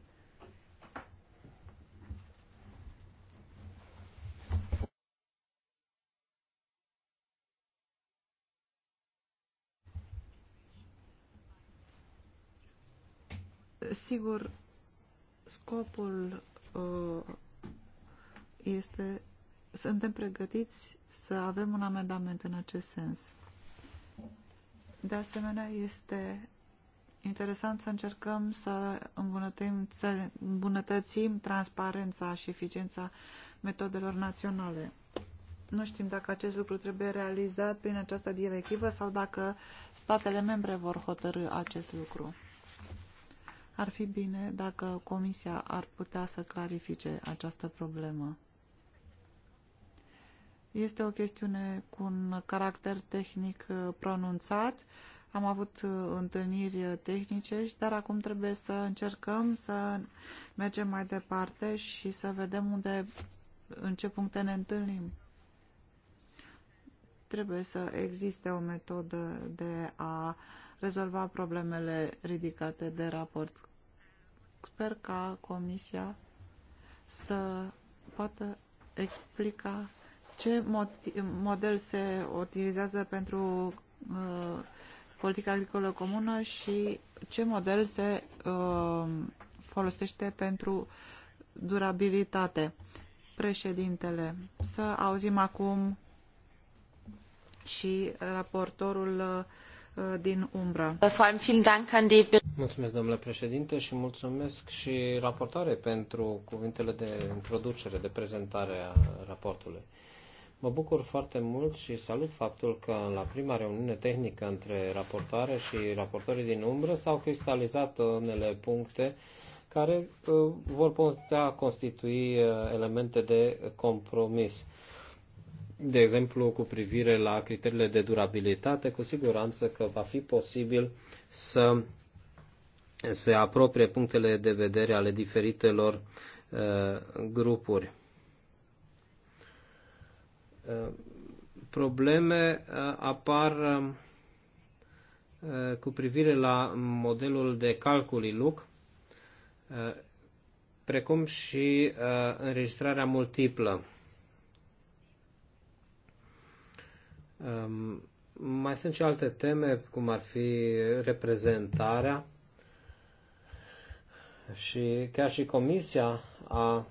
Sigur, scopul uh, este, suntem pregătiți să avem un amendament în acest sens. De asemenea, este interesant să încercăm să îmbunătățim, să îmbunătățim transparența și eficiența metodelor naționale. Nu știm dacă acest lucru trebuie realizat prin această directivă sau dacă statele membre vor hotărâ acest lucru. Ar fi bine dacă Comisia ar putea să clarifice această problemă. Este o chestiune cu un caracter tehnic uh, pronunțat. Am avut uh, întâlniri tehnice, dar acum trebuie să încercăm să mergem mai departe și să vedem unde, în ce puncte ne întâlnim. Trebuie să existe o metodă de a uh, rezolva problemele ridicate de raport. Sper ca Comisia să poată explica ce model se utilizează pentru uh, politica agricolă comună și ce model se uh, folosește pentru durabilitate. Președintele, să auzim acum și raportorul uh, Uh, din umbră. Mulțumesc, domnule președinte, și mulțumesc și raportare pentru cuvintele de introducere, de prezentare a raportului. Mă bucur foarte mult și salut faptul că la prima reuniune tehnică între raportare și raportorii din umbră s-au cristalizat unele puncte care uh, vor putea constitui uh, elemente de compromis de exemplu, cu privire la criteriile de durabilitate, cu siguranță că va fi posibil să se apropie punctele de vedere ale diferitelor uh, grupuri. Uh, probleme uh, apar um, uh, cu privire la modelul de calcul ILUC, uh, precum și uh, înregistrarea multiplă Mai sunt și alte teme, cum ar fi reprezentarea și chiar și Comisia a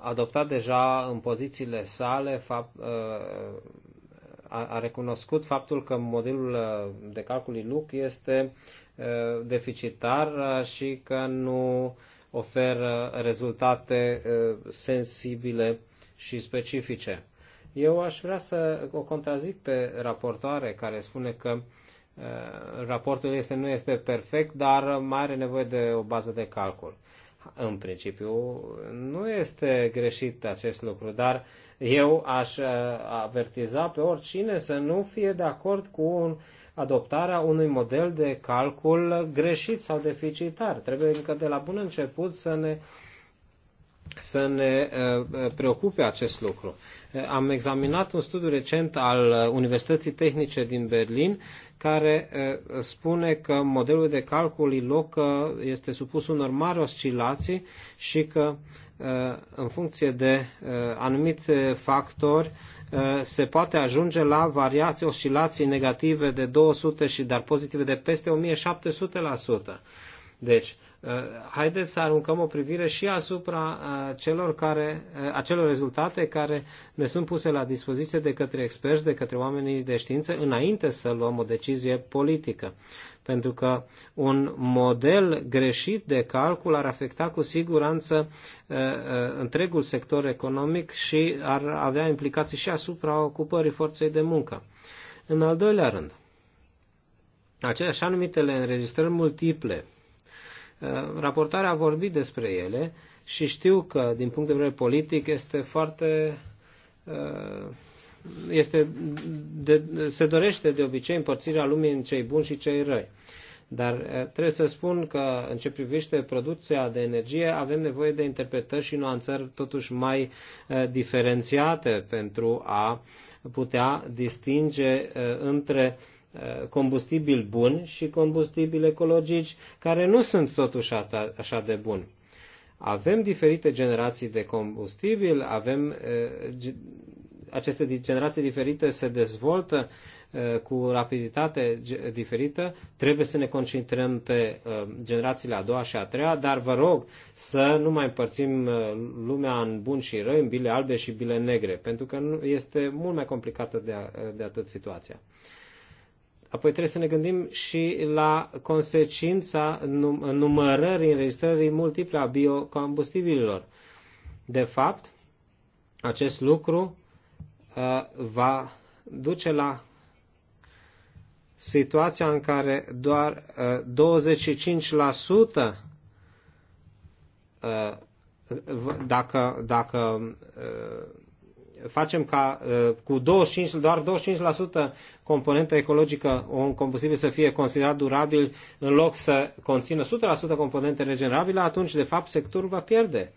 adoptat deja în pozițiile sale, ă, a recunoscut faptul că modelul de calcul LUC este ă, deficitar ă, și că nu oferă rezultate sensibile și specifice. Eu aș vrea să o contrazic pe raportoare care spune că uh, raportul este, nu este perfect, dar mai are nevoie de o bază de calcul. În principiu, nu este greșit acest lucru, dar eu aș uh, avertiza pe oricine să nu fie de acord cu adoptarea unui model de calcul greșit sau deficitar. Trebuie încă de la bun început să ne uh, să ne uh, uh, preocupe acest lucru. Uh, am examinat un studiu recent al Universității Tehnice din Berlin care spune că modelul de calcul loc este supus unor mari oscilații și că în funcție de anumite factori se poate ajunge la variații, oscilații negative de 200 și dar pozitive de peste 1700%. Deci, Uh, haideți să aruncăm o privire și asupra uh, celor care, uh, acelor rezultate care ne sunt puse la dispoziție de către experți, de către oamenii de știință, înainte să luăm o decizie politică. Pentru că un model greșit de calcul ar afecta cu siguranță întregul sector economic și ar avea implicații și asupra ocupării forței de muncă. În al doilea rând, acele așa numitele înregistrări multiple, Uh, raportarea a vorbit despre ele și știu că, din punct de vedere politic, este foarte. Uh, este, de, se dorește de obicei împărțirea lumii în cei buni și cei răi. Dar uh, trebuie să spun că în ce privește producția de energie avem nevoie de interpretări și nuanțări totuși mai diferențiate pentru a putea distinge între Uh, combustibili buni și combustibili ecologici care nu sunt totuși așa de buni. Avem diferite generații de combustibil, avem uh, aceste generații diferite se dezvoltă uh, cu rapiditate diferită. Trebuie să ne concentrăm pe generațiile a doua și a treia, dar vă rog să nu mai împărțim lumea în bun și rău, în bile albe și bile negre, pentru că este mult mai complicată de atât situația. Apoi trebuie să ne gândim și la consecința num numărării, înregistrării multiple a biocombustibililor. De fapt, acest lucru uh, va duce la situația în care doar uh, 25% uh, dacă, dacă uh, facem ca uh, cu 25, doar 25% componentă ecologică un combustibil să fie considerat durabil în loc să conțină 100% componente regenerabile, atunci de fapt sectorul va pierde.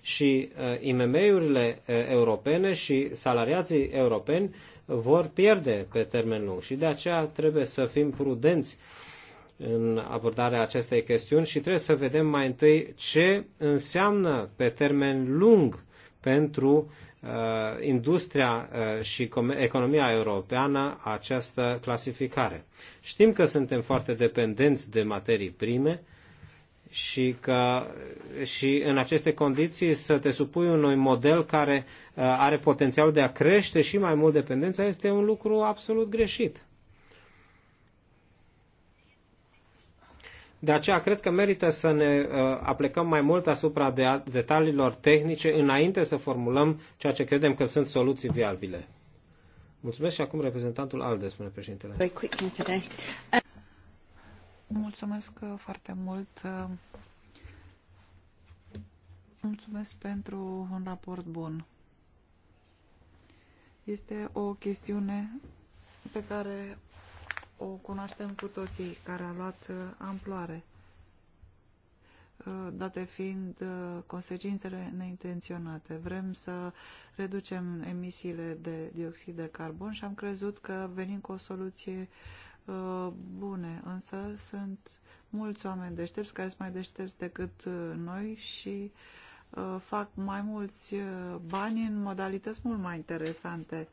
Și uh, IMM-urile uh, europene și salariații europeni vor pierde pe termen lung și de aceea trebuie să fim prudenți în abordarea acestei chestiuni și trebuie să vedem mai întâi ce înseamnă pe termen lung pentru Uh, industria uh, și economia europeană această clasificare. Știm că suntem foarte dependenți de materii prime și că și în aceste condiții să te supui unui model care uh, are potențial de a crește și mai mult dependența este un lucru absolut greșit. De aceea cred că merită să ne uh, aplicăm mai mult asupra de detaliilor tehnice înainte să formulăm ceea ce credem că sunt soluții viabile. Mulțumesc și acum reprezentantul ALDE, spune președintele. Uh, mulțumesc uh, foarte mult. Mulțumesc pentru un raport bun. Este o chestiune pe care o cunoaștem cu toții, care a luat uh, amploare, uh, date fiind uh, consecințele neintenționate. Vrem să reducem emisiile de dioxid de carbon și am crezut că venim cu o soluție bune, însă sunt mulți oameni deștepți care sunt mai deștepți decât noi și fac mai mulți bani în modalități mult mai interesante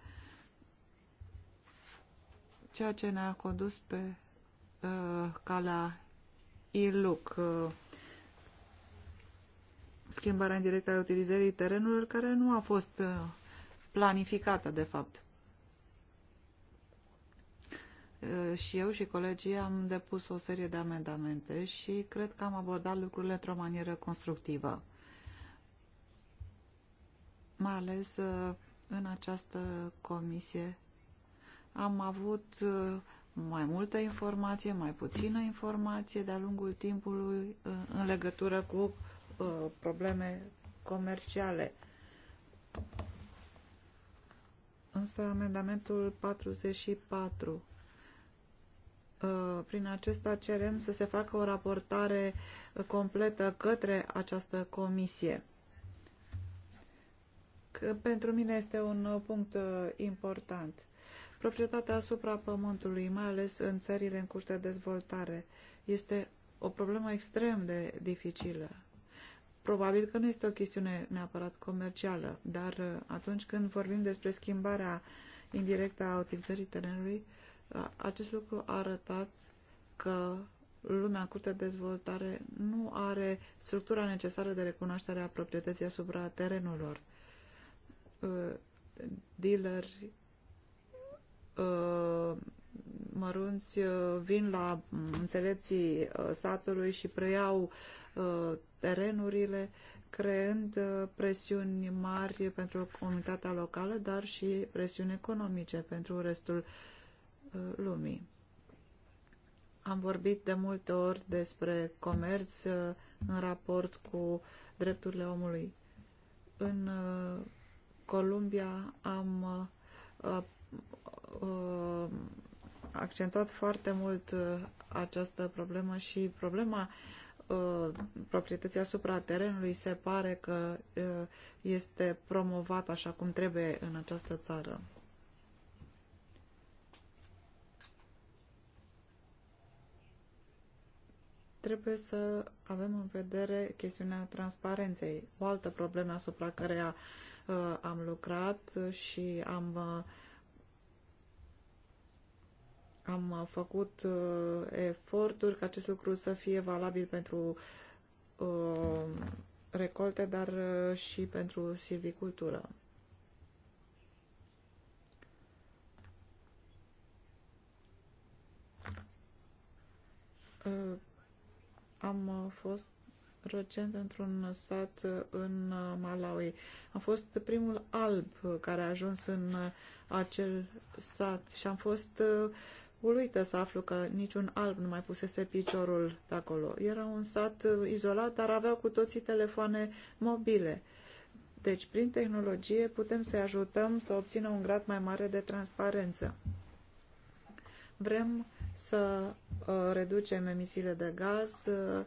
ceea ce ne-a condus pe uh, calea ILUC, uh, schimbarea indirectă a utilizării terenurilor care nu a fost uh, planificată, de fapt. Uh, și eu și colegii am depus o serie de amendamente și cred că am abordat lucrurile într-o manieră constructivă. Mai ales uh, în această comisie am avut uh, mai multă informație, mai puțină informație de-a lungul timpului uh, în legătură cu uh, probleme comerciale. Însă amendamentul 44 prin acesta cerem să se facă o raportare completă către această comisie. Că pentru mine este un punct important. Proprietatea asupra pământului, mai ales în țările în curs de dezvoltare, este o problemă extrem de dificilă. Probabil că nu este o chestiune neapărat comercială, dar uh, atunci când vorbim despre schimbarea indirectă a utilizării terenului, uh, acest lucru a arătat că lumea în curte de dezvoltare nu are structura necesară de recunoaștere a proprietății asupra terenurilor. Uh, dealeri Uh, mărunți uh, vin la înțelepții uh, satului și preiau terenurile, creând presiuni mari pentru comunitatea locală, dar și presiuni economice pentru restul lumii. Am vorbit de multe ori despre comerț în raport cu drepturile omului. În Columbia am uh, accentuat foarte mult uh, această problemă și problema uh, proprietății asupra terenului se pare că uh, este promovată așa cum trebuie în această țară. Trebuie să avem în vedere chestiunea transparenței, o altă problemă asupra căreia uh, am lucrat și am uh, am uh, făcut uh, eforturi ca acest lucru să fie valabil pentru uh, recolte, dar și pentru silvicultură. Am fost recent într-un sat în Malawi. Am fost primul alb care a ajuns în acel sat și am fost uluită să aflu că niciun alb nu mai pusese piciorul pe acolo. Era un sat uh, izolat, dar aveau cu toții telefoane mobile. Deci, prin tehnologie, putem să ajutăm să obțină un grad mai mare de transparență. Vrem să uh, reducem emisiile de gaz uh, uh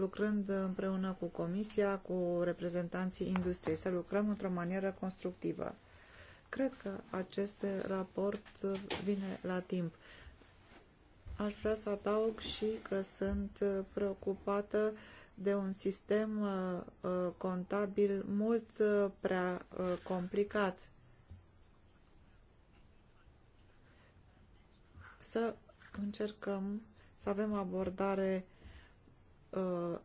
lucrând împreună cu Comisia, cu reprezentanții industriei, să lucrăm într-o manieră constructivă. Cred că acest raport vine la timp. Aș vrea să adaug și că sunt preocupată de un sistem uh, uh, contabil mult uh, prea complicat. Să încercăm să avem abordare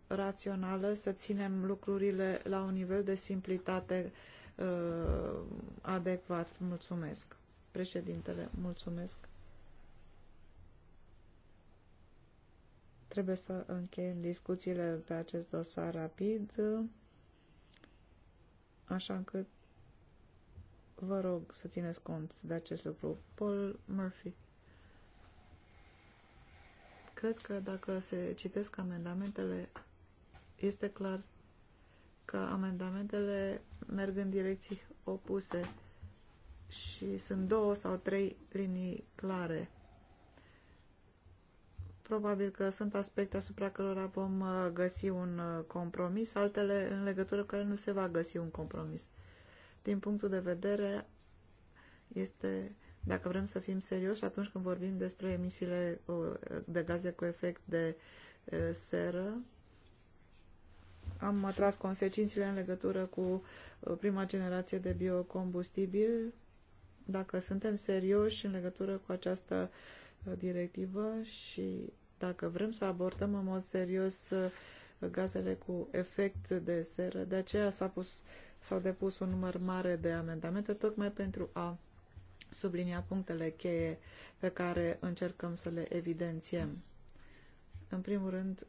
rațională, să ținem lucrurile la un nivel de simplitate uh, adecvat. Mulțumesc. Președintele, mulțumesc. Trebuie să încheiem discuțiile pe acest dosar rapid, așa încât vă rog să țineți cont de acest lucru. Paul Murphy cred că dacă se citesc amendamentele, este clar că amendamentele merg în direcții opuse și sunt două sau trei linii clare. Probabil că sunt aspecte asupra cărora vom uh, găsi un uh, compromis, altele în legătură cu care nu se va găsi un compromis. Din punctul de vedere, este, dacă vrem să fim serioși, atunci când vorbim despre emisiile uh, de gaze cu efect de seră, am atras consecințele în legătură cu uh, prima generație de biocombustibil. Dacă suntem serioși în legătură cu această uh, directivă și dacă vrem să abordăm în mod serios uh, gazele cu efect de seră, de aceea s-a pus, s-au depus un număr mare de amendamente, tocmai pentru a sublinia punctele cheie pe care încercăm să le evidențiem. În primul rând,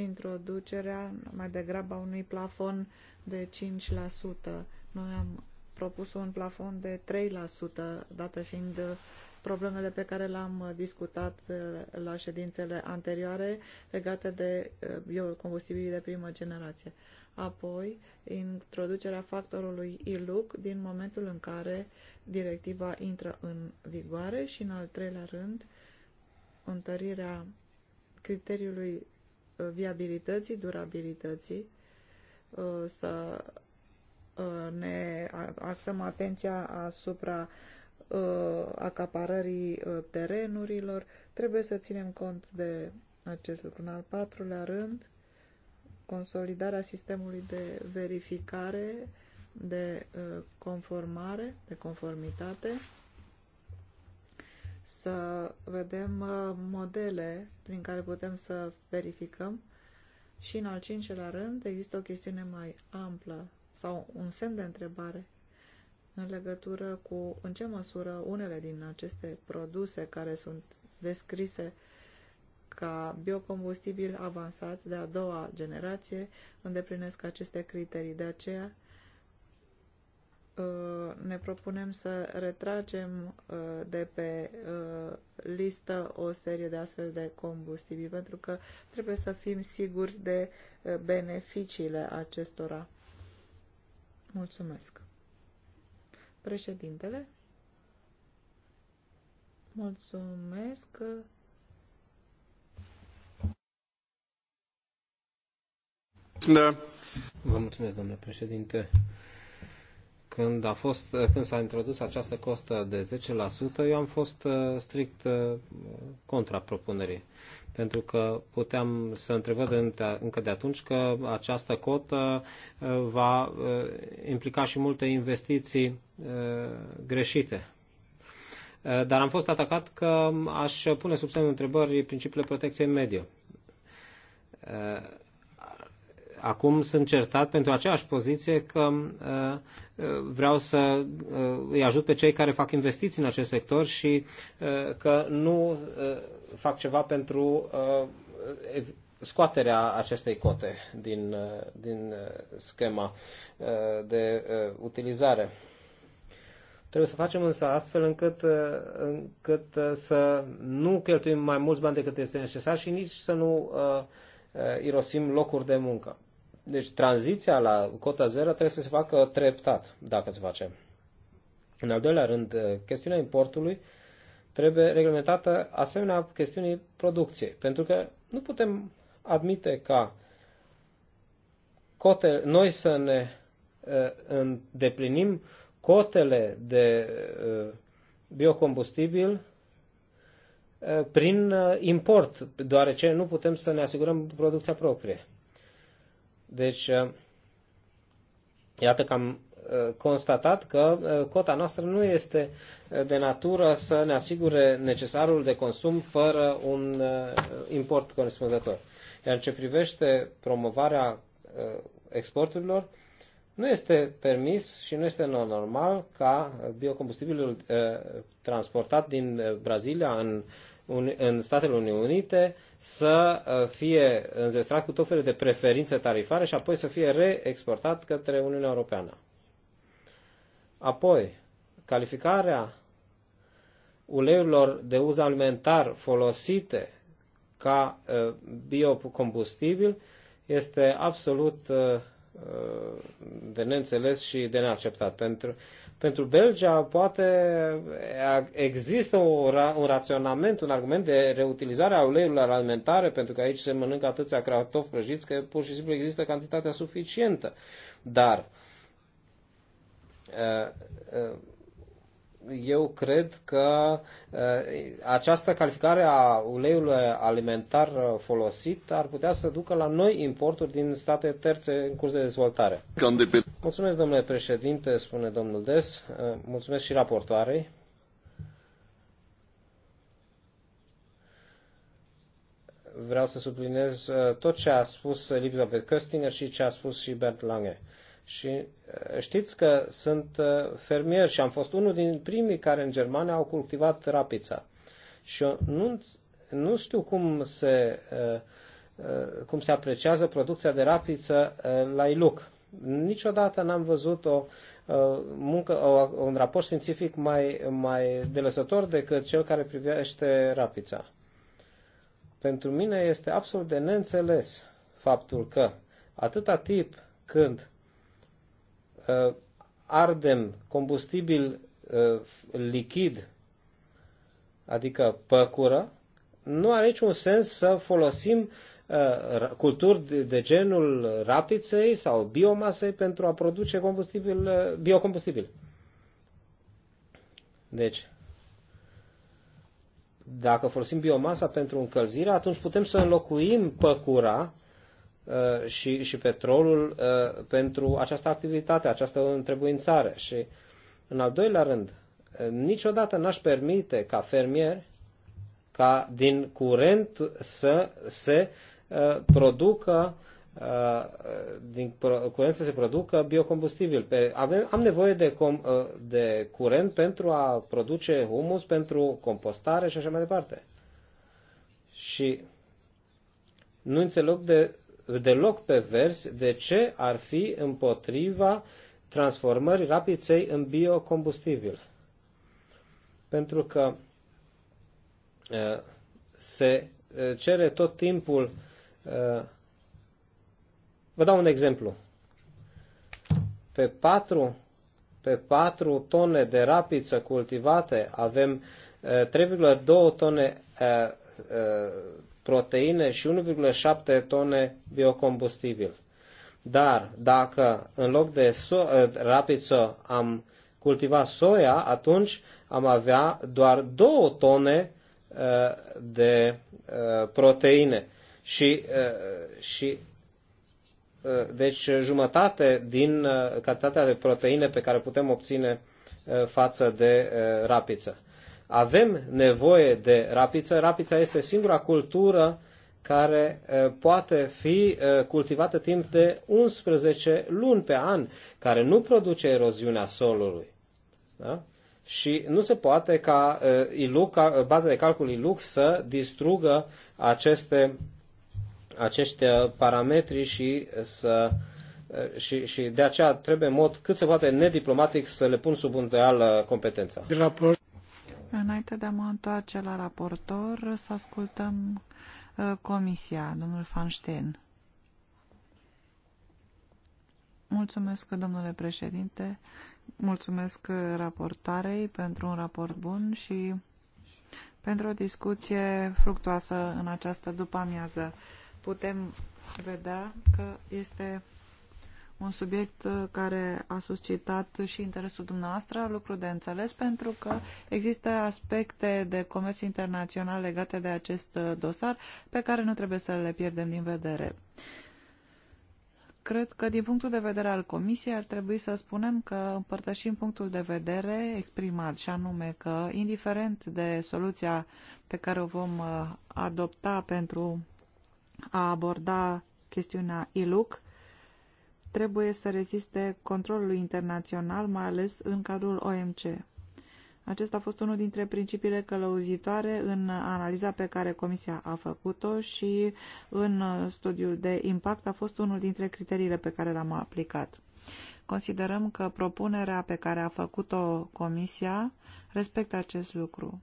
introducerea mai degrabă a unui plafon de 5%. Noi am propus un plafon de 3%, dată fiind problemele pe care le-am discutat uh, la ședințele anterioare legate de uh, biocombustibilii de primă generație. Apoi, introducerea factorului ILUC din momentul în care directiva intră în vigoare și, în al treilea rând, întărirea criteriului Uh, viabilității, durabilității, uh, să uh, ne axăm atenția asupra acaparării terenurilor. Trebuie să ținem cont de acest lucru. În al patrulea rând, consolidarea sistemului de verificare, de conformare, de conformitate să vedem uh, modele prin care putem să verificăm și în al cincilea rând există o chestiune mai amplă sau un semn de întrebare în legătură cu în ce măsură unele din aceste produse care sunt descrise ca biocombustibil avansat de a doua generație îndeplinesc aceste criterii. De aceea Uh, ne propunem să retragem uh, de pe uh, listă o serie de astfel de combustibili, pentru că trebuie să fim siguri de beneficiile acestora. Mulțumesc. Președintele? Mulțumesc. Da. Vă mulțumesc, domnule președinte. Când, a fost, când s-a introdus această costă de 10%, eu am fost uh, strict uh, contra propunerii. Pentru că puteam să întrevăd încă de atunci că această cotă uh, va implica și multe investiții greșite dar am fost atacat că aș pune sub semnul întrebării principiile protecției mediu acum sunt certat pentru aceeași poziție că uh, uh, vreau să uh, îi ajut pe cei care fac investiții în acest sector și că nu fac ceva pentru scoaterea acestei cote din, din schema de utilizare. Trebuie să facem însă astfel încât, încât să nu cheltuim mai mulți bani decât este necesar și nici să nu uh, irosim locuri de muncă. Deci tranziția la cota zero trebuie să se facă treptat, dacă se face. În al doilea rând, eh, chestiunea importului trebuie reglementată asemenea chestiunii producției, pentru că nu putem admite ca cote, noi să ne eh, îndeplinim cotele de eh, biocombustibil prin import, deoarece nu putem să ne asigurăm producția proprie. Deci, uh, iată că am uh, constatat că uh, cota noastră nu este de natură să ne asigure necesarul de consum fără un import corespunzător. Iar în ce privește promovarea exporturilor, nu este permis și nu este normal ca biocombustibilul transportat din Brazilia în în Statele Unite să uh, fie înzestrat cu tot felul de preferințe tarifare și apoi să fie reexportat către Uniunea Europeană. Apoi, calificarea uleiurilor de uz alimentar folosite ca uh, biocombustibil este absolut uh, de neînțeles și de neacceptat. Pentru, pentru Belgia poate există un, un raționament, un argument de reutilizare a uleiurilor alimentare, pentru că aici se mănâncă atâția cratofi prăjiți că pur și simplu există cantitatea suficientă. Dar uh, uh, eu cred că uh, această calificare a uleiului alimentar uh, folosit ar putea să ducă la noi importuri din state terțe în curs de dezvoltare. Mulțumesc, domnule președinte, spune domnul Des. Uh, mulțumesc și raportoarei. Vreau să subliniez tot ce a spus Elisabeth Köstinger și ce a spus și Bert Lange. Și uh, știți că sunt uh, fermier și am fost unul din primii care în Germania au cultivat rapița. Și eu nu, nu știu cum se, uh, cum se apreciază producția de rapiță la Iluc. Niciodată n-am văzut o muncă, o, un raport științific mai, mai delăsător decât cel care privește rapița. Pentru mine este absolut de neînțeles faptul că atâta tip când Uh, ardem combustibil uh, lichid, adică păcură, nu are niciun sens să folosim uh, culturi de genul rapiței sau biomasei pentru a produce combustibil, biocombustibil. Deci, dacă folosim biomasa pentru încălzire, atunci putem să înlocuim păcura Uh, și, și petrolul uh, pentru această activitate, această întrebuințare. Și în al doilea rând, uh, niciodată n-aș permite ca fermieri ca din curent să se producă din curent să se producă biocombustibil. avem, am nevoie de, com, de curent pentru a produce humus, pentru compostare și așa mai departe. Și nu înțeleg de deloc pervers de ce ar fi împotriva transformării rapiței în biocombustibil. Pentru că se cere tot timpul. Vă dau un exemplu. Pe 4, pe 4 tone de rapiță cultivate avem 3,2 tone proteine și 1,7 tone biocombustibil. Dar dacă în loc de so- eh, rapiță am cultivat soia, atunci am avea doar 2 tone eh, de eh, proteine. Și, și deci jumătate din cantitatea de proteine pe care putem obține față de rapiță. Avem nevoie de rapiță. Rapița este singura cultură care poate fi cultivată timp de 11 luni pe an, care nu produce eroziunea solului. Da? Și nu se poate ca ILUC, baza de calcul ILUC să distrugă aceste, acești parametri și să și, și de aceea trebuie în mod cât se poate nediplomatic să le pun sub îndoială competența. Înainte de a mă întoarce la raportor, să ascultăm uh, comisia, domnul Fanșten. Mulțumesc, domnule președinte, mulțumesc uh, raportarei pentru un raport bun și pentru o discuție fructoasă în această după-amiază. Putem vedea că este un subiect uh, care a suscitat și interesul dumneavoastră, lucru de înțeles, pentru că există aspecte de comerț internațional legate de acest uh, dosar pe care nu trebuie să le pierdem din vedere. Cred că din punctul de vedere al Comisiei ar trebui să spunem că împărtășim punctul de vedere exprimat și anume că indiferent de soluția pe care o vom uh, adopta pentru a aborda chestiunea ILUC, trebuie să reziste controlului internațional, mai ales în cadrul OMC. Acesta a fost unul dintre principiile călăuzitoare în analiza pe care Comisia a făcut-o și în studiul de impact a fost unul dintre criteriile pe care l-am aplicat. Considerăm că propunerea pe care a făcut-o Comisia respectă acest lucru.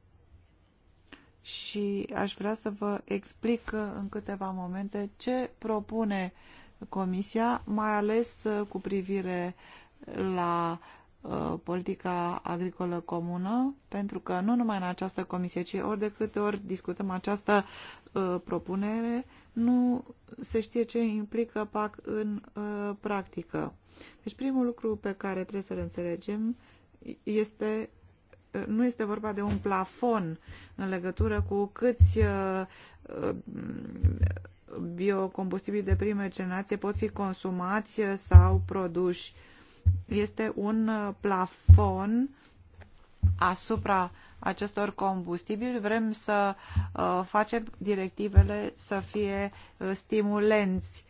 Și aș vrea să vă explic în câteva momente ce propune uh, Comisia, mai ales uh, cu privire la uh, politica agricolă comună, pentru că nu numai în această comisie, ci ori de câte ori discutăm această uh, propunere, nu se știe ce implică PAC în uh, practică. Deci primul lucru pe care trebuie să-l înțelegem este uh, nu este vorba de un plafon în legătură cu câți biocombustibili de primă generație pot fi consumați sau produși. Este un uh, plafon asupra acestor combustibili. Vrem să uh, facem directivele să fie uh, stimulenți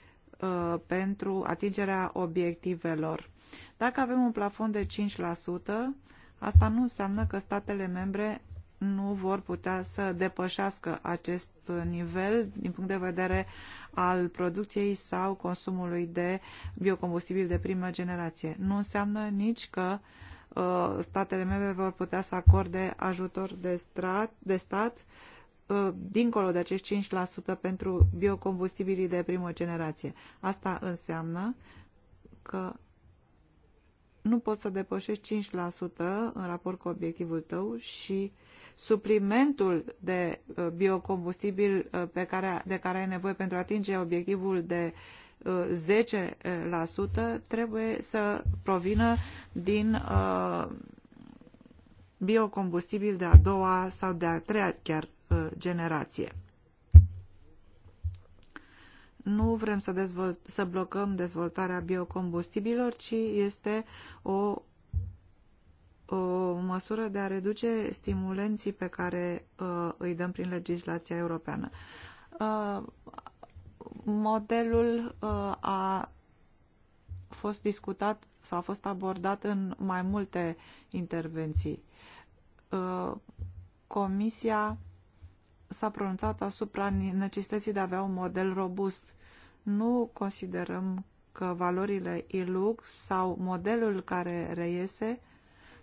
pentru atingerea obiectivelor. Dacă avem un plafon de 5%, asta nu înseamnă că statele membre nu vor putea să depășească acest nivel din punct de vedere al producției sau consumului de biocombustibil de primă generație. Nu înseamnă nici că uh, statele membre vor putea să acorde ajutor de, strat, de stat uh, dincolo de acești 5% pentru biocombustibilii de primă generație. Asta înseamnă că nu poți să depășești 5% în raport cu obiectivul tău și suplimentul de uh, biocombustibil uh, pe care, de care ai nevoie pentru a atinge obiectivul de 10% uh, trebuie să provină din biocombustibil de a doua sau de a treia chiar generație nu vrem să, dezvolt, să blocăm dezvoltarea biocombustibilor, ci este o, o măsură de a reduce stimulenții pe care uh, îi dăm prin legislația europeană. Uh, modelul uh, a fost discutat sau a fost abordat în mai multe intervenții. Uh, Comisia s-a pronunțat asupra necesității de a avea un model robust. Nu considerăm că valorile ILUC sau modelul care reiese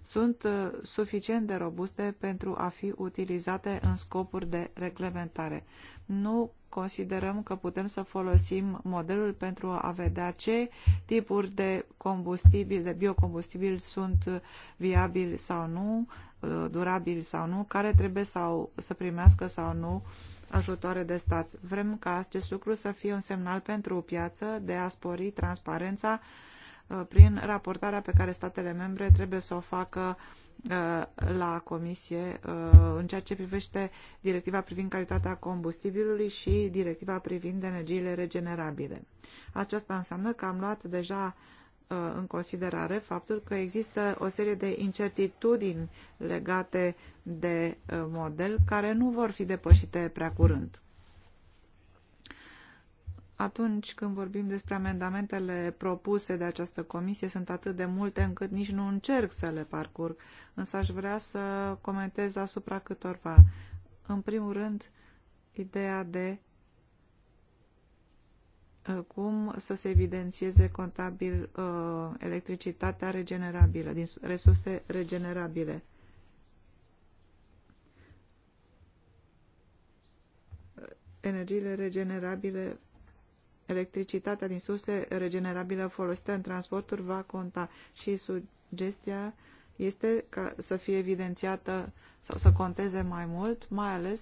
sunt uh, suficient de robuste pentru a fi utilizate în scopuri de reglementare. Nu considerăm că putem să folosim modelul pentru a vedea ce tipuri de combustibil, de biocombustibil sunt uh, viabili sau nu, Uh, durabili sau nu, care trebuie sau, să primească sau nu ajutoare de stat. Vrem ca acest lucru să fie un semnal pentru o piață de a spori transparența uh, prin raportarea pe care statele membre trebuie să o facă uh, la comisie în ceea ce privește directiva privind calitatea combustibilului și directiva privind energiile regenerabile. Aceasta înseamnă că am luat deja Uh, în considerare faptul că există o serie de incertitudini legate de uh, model care nu vor fi depășite prea curând. Atunci când vorbim despre amendamentele propuse de această comisie, sunt atât de multe încât nici nu încerc să le parcurg, însă aș vrea să comentez asupra câtorva. În primul rând, ideea de Uh, cum să se evidențieze contabil uh, electricitatea regenerabilă, din resurse regenerabile. Uh, energiile regenerabile, electricitatea din surse regenerabile folosită în transporturi va conta și sugestia este ca să fie evidențiată sau să conteze mai mult, mai ales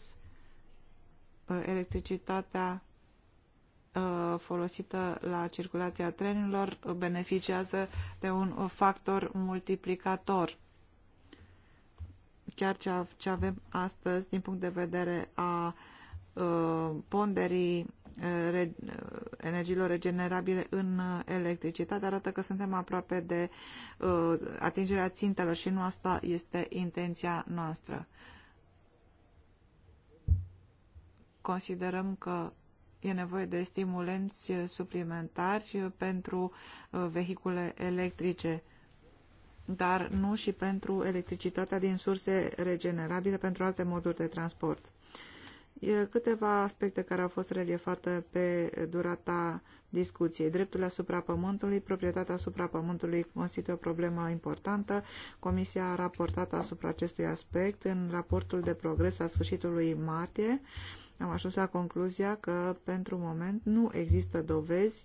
electricitatea Uh, folosită la circulația trenurilor beneficiază de un factor multiplicator. Chiar ce avem astăzi din punct de vedere a uh, ponderii uh, energiilor regenerabile în electricitate arată că suntem aproape de atingerea țintelor și nu asta este intenția noastră. Considerăm că e nevoie de stimulenți suplimentari pentru uh, vehicule electrice, dar nu și pentru electricitatea din surse regenerabile pentru alte moduri de transport. câteva aspecte care au fost reliefate pe durata discuției. Dreptul asupra pământului, proprietatea asupra pământului constituie o problemă importantă. Comisia a raportat asupra acestui aspect în raportul de progres la sfârșitului martie am ajuns la concluzia că pentru moment nu există dovezi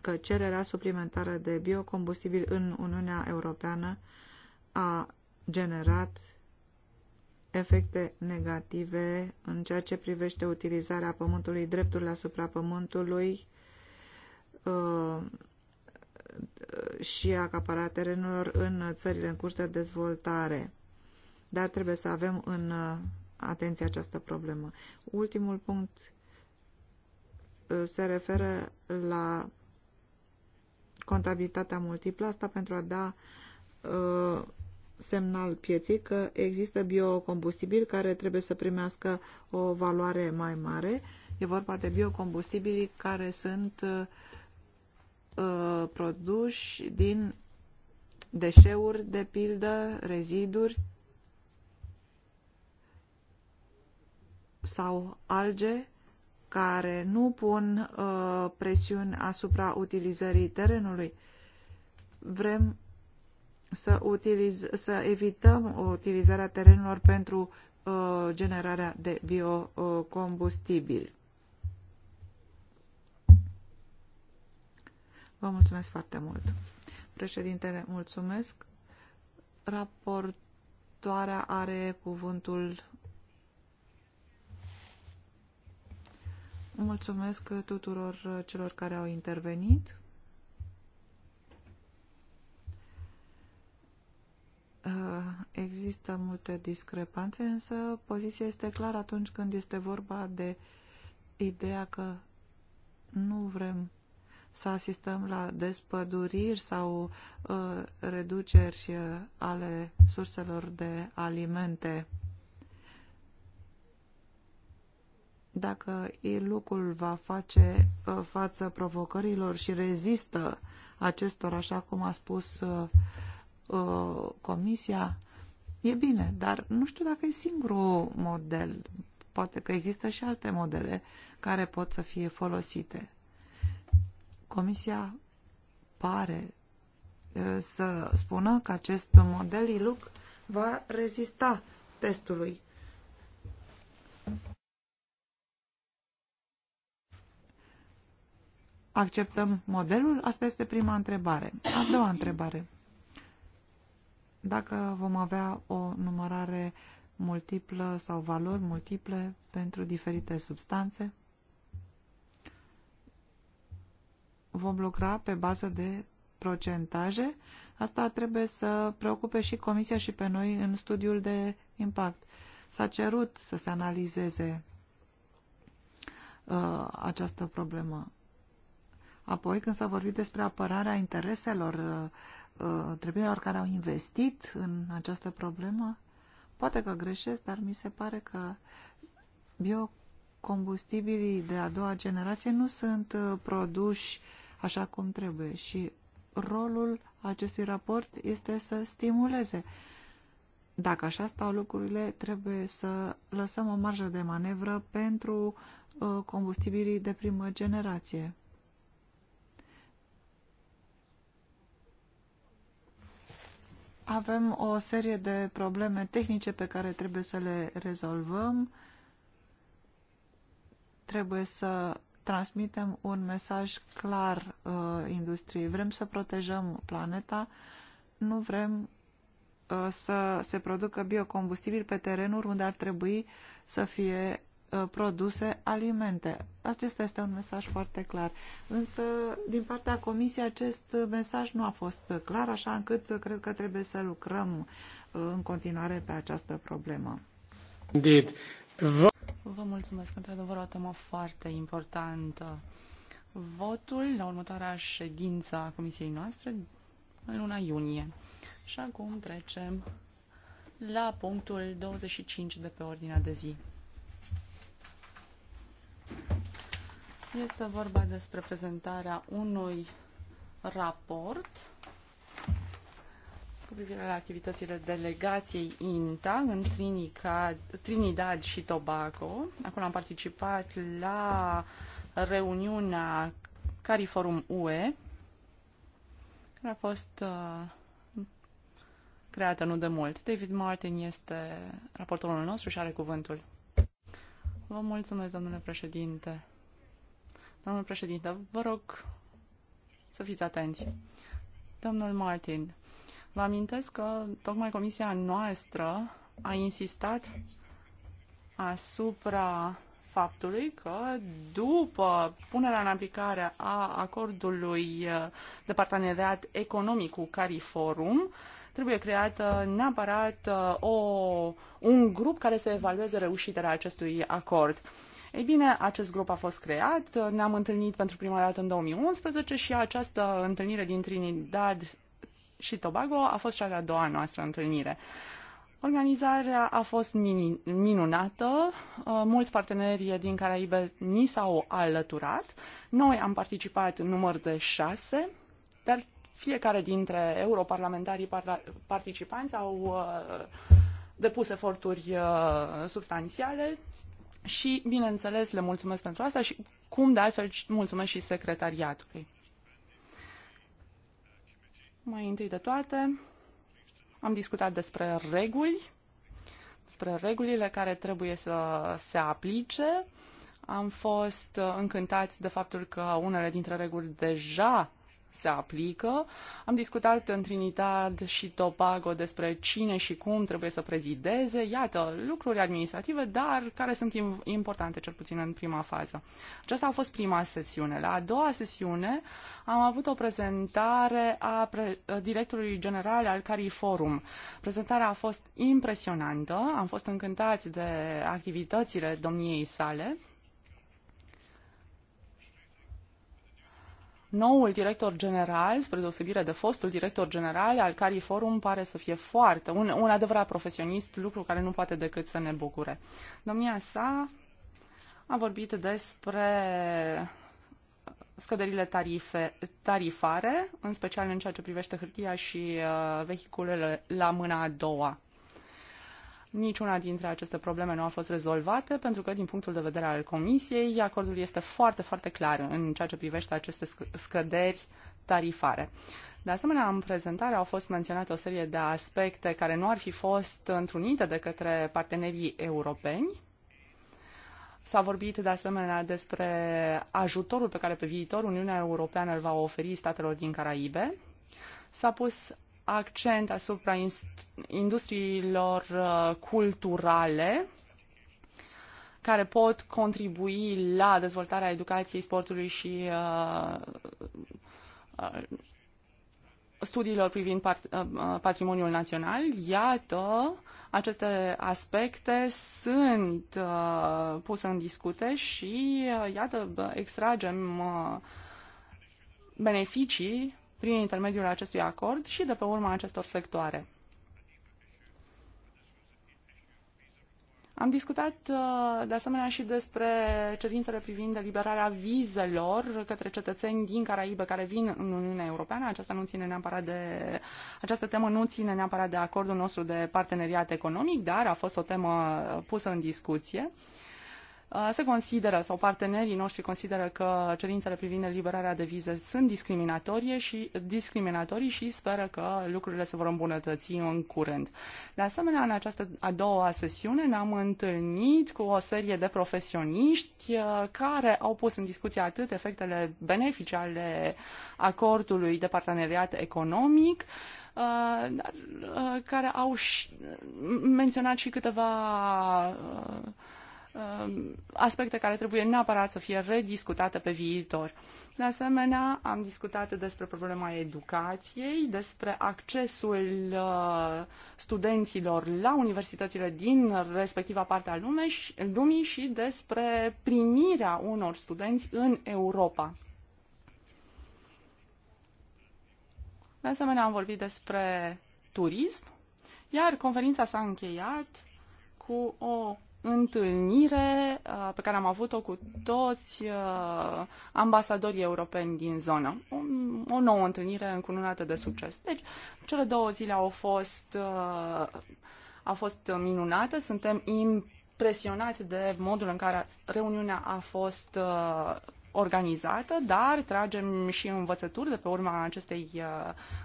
că cererea suplimentară de biocombustibil în Uniunea Europeană a generat efecte negative în ceea ce privește utilizarea pământului, drepturile asupra pământului uh, și acapararea terenurilor în țările în curs de dezvoltare. Dar trebuie să avem în uh, atenție această problemă. Ultimul punct uh, se referă la contabilitatea multiplă, asta pentru a da uh, semnal pieții că există biocombustibil care trebuie să primească o valoare mai mare. E vorba de biocombustibili care sunt uh, uh, produși din deșeuri, de pildă, reziduri, sau alge care nu pun uh, presiuni asupra utilizării terenului. Vrem să, utiliz să evităm utilizarea terenurilor pentru uh, generarea de biocombustibili. Vă mulțumesc foarte mult. Președintele, mulțumesc. Raportoarea are cuvântul Mulțumesc tuturor celor care au intervenit. Eh, există multe discrepanțe, însă poziția este clară atunci când este vorba de ideea că nu vrem să asistăm la despăduriri sau uh, reduceri eh, ale surselor de alimente. Dacă iluc va face uh, față provocărilor și rezistă acestor, așa cum a spus uh, uh, Comisia, e bine, dar nu știu dacă e singurul model. Poate că există și alte modele care pot să fie folosite. Comisia pare să spună că acest model ILUC va rezista testului. acceptăm modelul? Asta este prima întrebare. A doua întrebare. Dacă vom avea o numărare multiplă sau valori multiple pentru diferite substanțe, vom lucra pe bază de procentaje. Asta trebuie să preocupe și Comisia și pe noi în studiul de impact. S-a cerut să se analizeze uh, această problemă. Apoi, când s-a vorbit despre apărarea intereselor întreprinderilor uh, uh, care au investit în această problemă, poate că greșesc, dar mi se pare că biocombustibilii de a doua generație nu sunt uh, produși așa cum trebuie și rolul acestui raport este să stimuleze. Dacă așa stau lucrurile, trebuie să lăsăm o marjă de manevră pentru combustibilii de primă generație. Avem o serie de probleme tehnice pe care trebuie să le rezolvăm. Trebuie să transmitem un mesaj clar uh, industriei. Vrem să protejăm planeta, nu vrem uh, să se producă biocombustibil pe terenuri unde ar trebui să fie Uh, produse alimente. Acesta este un mesaj foarte clar. Însă, din partea Comisiei, acest mesaj nu a fost clar, așa încât cred că trebuie să lucrăm uh, în continuare pe această problemă. Indeed. Vă, Vă mulțumesc, într-adevăr, o temă foarte importantă. Votul la următoarea ședință a Comisiei noastre în luna iunie. Și acum trecem la punctul 25 de pe ordinea de zi. Este vorba despre prezentarea unui raport cu privire la activitățile delegației INTA în Trinica, Trinidad și Tobago. Acolo am participat la reuniunea Cariforum UE, care a fost uh, creată nu de mult. David Martin este raportorul nostru și are cuvântul. Vă mulțumesc, domnule președinte. Domnul președinte, vă rog să fiți atenți. Domnul Martin, vă amintesc că tocmai comisia noastră a insistat asupra faptului că după punerea în aplicare a acordului uh, de parteneriat economic cu CariForum, trebuie creat neapărat uh, o, un grup care să evalueze reușitele acestui acord. Ei bine, acest grup a fost creat, ne-am întâlnit pentru prima dată în 2011 și această întâlnire din Trinidad și Tobago a fost cea de-a doua noastră întâlnire. Organizarea a fost min- minunată, uh, mulți parteneri din Caraibe ni s-au alăturat, noi am participat în număr de șase, dar fiecare dintre europarlamentarii participanți au uh, depus eforturi uh, substanțiale și, bineînțeles, le mulțumesc pentru asta și, cum de altfel, mulțumesc și secretariatului. Mai întâi de toate, am discutat despre reguli, despre regulile care trebuie să se aplice. Am fost încântați de faptul că unele dintre reguli deja se aplică. Am discutat în trinitate și topago despre cine și cum trebuie să prezideze. Iată, lucruri administrative, dar care sunt importante, cel puțin în prima fază. Aceasta a fost prima sesiune. La a doua sesiune am avut o prezentare a pre- directorului general al Cari Forum. Prezentarea a fost impresionantă, am fost încântați de activitățile domniei sale. Noul director general, spre deosebire de fostul director general al Cari Forum, pare să fie foarte un, un adevărat profesionist, lucru care nu poate decât să ne bucure. Domnia sa a vorbit despre scăderile tarife, tarifare, în special în ceea ce privește hârtia și uh, vehiculele la mâna a doua. Niciuna dintre aceste probleme nu a fost rezolvată, pentru că, din punctul de vedere al Comisiei, acordul este foarte, foarte clar în ceea ce privește aceste scăderi tarifare. De asemenea, în prezentare au fost menționate o serie de aspecte care nu ar fi fost întrunite de către partenerii europeni. S-a vorbit de asemenea despre ajutorul pe care pe viitor Uniunea Europeană îl va oferi statelor din Caraibe. S-a pus accent asupra industriilor uh, culturale care pot contribui la dezvoltarea educației, sportului și uh, uh, studiilor privind patrimoniul național. Iată, aceste aspecte sunt puse în discute și, iată, extragem beneficii prin intermediul acestui acord și de pe urma acestor sectoare. Am discutat uh, de asemenea și despre cerințele privind eliberarea vizelor către cetățeni din Caraibe care vin în Uniunea Europeană. Aceasta nu ține neapărat de, această temă nu ține neapărat de acordul nostru de parteneriat economic, dar a fost o temă pusă în discuție. Uh, Uh, se consideră sau partenerii noștri consideră că cerințele privind eliberarea de vize sunt discriminatorie și, discriminatorii și speră că lucrurile se vor îmbunătăți în curând. De asemenea, în această a doua sesiune ne-am întâlnit cu o serie de profesioniști uh, care au pus în discuție atât efectele benefice ale acordului de parteneriat economic, uh, care au menționat și câteva Um, aspecte care trebuie neapărat să fie rediscutate pe viitor. De asemenea, am discutat despre problema educației, despre accesul uh, studenților la universitățile din respectiva parte a lumii și despre primirea unor studenți în Europa. De asemenea, am vorbit despre turism, iar conferința s-a încheiat cu o întâlnire uh, pe care am avut-o cu toți uh, ambasadorii europeni din zonă. O, nouă întâlnire încununată de succes. Deci, cele două zile au fost, uh, a fost minunată. Suntem impresionați de modul în care reuniunea a fost organizată, dar tragem și învățături de pe urma acestei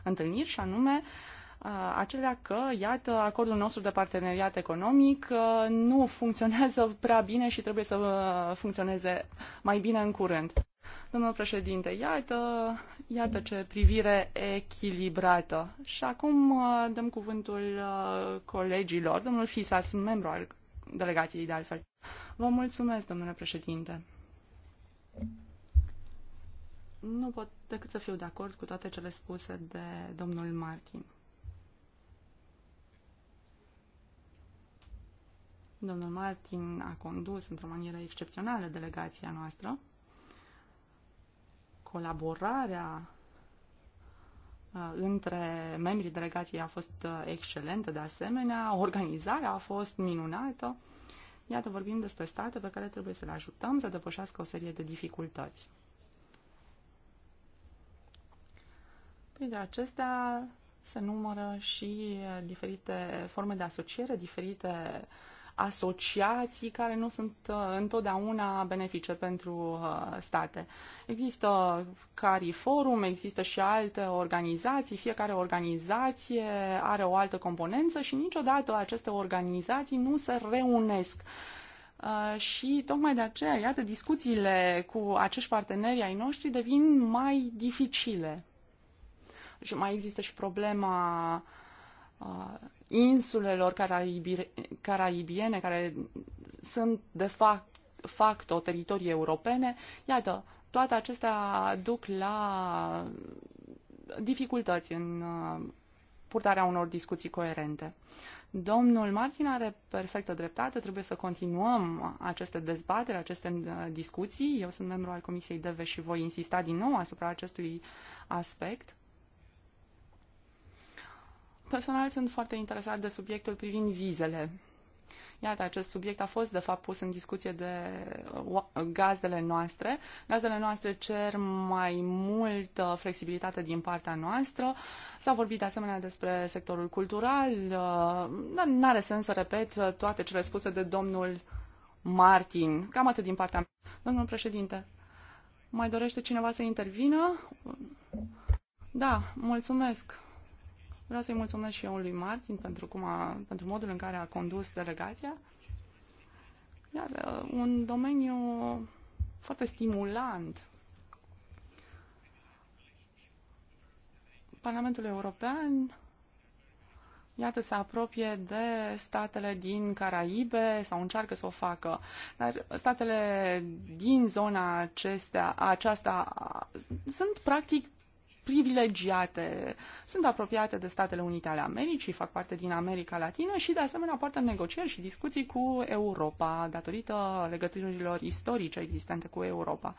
întâlniri și anume acelea că, iată, acordul nostru de parteneriat economic nu funcționează prea bine și trebuie să funcționeze mai bine în curând. Domnul președinte, iată, iată ce privire echilibrată. Și acum dăm cuvântul colegilor. Domnul Fisas, membru al delegației de altfel. Vă mulțumesc, domnule președinte. Nu pot decât să fiu de acord cu toate cele spuse de domnul Martin. Domnul Martin a condus într-o manieră excepțională delegația noastră. Colaborarea uh, între membrii delegației a fost uh, excelentă de asemenea, organizarea a fost minunată. Iată, vorbim despre state pe care trebuie să le ajutăm să depășească o serie de dificultăți. Printre acestea se numără și uh, diferite forme de asociere, diferite uh, asociații care nu sunt uh, întotdeauna benefice pentru uh, state. Există CariForum, există și alte organizații, fiecare organizație are o altă componență și niciodată aceste organizații nu se reunesc. Uh, și tocmai de aceea, iată, discuțiile cu acești parteneri ai noștri devin mai dificile. Și mai există și problema insulelor caraibiene, care sunt de fapt o teritorie europene, iată, toate acestea duc la dificultăți în uh, purtarea unor discuții coerente. Domnul Martin are perfectă dreptate, trebuie să continuăm aceste dezbateri, aceste uh, discuții. Eu sunt membru al Comisiei DEVE și voi insista din nou asupra acestui aspect. Personal sunt foarte interesat de subiectul privind vizele. Iată, acest subiect a fost, de fapt, pus în discuție de uh, gazdele noastre. Gazdele noastre cer mai multă flexibilitate din partea noastră. S-a vorbit, de asemenea, despre sectorul cultural, uh, Nu are sens să repet toate cele spuse de domnul Martin. Cam atât din partea mea. Domnul președinte, mai dorește cineva să intervină? Da, mulțumesc. Vreau să-i mulțumesc și eu lui Martin pentru, cum a, pentru modul în care a condus delegația. Iar uh, un domeniu foarte stimulant Parlamentul European iată, se apropie de statele din Caraibe sau încearcă să o facă. Dar statele din zona acestea, aceasta sunt practic privilegiate, sunt apropiate de Statele Unite ale Americii, fac parte din America Latină și de asemenea poartă negocieri și discuții cu Europa datorită legăturilor istorice existente cu Europa.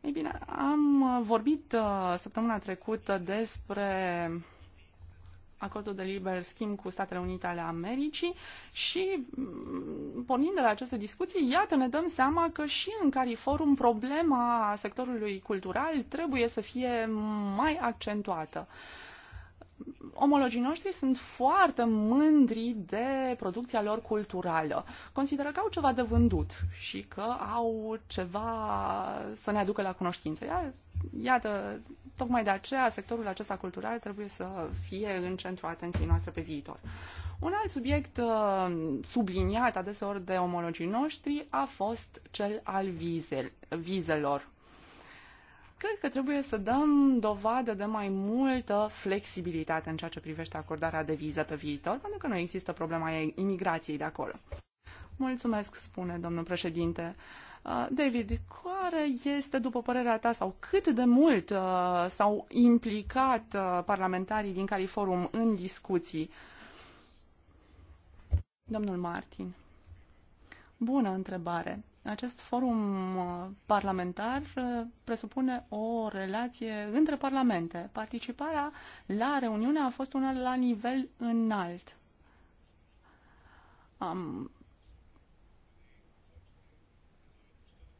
Ei bine, am vorbit uh, săptămâna trecută despre acordul de liber schimb cu Statele Unite ale Americii și mm, pornind de la aceste discuții, iată, ne dăm seama că și în Cariforum problema sectorului cultural trebuie să fie mai accentuată. Uh, omologii noștri sunt foarte mândri de producția lor culturală. Consideră că au ceva de vândut și că au ceva să ne aducă la cunoștință. Iată, tocmai de aceea sectorul acesta cultural trebuie să fie în centrul atenției noastre pe viitor. Un alt subiect uh, subliniat adeseori de omologii noștri a fost cel al vizel, vizelor. Cred că trebuie să dăm dovadă de mai multă flexibilitate în ceea ce privește acordarea de viză pe viitor, pentru că nu există problema imigrației de acolo. Mulțumesc, spune domnul președinte. Uh, David, care este, după părerea ta, sau cât de mult uh, s-au implicat uh, parlamentarii din Califorum în discuții? Domnul Martin. Bună întrebare. Acest forum uh, parlamentar uh, presupune o relație între parlamente. Participarea la reuniune a fost una la nivel înalt. Am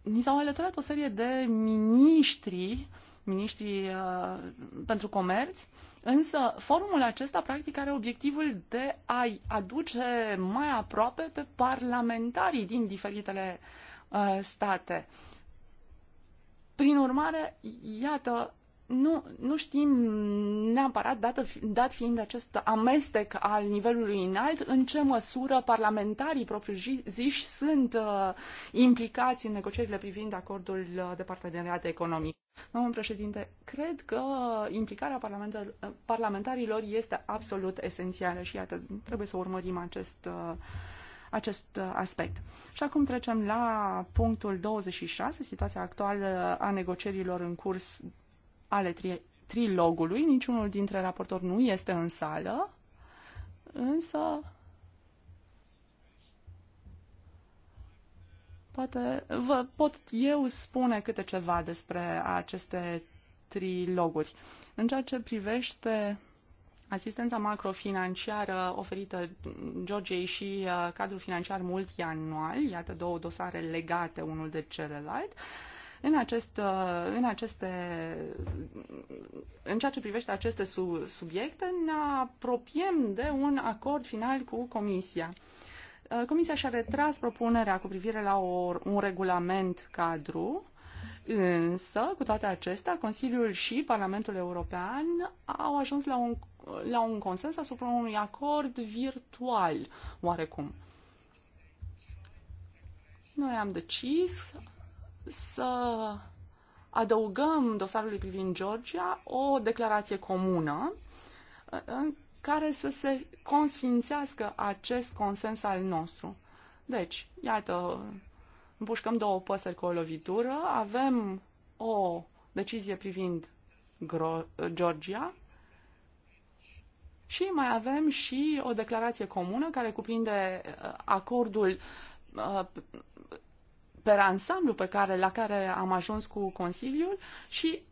ni s-au alăturat o serie de miniștri, miniștri uh, pentru comerț, însă forumul acesta practic are obiectivul de a-i aduce mai aproape pe parlamentarii din diferitele uh, Uh, state. Prin urmare, iată, nu, nu știm neapărat, dat, dat fiind acest amestec al nivelului înalt, în ce măsură parlamentarii propriu-ziși sunt uh, implicați în negocierile privind acordul uh, de parteneriat economic. Domnul președinte, cred că implicarea uh, parlamentarilor este absolut esențială și iată, trebuie să urmărim acest uh, acest uh, aspect. Și acum trecem la punctul 26, situația actuală a negocierilor în curs ale tri- trilogului. Niciunul dintre raportori nu este în sală, însă poate vă pot eu spune câte ceva despre aceste triloguri. În ceea ce privește Asistența macrofinanciară oferită Georgiei și uh, cadrul financiar multianual, iată două dosare legate unul de celălalt, în, acest, uh, în, aceste, în ceea ce privește aceste subiecte, ne apropiem de un acord final cu Comisia. Uh, Comisia și-a retras propunerea cu privire la o, un regulament cadru, însă, cu toate acestea, Consiliul și Parlamentul European au ajuns la un la un consens asupra unui acord virtual, oarecum. Noi am decis să adăugăm dosarului privind Georgia o declarație comună în care să se consfințească acest consens al nostru. Deci, iată, împușcăm două păsări cu o lovitură, avem o decizie privind Georgia și mai avem și o declarație comună care cuprinde uh, acordul uh, pe ansamblu pe care, la care am ajuns cu Consiliul și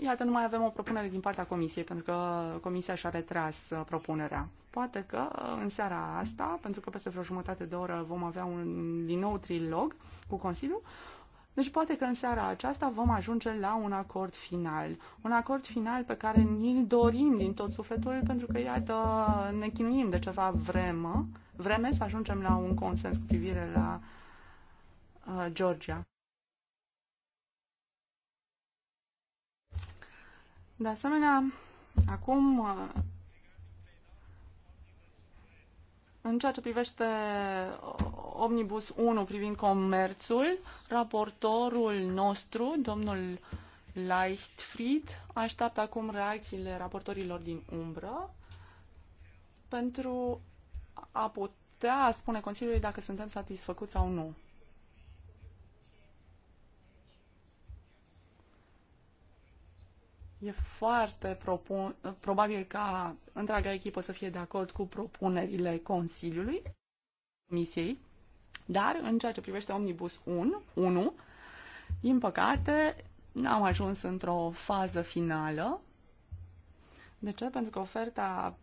iată, nu mai avem o propunere din partea Comisiei, pentru că Comisia și-a retras uh, propunerea. Poate că în seara asta, pentru că peste vreo jumătate de oră vom avea un, din nou trilog cu Consiliul, deci poate că în seara aceasta vom ajunge la un acord final. Un acord final pe care ni-l dorim din tot sufletul, pentru că, iată, ne chinuim de ceva vreme, vreme să ajungem la un consens cu privire la uh, Georgia. De asemenea, acum uh, În ceea ce privește Omnibus 1 privind comerțul, raportorul nostru, domnul Leichtfried, așteaptă acum reacțiile raportorilor din umbră pentru a putea spune Consiliului dacă suntem satisfăcuți sau nu. E foarte propun, probabil ca întreaga echipă să fie de acord cu propunerile Consiliului, Comisiei, dar în ceea ce privește Omnibus 1, 1 din păcate, n-am ajuns într-o fază finală. De ce? Pentru că oferta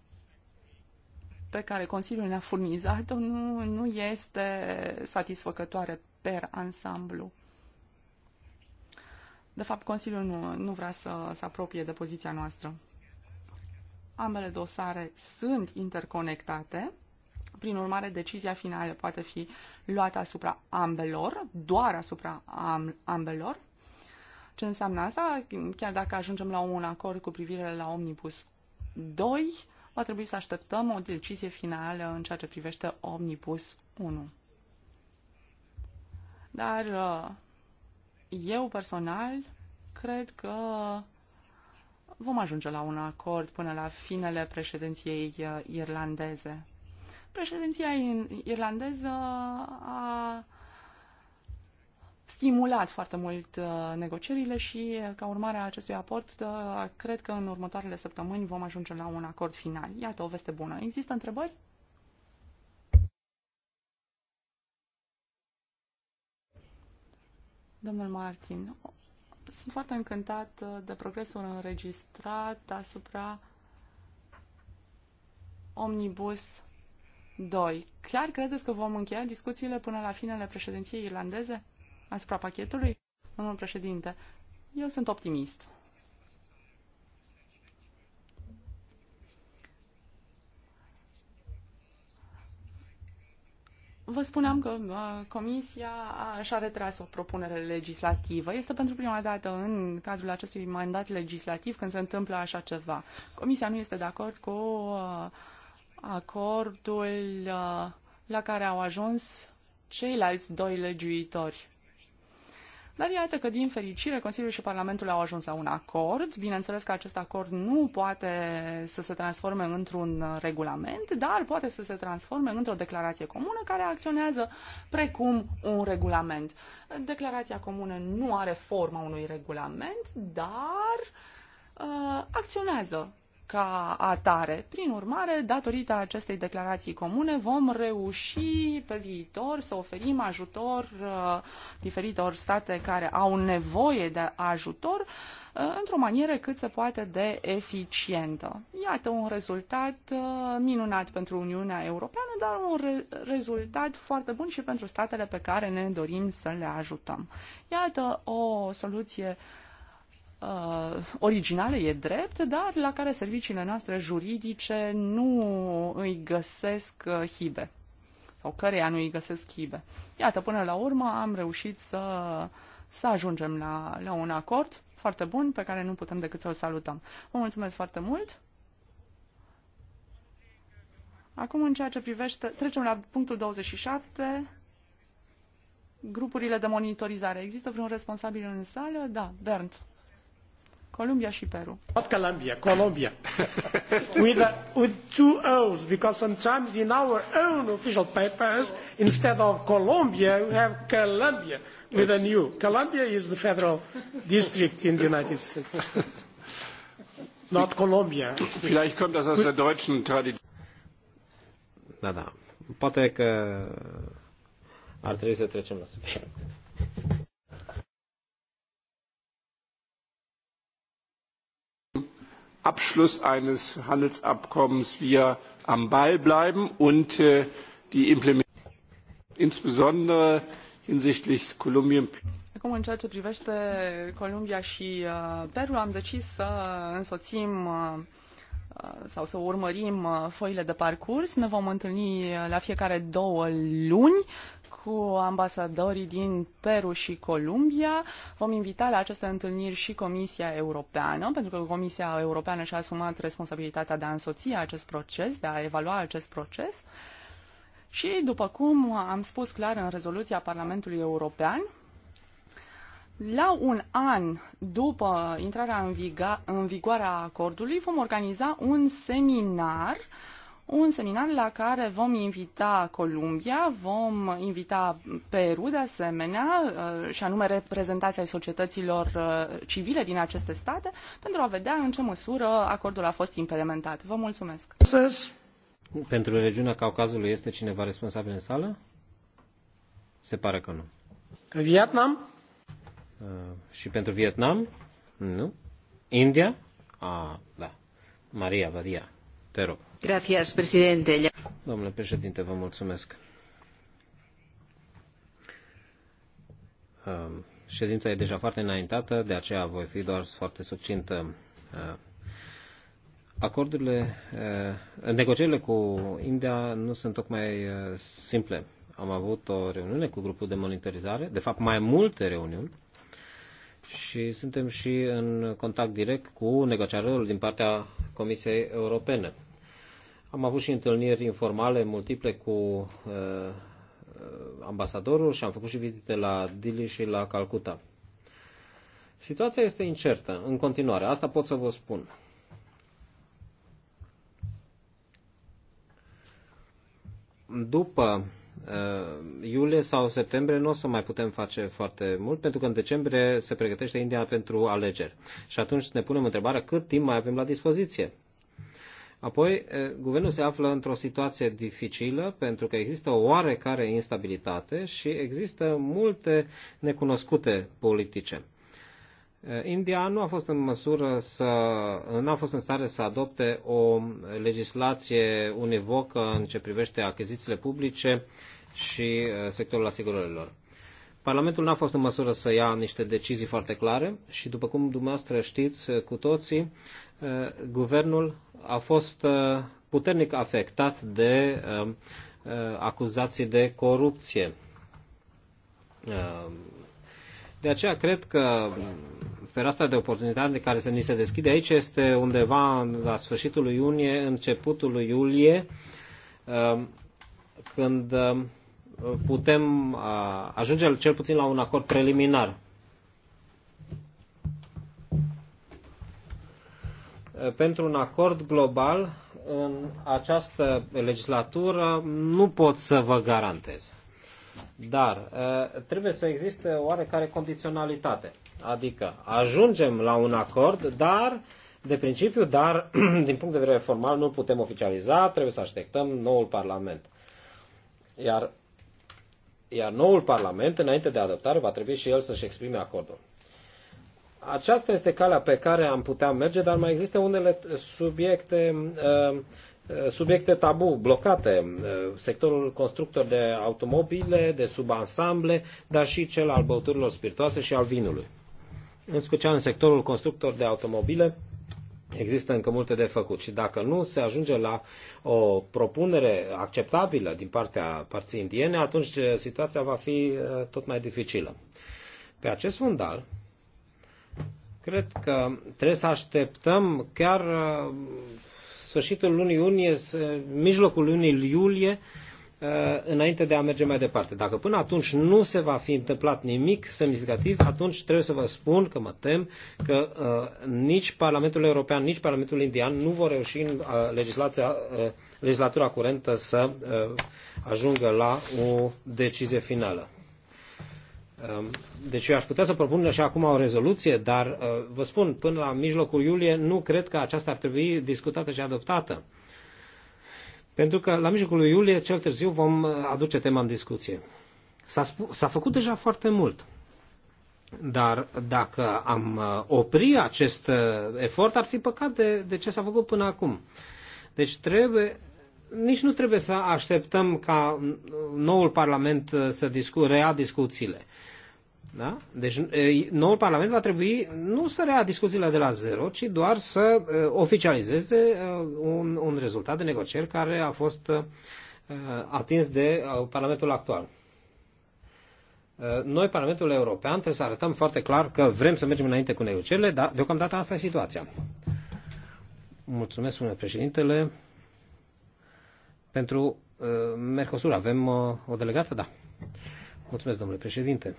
pe care Consiliul ne-a furnizat-o nu, nu este satisfăcătoare per ansamblu. De fapt, Consiliul nu, nu vrea să se apropie de poziția noastră. Ambele dosare sunt interconectate, prin urmare, decizia finală poate fi luată asupra ambelor, doar asupra am, ambelor. Ce înseamnă asta? Chiar dacă ajungem la un acord cu privire la Omnibus 2, va trebui să așteptăm o decizie finală în ceea ce privește Omnibus 1. Dar uh, eu personal cred că vom ajunge la un acord până la finele președinției uh, irlandeze. Președinția irlandeză a stimulat foarte mult uh, negocierile și, uh, ca urmare a acestui aport, cred că în următoarele săptămâni vom ajunge la un acord final. Iată o veste bună. Există întrebări? Domnul Martin, sunt foarte încântat uh, de progresul înregistrat asupra Omnibus 2. Chiar credeți că vom încheia discuțiile până la finele președinției irlandeze asupra pachetului? Domnul președinte, eu sunt optimist. Vă spuneam că uh, Comisia a, și-a retras o propunere legislativă. Este pentru prima dată în cadrul acestui mandat legislativ când se întâmplă așa ceva. Comisia nu este de acord cu uh, acordul uh, la care au ajuns ceilalți doi legiuitori dar iată că, din fericire, Consiliul și Parlamentul au ajuns la un acord. Bineînțeles că acest acord nu poate să se transforme într-un regulament, dar poate să se transforme într-o declarație comună care acționează precum un regulament. Declarația comună nu are forma unui regulament, dar uh, acționează ca atare. Prin urmare, datorită acestei declarații comune, vom reuși pe viitor să oferim ajutor uh, diferitor state care au nevoie de ajutor uh, într-o manieră cât se poate de eficientă. Iată un rezultat uh, minunat pentru Uniunea Europeană, dar un re- rezultat foarte bun și pentru statele pe care ne dorim să le ajutăm. Iată o soluție uh, uh, originale, e drept, dar la care serviciile noastre juridice nu îi găsesc uh, hibe sau căreia nu îi găsesc hibe. Iată, până la urmă am reușit să, să ajungem la, la un acord foarte bun pe care nu putem decât să-l salutăm. Vă mulțumesc foarte mult! Acum, în ceea ce privește, trecem la punctul 27, grupurile de monitorizare. Există vreun responsabil în sală? Da, Bernd. Columbia și Peru. Not Colombia, Colombia. *laughs* with, a, uh, with two O's, because sometimes in our own official papers, instead of Colombia, we have Colombia with a new. Colombia is the federal district in the United States. *laughs* Not Colombia. Vielleicht kommt das aus der deutschen Tradition. Da, da. Poate că ar trebui să trecem la subiect. Abschluss eines Handelsabkommens wir am Ball bleiben und äh, die Implementierung insbesondere hinsichtlich Kolumbien. Acum, în ceea ce privește Columbia și uh, Peru, am decis să însoțim uh, uh, sau să urmărim foile de parcurs. Ne vom întâlni la fiecare două luni cu ambasadorii din Peru și Columbia. Vom invita la aceste întâlniri și Comisia Europeană, pentru că Comisia Europeană și-a asumat responsabilitatea de a însoți acest proces, de a evalua acest proces. Și, după cum am spus clar în rezoluția Parlamentului European, la un an după intrarea în, viga, în vigoare a acordului, vom organiza un seminar uh, un seminar la care vom invita Columbia, vom invita Peru de asemenea, uh, și anume reprezentația ai societăților uh, civile din aceste state, pentru a vedea în ce măsură acordul a fost implementat. Vă mulțumesc! Pentru regiunea Caucazului este cineva responsabil în sală? Se pare că nu. Vietnam? Uh, și pentru Vietnam? Nu. India? Ah, da. Maria Maria. Te rog. Gracias, Domnule președinte, vă mulțumesc. Um, ședința e deja foarte înaintată, de aceea voi fi doar foarte succintă. Um, acordurile, uh, negocierile cu India nu sunt tocmai uh, simple. Am avut o reuniune cu grupul de monitorizare, de fapt mai multe reuniuni, și suntem și în contact direct cu negociatorul din partea Comisiei Europene. Am avut și întâlniri informale multiple cu uh, uh ambasadorul și am făcut și vizite la Dili și la Calcuta. Situația este incertă în continuare, asta pot să vă spun. După Uh, iulie sau septembrie nu o să mai putem face foarte mult, pentru că în decembrie se pregătește India pentru alegeri. Și atunci ne punem întrebarea cât timp mai avem la dispoziție. Apoi, uh, guvernul se află într-o situație dificilă pentru că există o oarecare instabilitate și există multe necunoscute politice. Eh, India nu a fost în măsură să, nu a fost în stare să adopte o legislație univocă în ce privește achizițiile publice și eh, sectorul asigurărilor. Parlamentul nu a fost în măsură să ia niște decizii foarte clare și, după cum dumneavoastră știți eh, cu toții, guvernul a fost puternic afectat de acuzații de corupție. De aceea cred că fereastra de oportunitate care se, ni se deschide aici este undeva la sfârșitul lui iunie, începutul lui iulie, um, când um, putem uh, ajunge cel puțin la un acord preliminar. Uh, pentru un acord global în această legislatură nu pot să vă garantez. Dar trebuie să existe oarecare condiționalitate. Adică ajungem la un acord, dar de principiu, dar *clears throat* din punct de vedere formal nu putem oficializa, trebuie să așteptăm noul Parlament. Iar, iar noul Parlament, înainte de adoptare, va trebui și el să-și exprime acordul. Aceasta este calea pe care am putea merge, dar mai există unele subiecte uh, Eh, subiecte tabu, blocate, eh, sectorul constructor de automobile, de subansamble, dar și cel al băuturilor spiritoase și al vinului. În special în sectorul constructor de automobile, Există încă multe de făcut și dacă nu se ajunge la o propunere acceptabilă din partea părții indiene, atunci eh, situația va fi tot mai dificilă. Pe acest fundal, cred că trebuie să așteptăm chiar sfârșitul lunii iunie, mijlocul lunii iulie, uh, înainte de a merge mai departe. Dacă până atunci nu se va fi întâmplat nimic semnificativ, atunci trebuie să vă spun că mă tem că uh, nici Parlamentul European, nici Parlamentul Indian nu vor reuși în uh, legislația, uh, legislatura curentă să uh, ajungă la o decizie finală. Um, deci eu aș putea să propun și acum o rezoluție, dar uh, vă spun, până la mijlocul iulie nu cred că aceasta ar trebui discutată și adoptată. Pentru că la mijlocul iulie, cel târziu, vom uh, aduce tema în discuție. S-a, făcut deja foarte mult. Dar dacă am uh, opri acest efort, ar fi păcat de, de ce s-a făcut până acum. Deci trebuie, nici nu trebuie să așteptăm ca noul Parlament să discu- rea discuțiile. Da? Deci noul Parlament va trebui nu să rea discuțiile de la zero, ci doar să oficializeze un, un rezultat de negocieri care a fost atins de Parlamentul actual. Noi, Parlamentul European, trebuie să arătăm foarte clar că vrem să mergem înainte cu negocierile, dar deocamdată asta e situația. Mulțumesc, domnule președintele. Pentru Mercosur avem o delegată? Da. Mulțumesc, domnule președinte.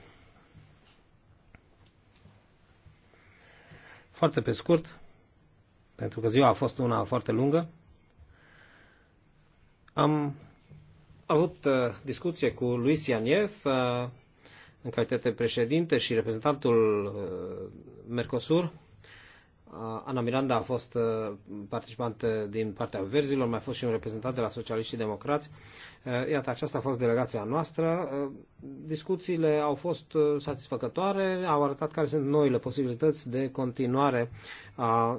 Foarte pe scurt, pentru că ziua a fost una foarte lungă, am avut uh, discuție cu Luis Ianiev, uh, în calitate de președinte și reprezentantul uh, Mercosur, Ana Miranda a fost uh, participant din partea verzilor, mai a fost și un reprezentant de la socialiștii și democrați. Uh, iată, aceasta a fost delegația noastră. Uh, discuțiile au fost satisfăcătoare, au arătat care sunt noile posibilități de continuare a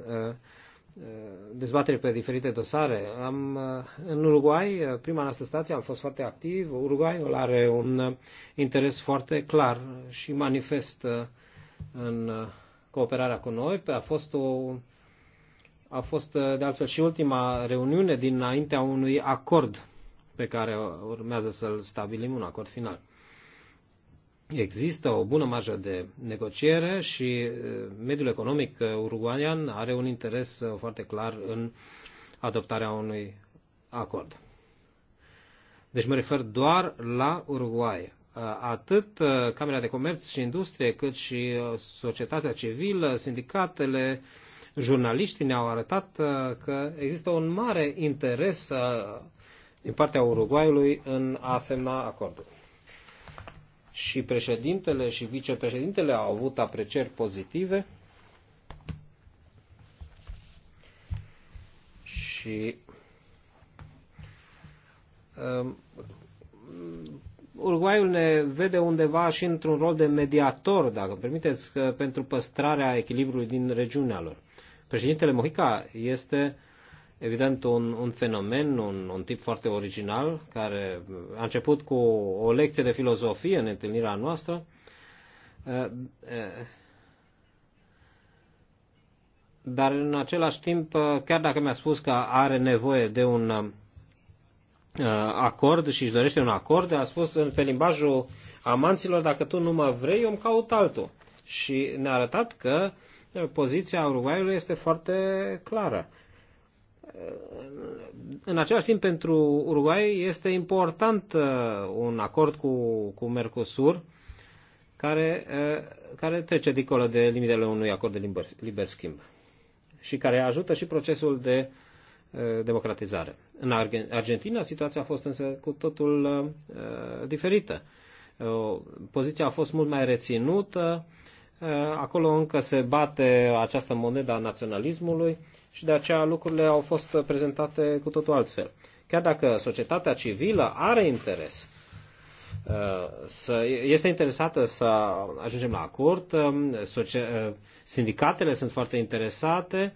dezbatere pe diferite dosare. Am, în Uruguay, prima noastră stație, am fost foarte activ. Uruguayul are un interes foarte clar și manifest în cooperarea cu noi. A fost, o, a fost uh, de altfel și ultima reuniune dinaintea unui acord pe care urmează să-l stabilim, un acord final. Există o bună marjă de negociere și uh, mediul economic uh, uruguayan are un interes foarte clar în adoptarea unui acord. Deci mă refer doar la Uruguay. Uh, atât uh, Camera de Comerț și Industrie, cât și uh, societatea civilă, sindicatele, jurnaliștii ne-au arătat că există un mare interes din partea Uruguayului în a semna acordul. Și președintele și vicepreședintele au avut aprecieri pozitive și um, Uruguayul ne vede undeva și într-un rol de mediator, dacă permiteți, pentru păstrarea echilibrului din regiunea lor. Președintele Mojica este evident un, un fenomen, un, un tip foarte original, care a început cu o lecție de filozofie în întâlnirea noastră. Uh, uh, dar în același timp, uh, chiar dacă mi-a spus că are nevoie de un um, Uh, acord și își dorește un acord, a spus pe limbajul amanților, dacă tu nu mă vrei, eu îmi caut altul. Și ne-a arătat că uh, poziția Uruguayului este foarte clară. Uh, în același timp, pentru Uruguay este important un acord cu, cu Mercosur care, care trece dincolo de limitele unui acord de liber, liber schimb și care ajută și procesul de uh, Eh, democratizare. În Argentina situația a fost însă cu totul eh, diferită. Poziția a fost mult mai reținută, eh, acolo încă se bate această monedă a naționalismului și de aceea lucrurile au fost prezentate cu totul altfel. Chiar dacă societatea civilă are interes să, este interesată să ajungem la acord, sindicatele sunt foarte interesate,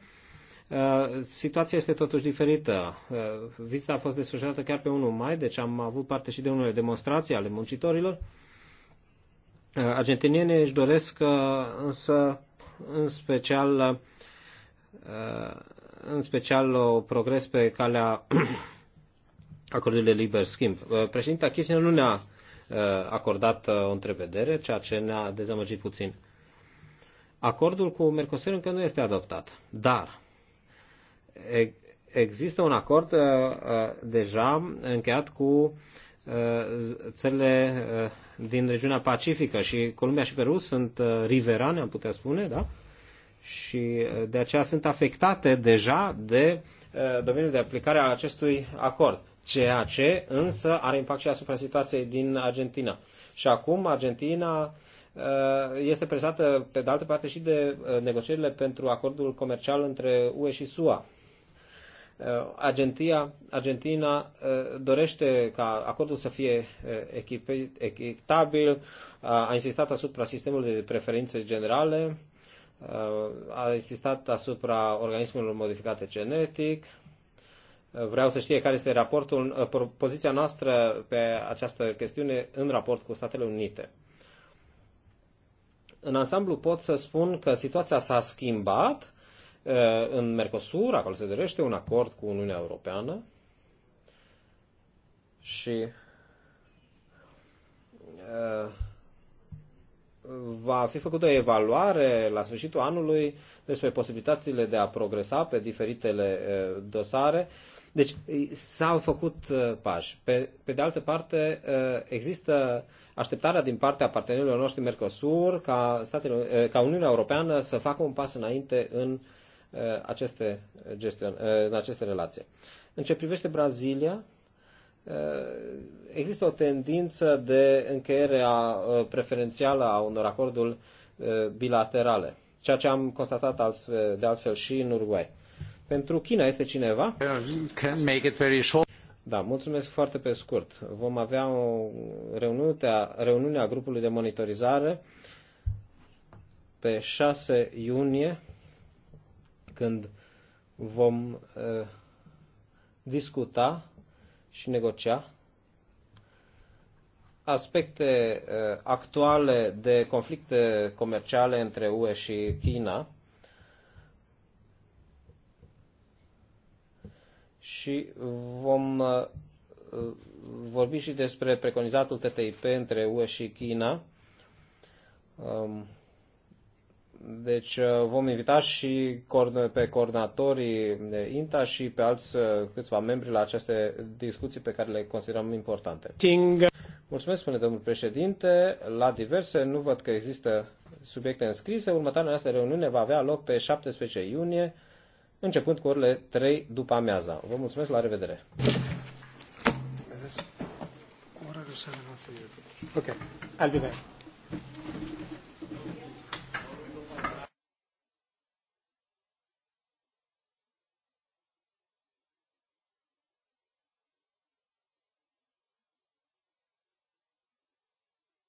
Uh, situația este totuși diferită. Uh, vizita a fost desfășurată chiar pe 1 mai, deci am avut parte și de unele demonstrații ale muncitorilor. Uh, argentinienii își doresc însă în special în special o progres pe calea *clears throat* acordului de liber schimb. Președinta Kirchner nu ne-a acordat o întrevedere, ceea ce ne-a dezamăgit puțin. Acordul cu Mercosur încă nu este adoptat, dar există un acord uh, uh, deja încheiat cu uh, țările din regiunea Pacifică și Columbia și Peru sunt riverane, am putea spune, da? Și de aceea sunt afectate deja de domeniul de aplicare a acestui acord, ceea ce însă are impact și asupra situației din Argentina. Și acum Argentina este presată, pe de altă parte, și de negocierile pentru acordul comercial între UE și SUA Uh, Argentina, Argentina uh, dorește ca acordul să fie uh, echitabil, a insistat asupra sistemului de preferințe generale, a insistat asupra organismelor modificate genetic. Vreau să știe care este raportul, poziția noastră pe această chestiune în raport cu Statele Unite. În ansamblu pot să spun că situația s-a schimbat, Uh, în Mercosur, acolo se dorește un acord cu Uniunea Europeană și uh, va fi făcută o evaluare la sfârșitul anului despre posibilitățile de a progresa pe diferitele uh, dosare. Deci s-au făcut pași. Pe, pe de altă parte, există așteptarea din partea partenerilor noștri Mercosur ca, statele, ca Uniunea Europeană să facă un pas înainte în uh, Uh, aceste, gestion, uh, în aceste relații. În ce privește Brazilia, uh, există o tendință de încheiere preferențială a unor acorduri bilaterale, ceea ce am constatat de altfel și în Uruguay. Pentru China este cineva? Can make it very short. Da, mulțumesc foarte pe scurt. Vom avea o reuniune a, reuniune a grupului de monitorizare pe 6 iunie când vom discuta și negocia aspecte actuale de conflicte comerciale între UE și China și vom vorbi și despre preconizatul TTIP între UE și China. Um, deci uh, vom invita și pe coordonatorii INTA și pe alți uh, câțiva membri la aceste discuții pe care le considerăm importante. Ting. Mulțumesc, spune domnul președinte. La diverse nu văd că există subiecte înscrise. Următoarea noastră reuniune va avea loc pe 17 iunie, începând cu orele 3 după amiaza. Vă mulțumesc, la revedere! Okay, I'll be there.